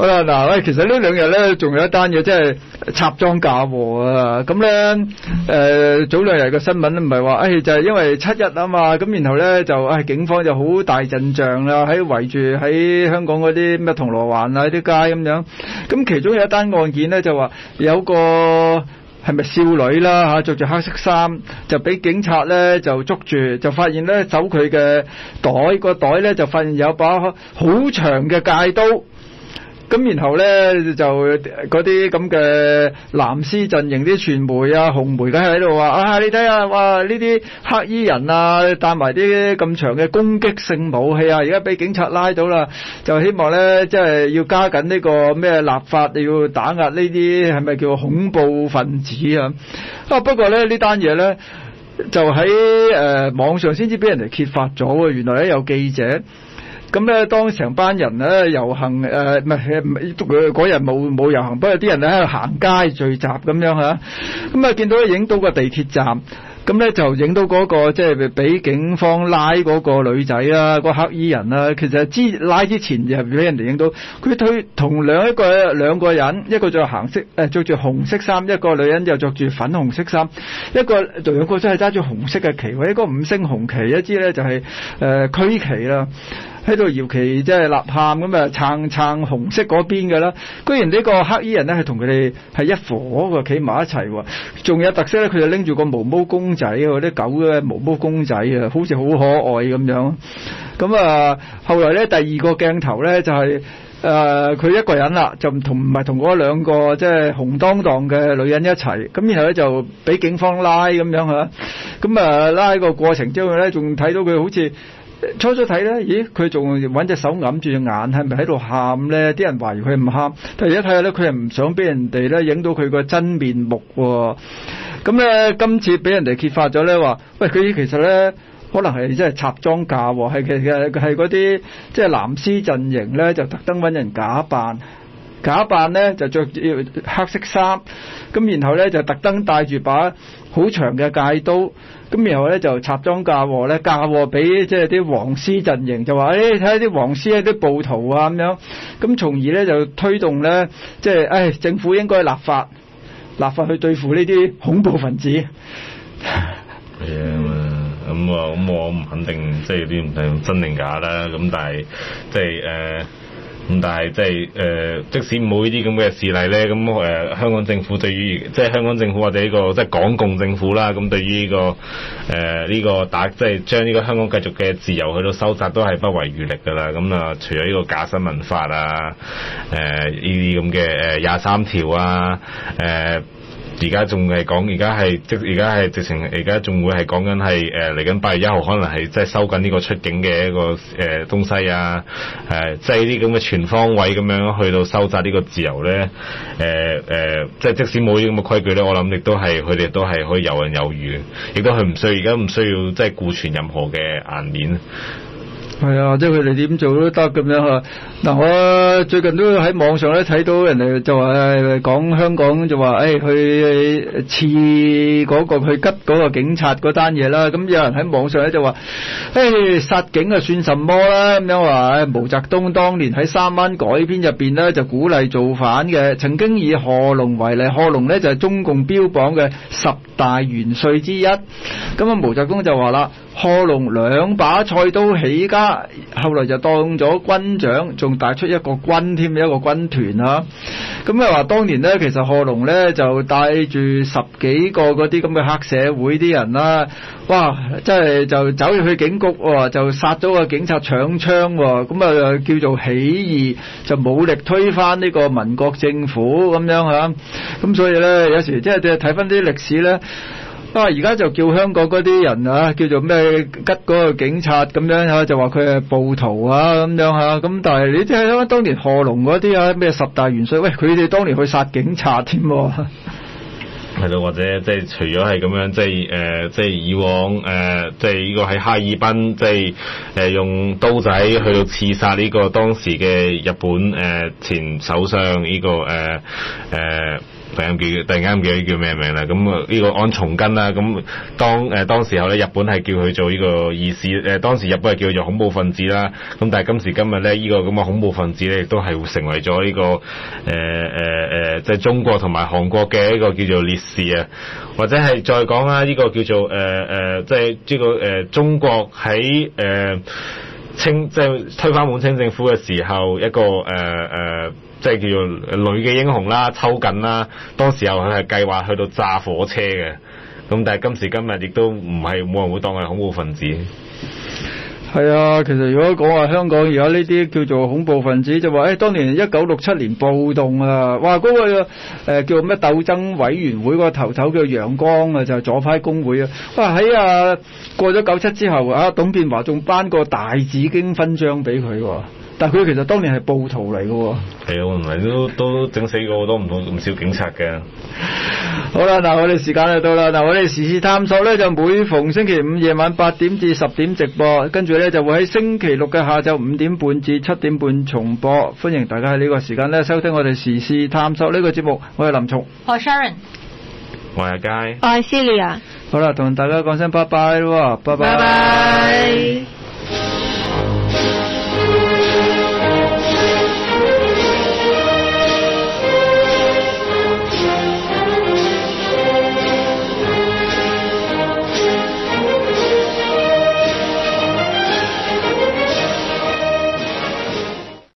Speaker 5: 好啦，
Speaker 1: 嗱喂，其實呢兩日咧，仲有一單嘢，即係插贓嫁禍啊！咁咧，誒、呃、早兩日嘅新聞都唔係話，誒、哎、就係、是、因為七一啊嘛，咁然後咧就誒、哎、警方就好大陣仗啦，喺圍住喺香港嗰啲咩銅鑼灣啊啲街咁樣。咁其中有一單案件咧，就話有個係咪少女啦嚇，啊、著住黑色衫，就俾警察咧就捉住，就發現咧搜佢嘅袋，個袋咧就發現有把好長嘅戒刀。咁然後咧就嗰啲咁嘅藍絲陣營啲傳媒啊、紅媒梗係喺度話啊，你睇下、啊、哇！呢啲黑衣人啊，帶埋啲咁長嘅攻擊性武器啊，而家俾警察拉到啦，就希望咧即係要加緊呢個咩立法，要打壓呢啲係咪叫恐怖分子啊？啊不過咧呢單嘢咧就喺、呃、網上先至俾人哋揭發咗，原來咧有記者。咁咧，當成班人咧遊行，誒唔係嗰日冇冇遊行，不過啲人咧喺度行街聚集咁樣嚇。咁啊，見到影到個地鐵站，咁咧就影到嗰、個即係俾警方拉嗰個女仔啊，個黑衣人啊。其實之拉之前就俾人哋影到，佢推同兩一個兩個人，一個著行色誒，著住紅色衫，一個女人又着住粉紅色衫，一個仲有個真係揸住紅色嘅旗位，一個五星紅旗，一支咧就係誒區旗啦。喺度搖旗，即係吶喊咁啊，撐撐，撐紅色嗰邊嘅啦。居然呢個黑衣人咧，係同佢哋係一伙嘅，企埋一齊喎。仲有特色咧，佢就拎住個毛毛公仔喎，啲狗嘅毛毛公仔啊，好似好可愛咁樣。咁啊，後來咧第二個鏡頭咧就係誒佢一個人啦，就唔同唔係同嗰兩個即係紅當當嘅女人一齊。咁然後咧就俾警方拉咁樣嚇。咁啊拉喺個過程之後咧，仲睇到佢好似。初初睇咧，咦？佢仲揾隻手揞住隻眼，係咪喺度喊咧？啲人懷疑佢唔喊，但而家睇下咧，佢係唔想俾人哋咧影到佢個真面目喎、哦。咁咧，今次俾人哋揭發咗咧，話喂佢其實咧可能係真係插裝架、哦，係其嘅係嗰啲即係藍絲陣營咧，就特登揾人假扮，假扮咧就着黑色衫，咁然後咧就特登帶住把好長嘅戒刀。咁然後咧就插贓嫁禍咧，嫁禍俾即係啲黃絲陣營就話：誒睇下啲黃絲一啲暴徒啊咁樣，咁從而咧就推動咧，即、哎、係政府應該立法，立法去對付呢啲恐怖分子。
Speaker 5: 啊咁啊，咁、嗯嗯、我唔肯定，即係有啲唔定真定假啦。咁但係即係咁但係即係誒、呃，即使冇呢啲咁嘅事例咧，咁、呃、香港政府對於即係香港政府或者呢、呢個即係港共政府啦，咁對於呢、呢個呢、呃呢個打即係將呢個香港繼續嘅自由去到收窄都係不遺餘力㗎啦。咁啊，除咗呢個假新聞法啊，誒呢啲咁嘅誒廿三條啊，呃而家仲係講，而家係直，而家係直情，而家仲會係講緊係誒嚟緊八月一號，可能係即係收緊呢個出境嘅一個誒、呃、東西啊！誒、呃，即係呢啲咁嘅全方位咁樣去到收窄呢個自由咧。誒、呃、誒，即係即，即使冇呢啲咁嘅規矩咧，我諗亦都係佢哋都係可以游刃有餘，亦都係唔需要，而家唔需要即係顧存任何嘅顏面。
Speaker 1: 係啊，即係佢哋點做都得咁樣啊！嗱，我、嗯、最近都喺網上咧睇到人哋就話誒講香港就話誒、哎、去刺嗰、嗰個去吉個警察單嘢啦。咁有人喺網上咧就話誒殺警啊算什麼啦？咁樣話誒毛澤東當年喺三灣改編入邊咧就鼓勵造反嘅，曾經以賀龍為例，賀龍咧就係中共標榜嘅十大元帥之一。咁啊，毛澤東就話啦，賀龍兩把菜刀起家，後來就當咗軍長做。帶出一個軍添，嘅一個軍團啊。咁又話當年呢，其實賀龍呢就帶住十幾個嗰啲咁嘅黑社會啲人啦。哇，即係就走入去警局，就殺咗個警察搶槍，咁啊叫做起義，就武力推翻呢個民國政府咁樣吓。咁所以呢，有時即係睇翻啲歷史呢。啊！而家就叫香港嗰啲人啊，叫做咩？吉嗰個警察咁樣嚇，啊，就話佢係暴徒啊咁樣嚇，啊。咁但係你即係諗當年賀龍嗰啲啊，咩十大元帥？喂，佢哋當年去殺警察添喎。
Speaker 5: 係咯，或者即係除咗係咁樣，即係誒、呃，即係以往誒、呃，即係呢個喺哈爾濱，即係誒、呃、用刀仔去到刺殺呢個當時嘅日本誒、呃、前首相呢、呢個誒誒。呃呃突然間，突然間唔記得叫咩名啦。咁啊，呢個安重根啦。咁當、呃、當時候咧，日本係叫佢做呢個義士、呃。當時日本係叫做恐怖分子啦。咁但係今時今日咧，呢、呢個咁嘅恐怖分子咧，亦都係會成為咗呢、呢個誒誒誒，即、呃呃呃即係、中國同埋韓國嘅一個叫做烈士啊。或者係再講啦，呢、呢個叫做誒誒，即係呢個、呃、中國喺誒。呃清即係、就是，推翻滿清政府嘅時候，一個誒誒即係叫做女嘅英雄啦、啊，秋瑾啦、啊。當時候佢係計劃，去到炸火車嘅，咁但係今時今日亦都唔係冇人會當佢係恐怖分子。
Speaker 1: 係啊，其實如果講話香港而家呢啲叫做恐怖分子，就話、是、誒、哎，當年一九六七年暴動啊，哇，嗰、那個誒、呃、叫咩鬥爭委員會嗰、啊、個頭頭叫楊光啊，就係、左派工會啊，哇，喺啊過咗九七之後啊，董建華仲頒個大紫荊勳章俾佢喎。但佢其實當年係暴徒嚟嘅喎，
Speaker 5: 係啊，唔係都都整死過好多唔同唔少警察嘅。
Speaker 1: 好啦，嗱我哋時間就到啦，嗱我哋時事探索咧就每逢星期五夜晚八點至十點直播，跟住咧就會喺星期六嘅下晝五點半至七點半重播。歡迎大家喺呢個時間咧收聽我哋時事探索呢個節目。我係林聰，我係 Sharon，我係佳，
Speaker 3: 我係 Celia。
Speaker 1: 好啦，同大家講聲拜拜咯，拜拜。Bye bye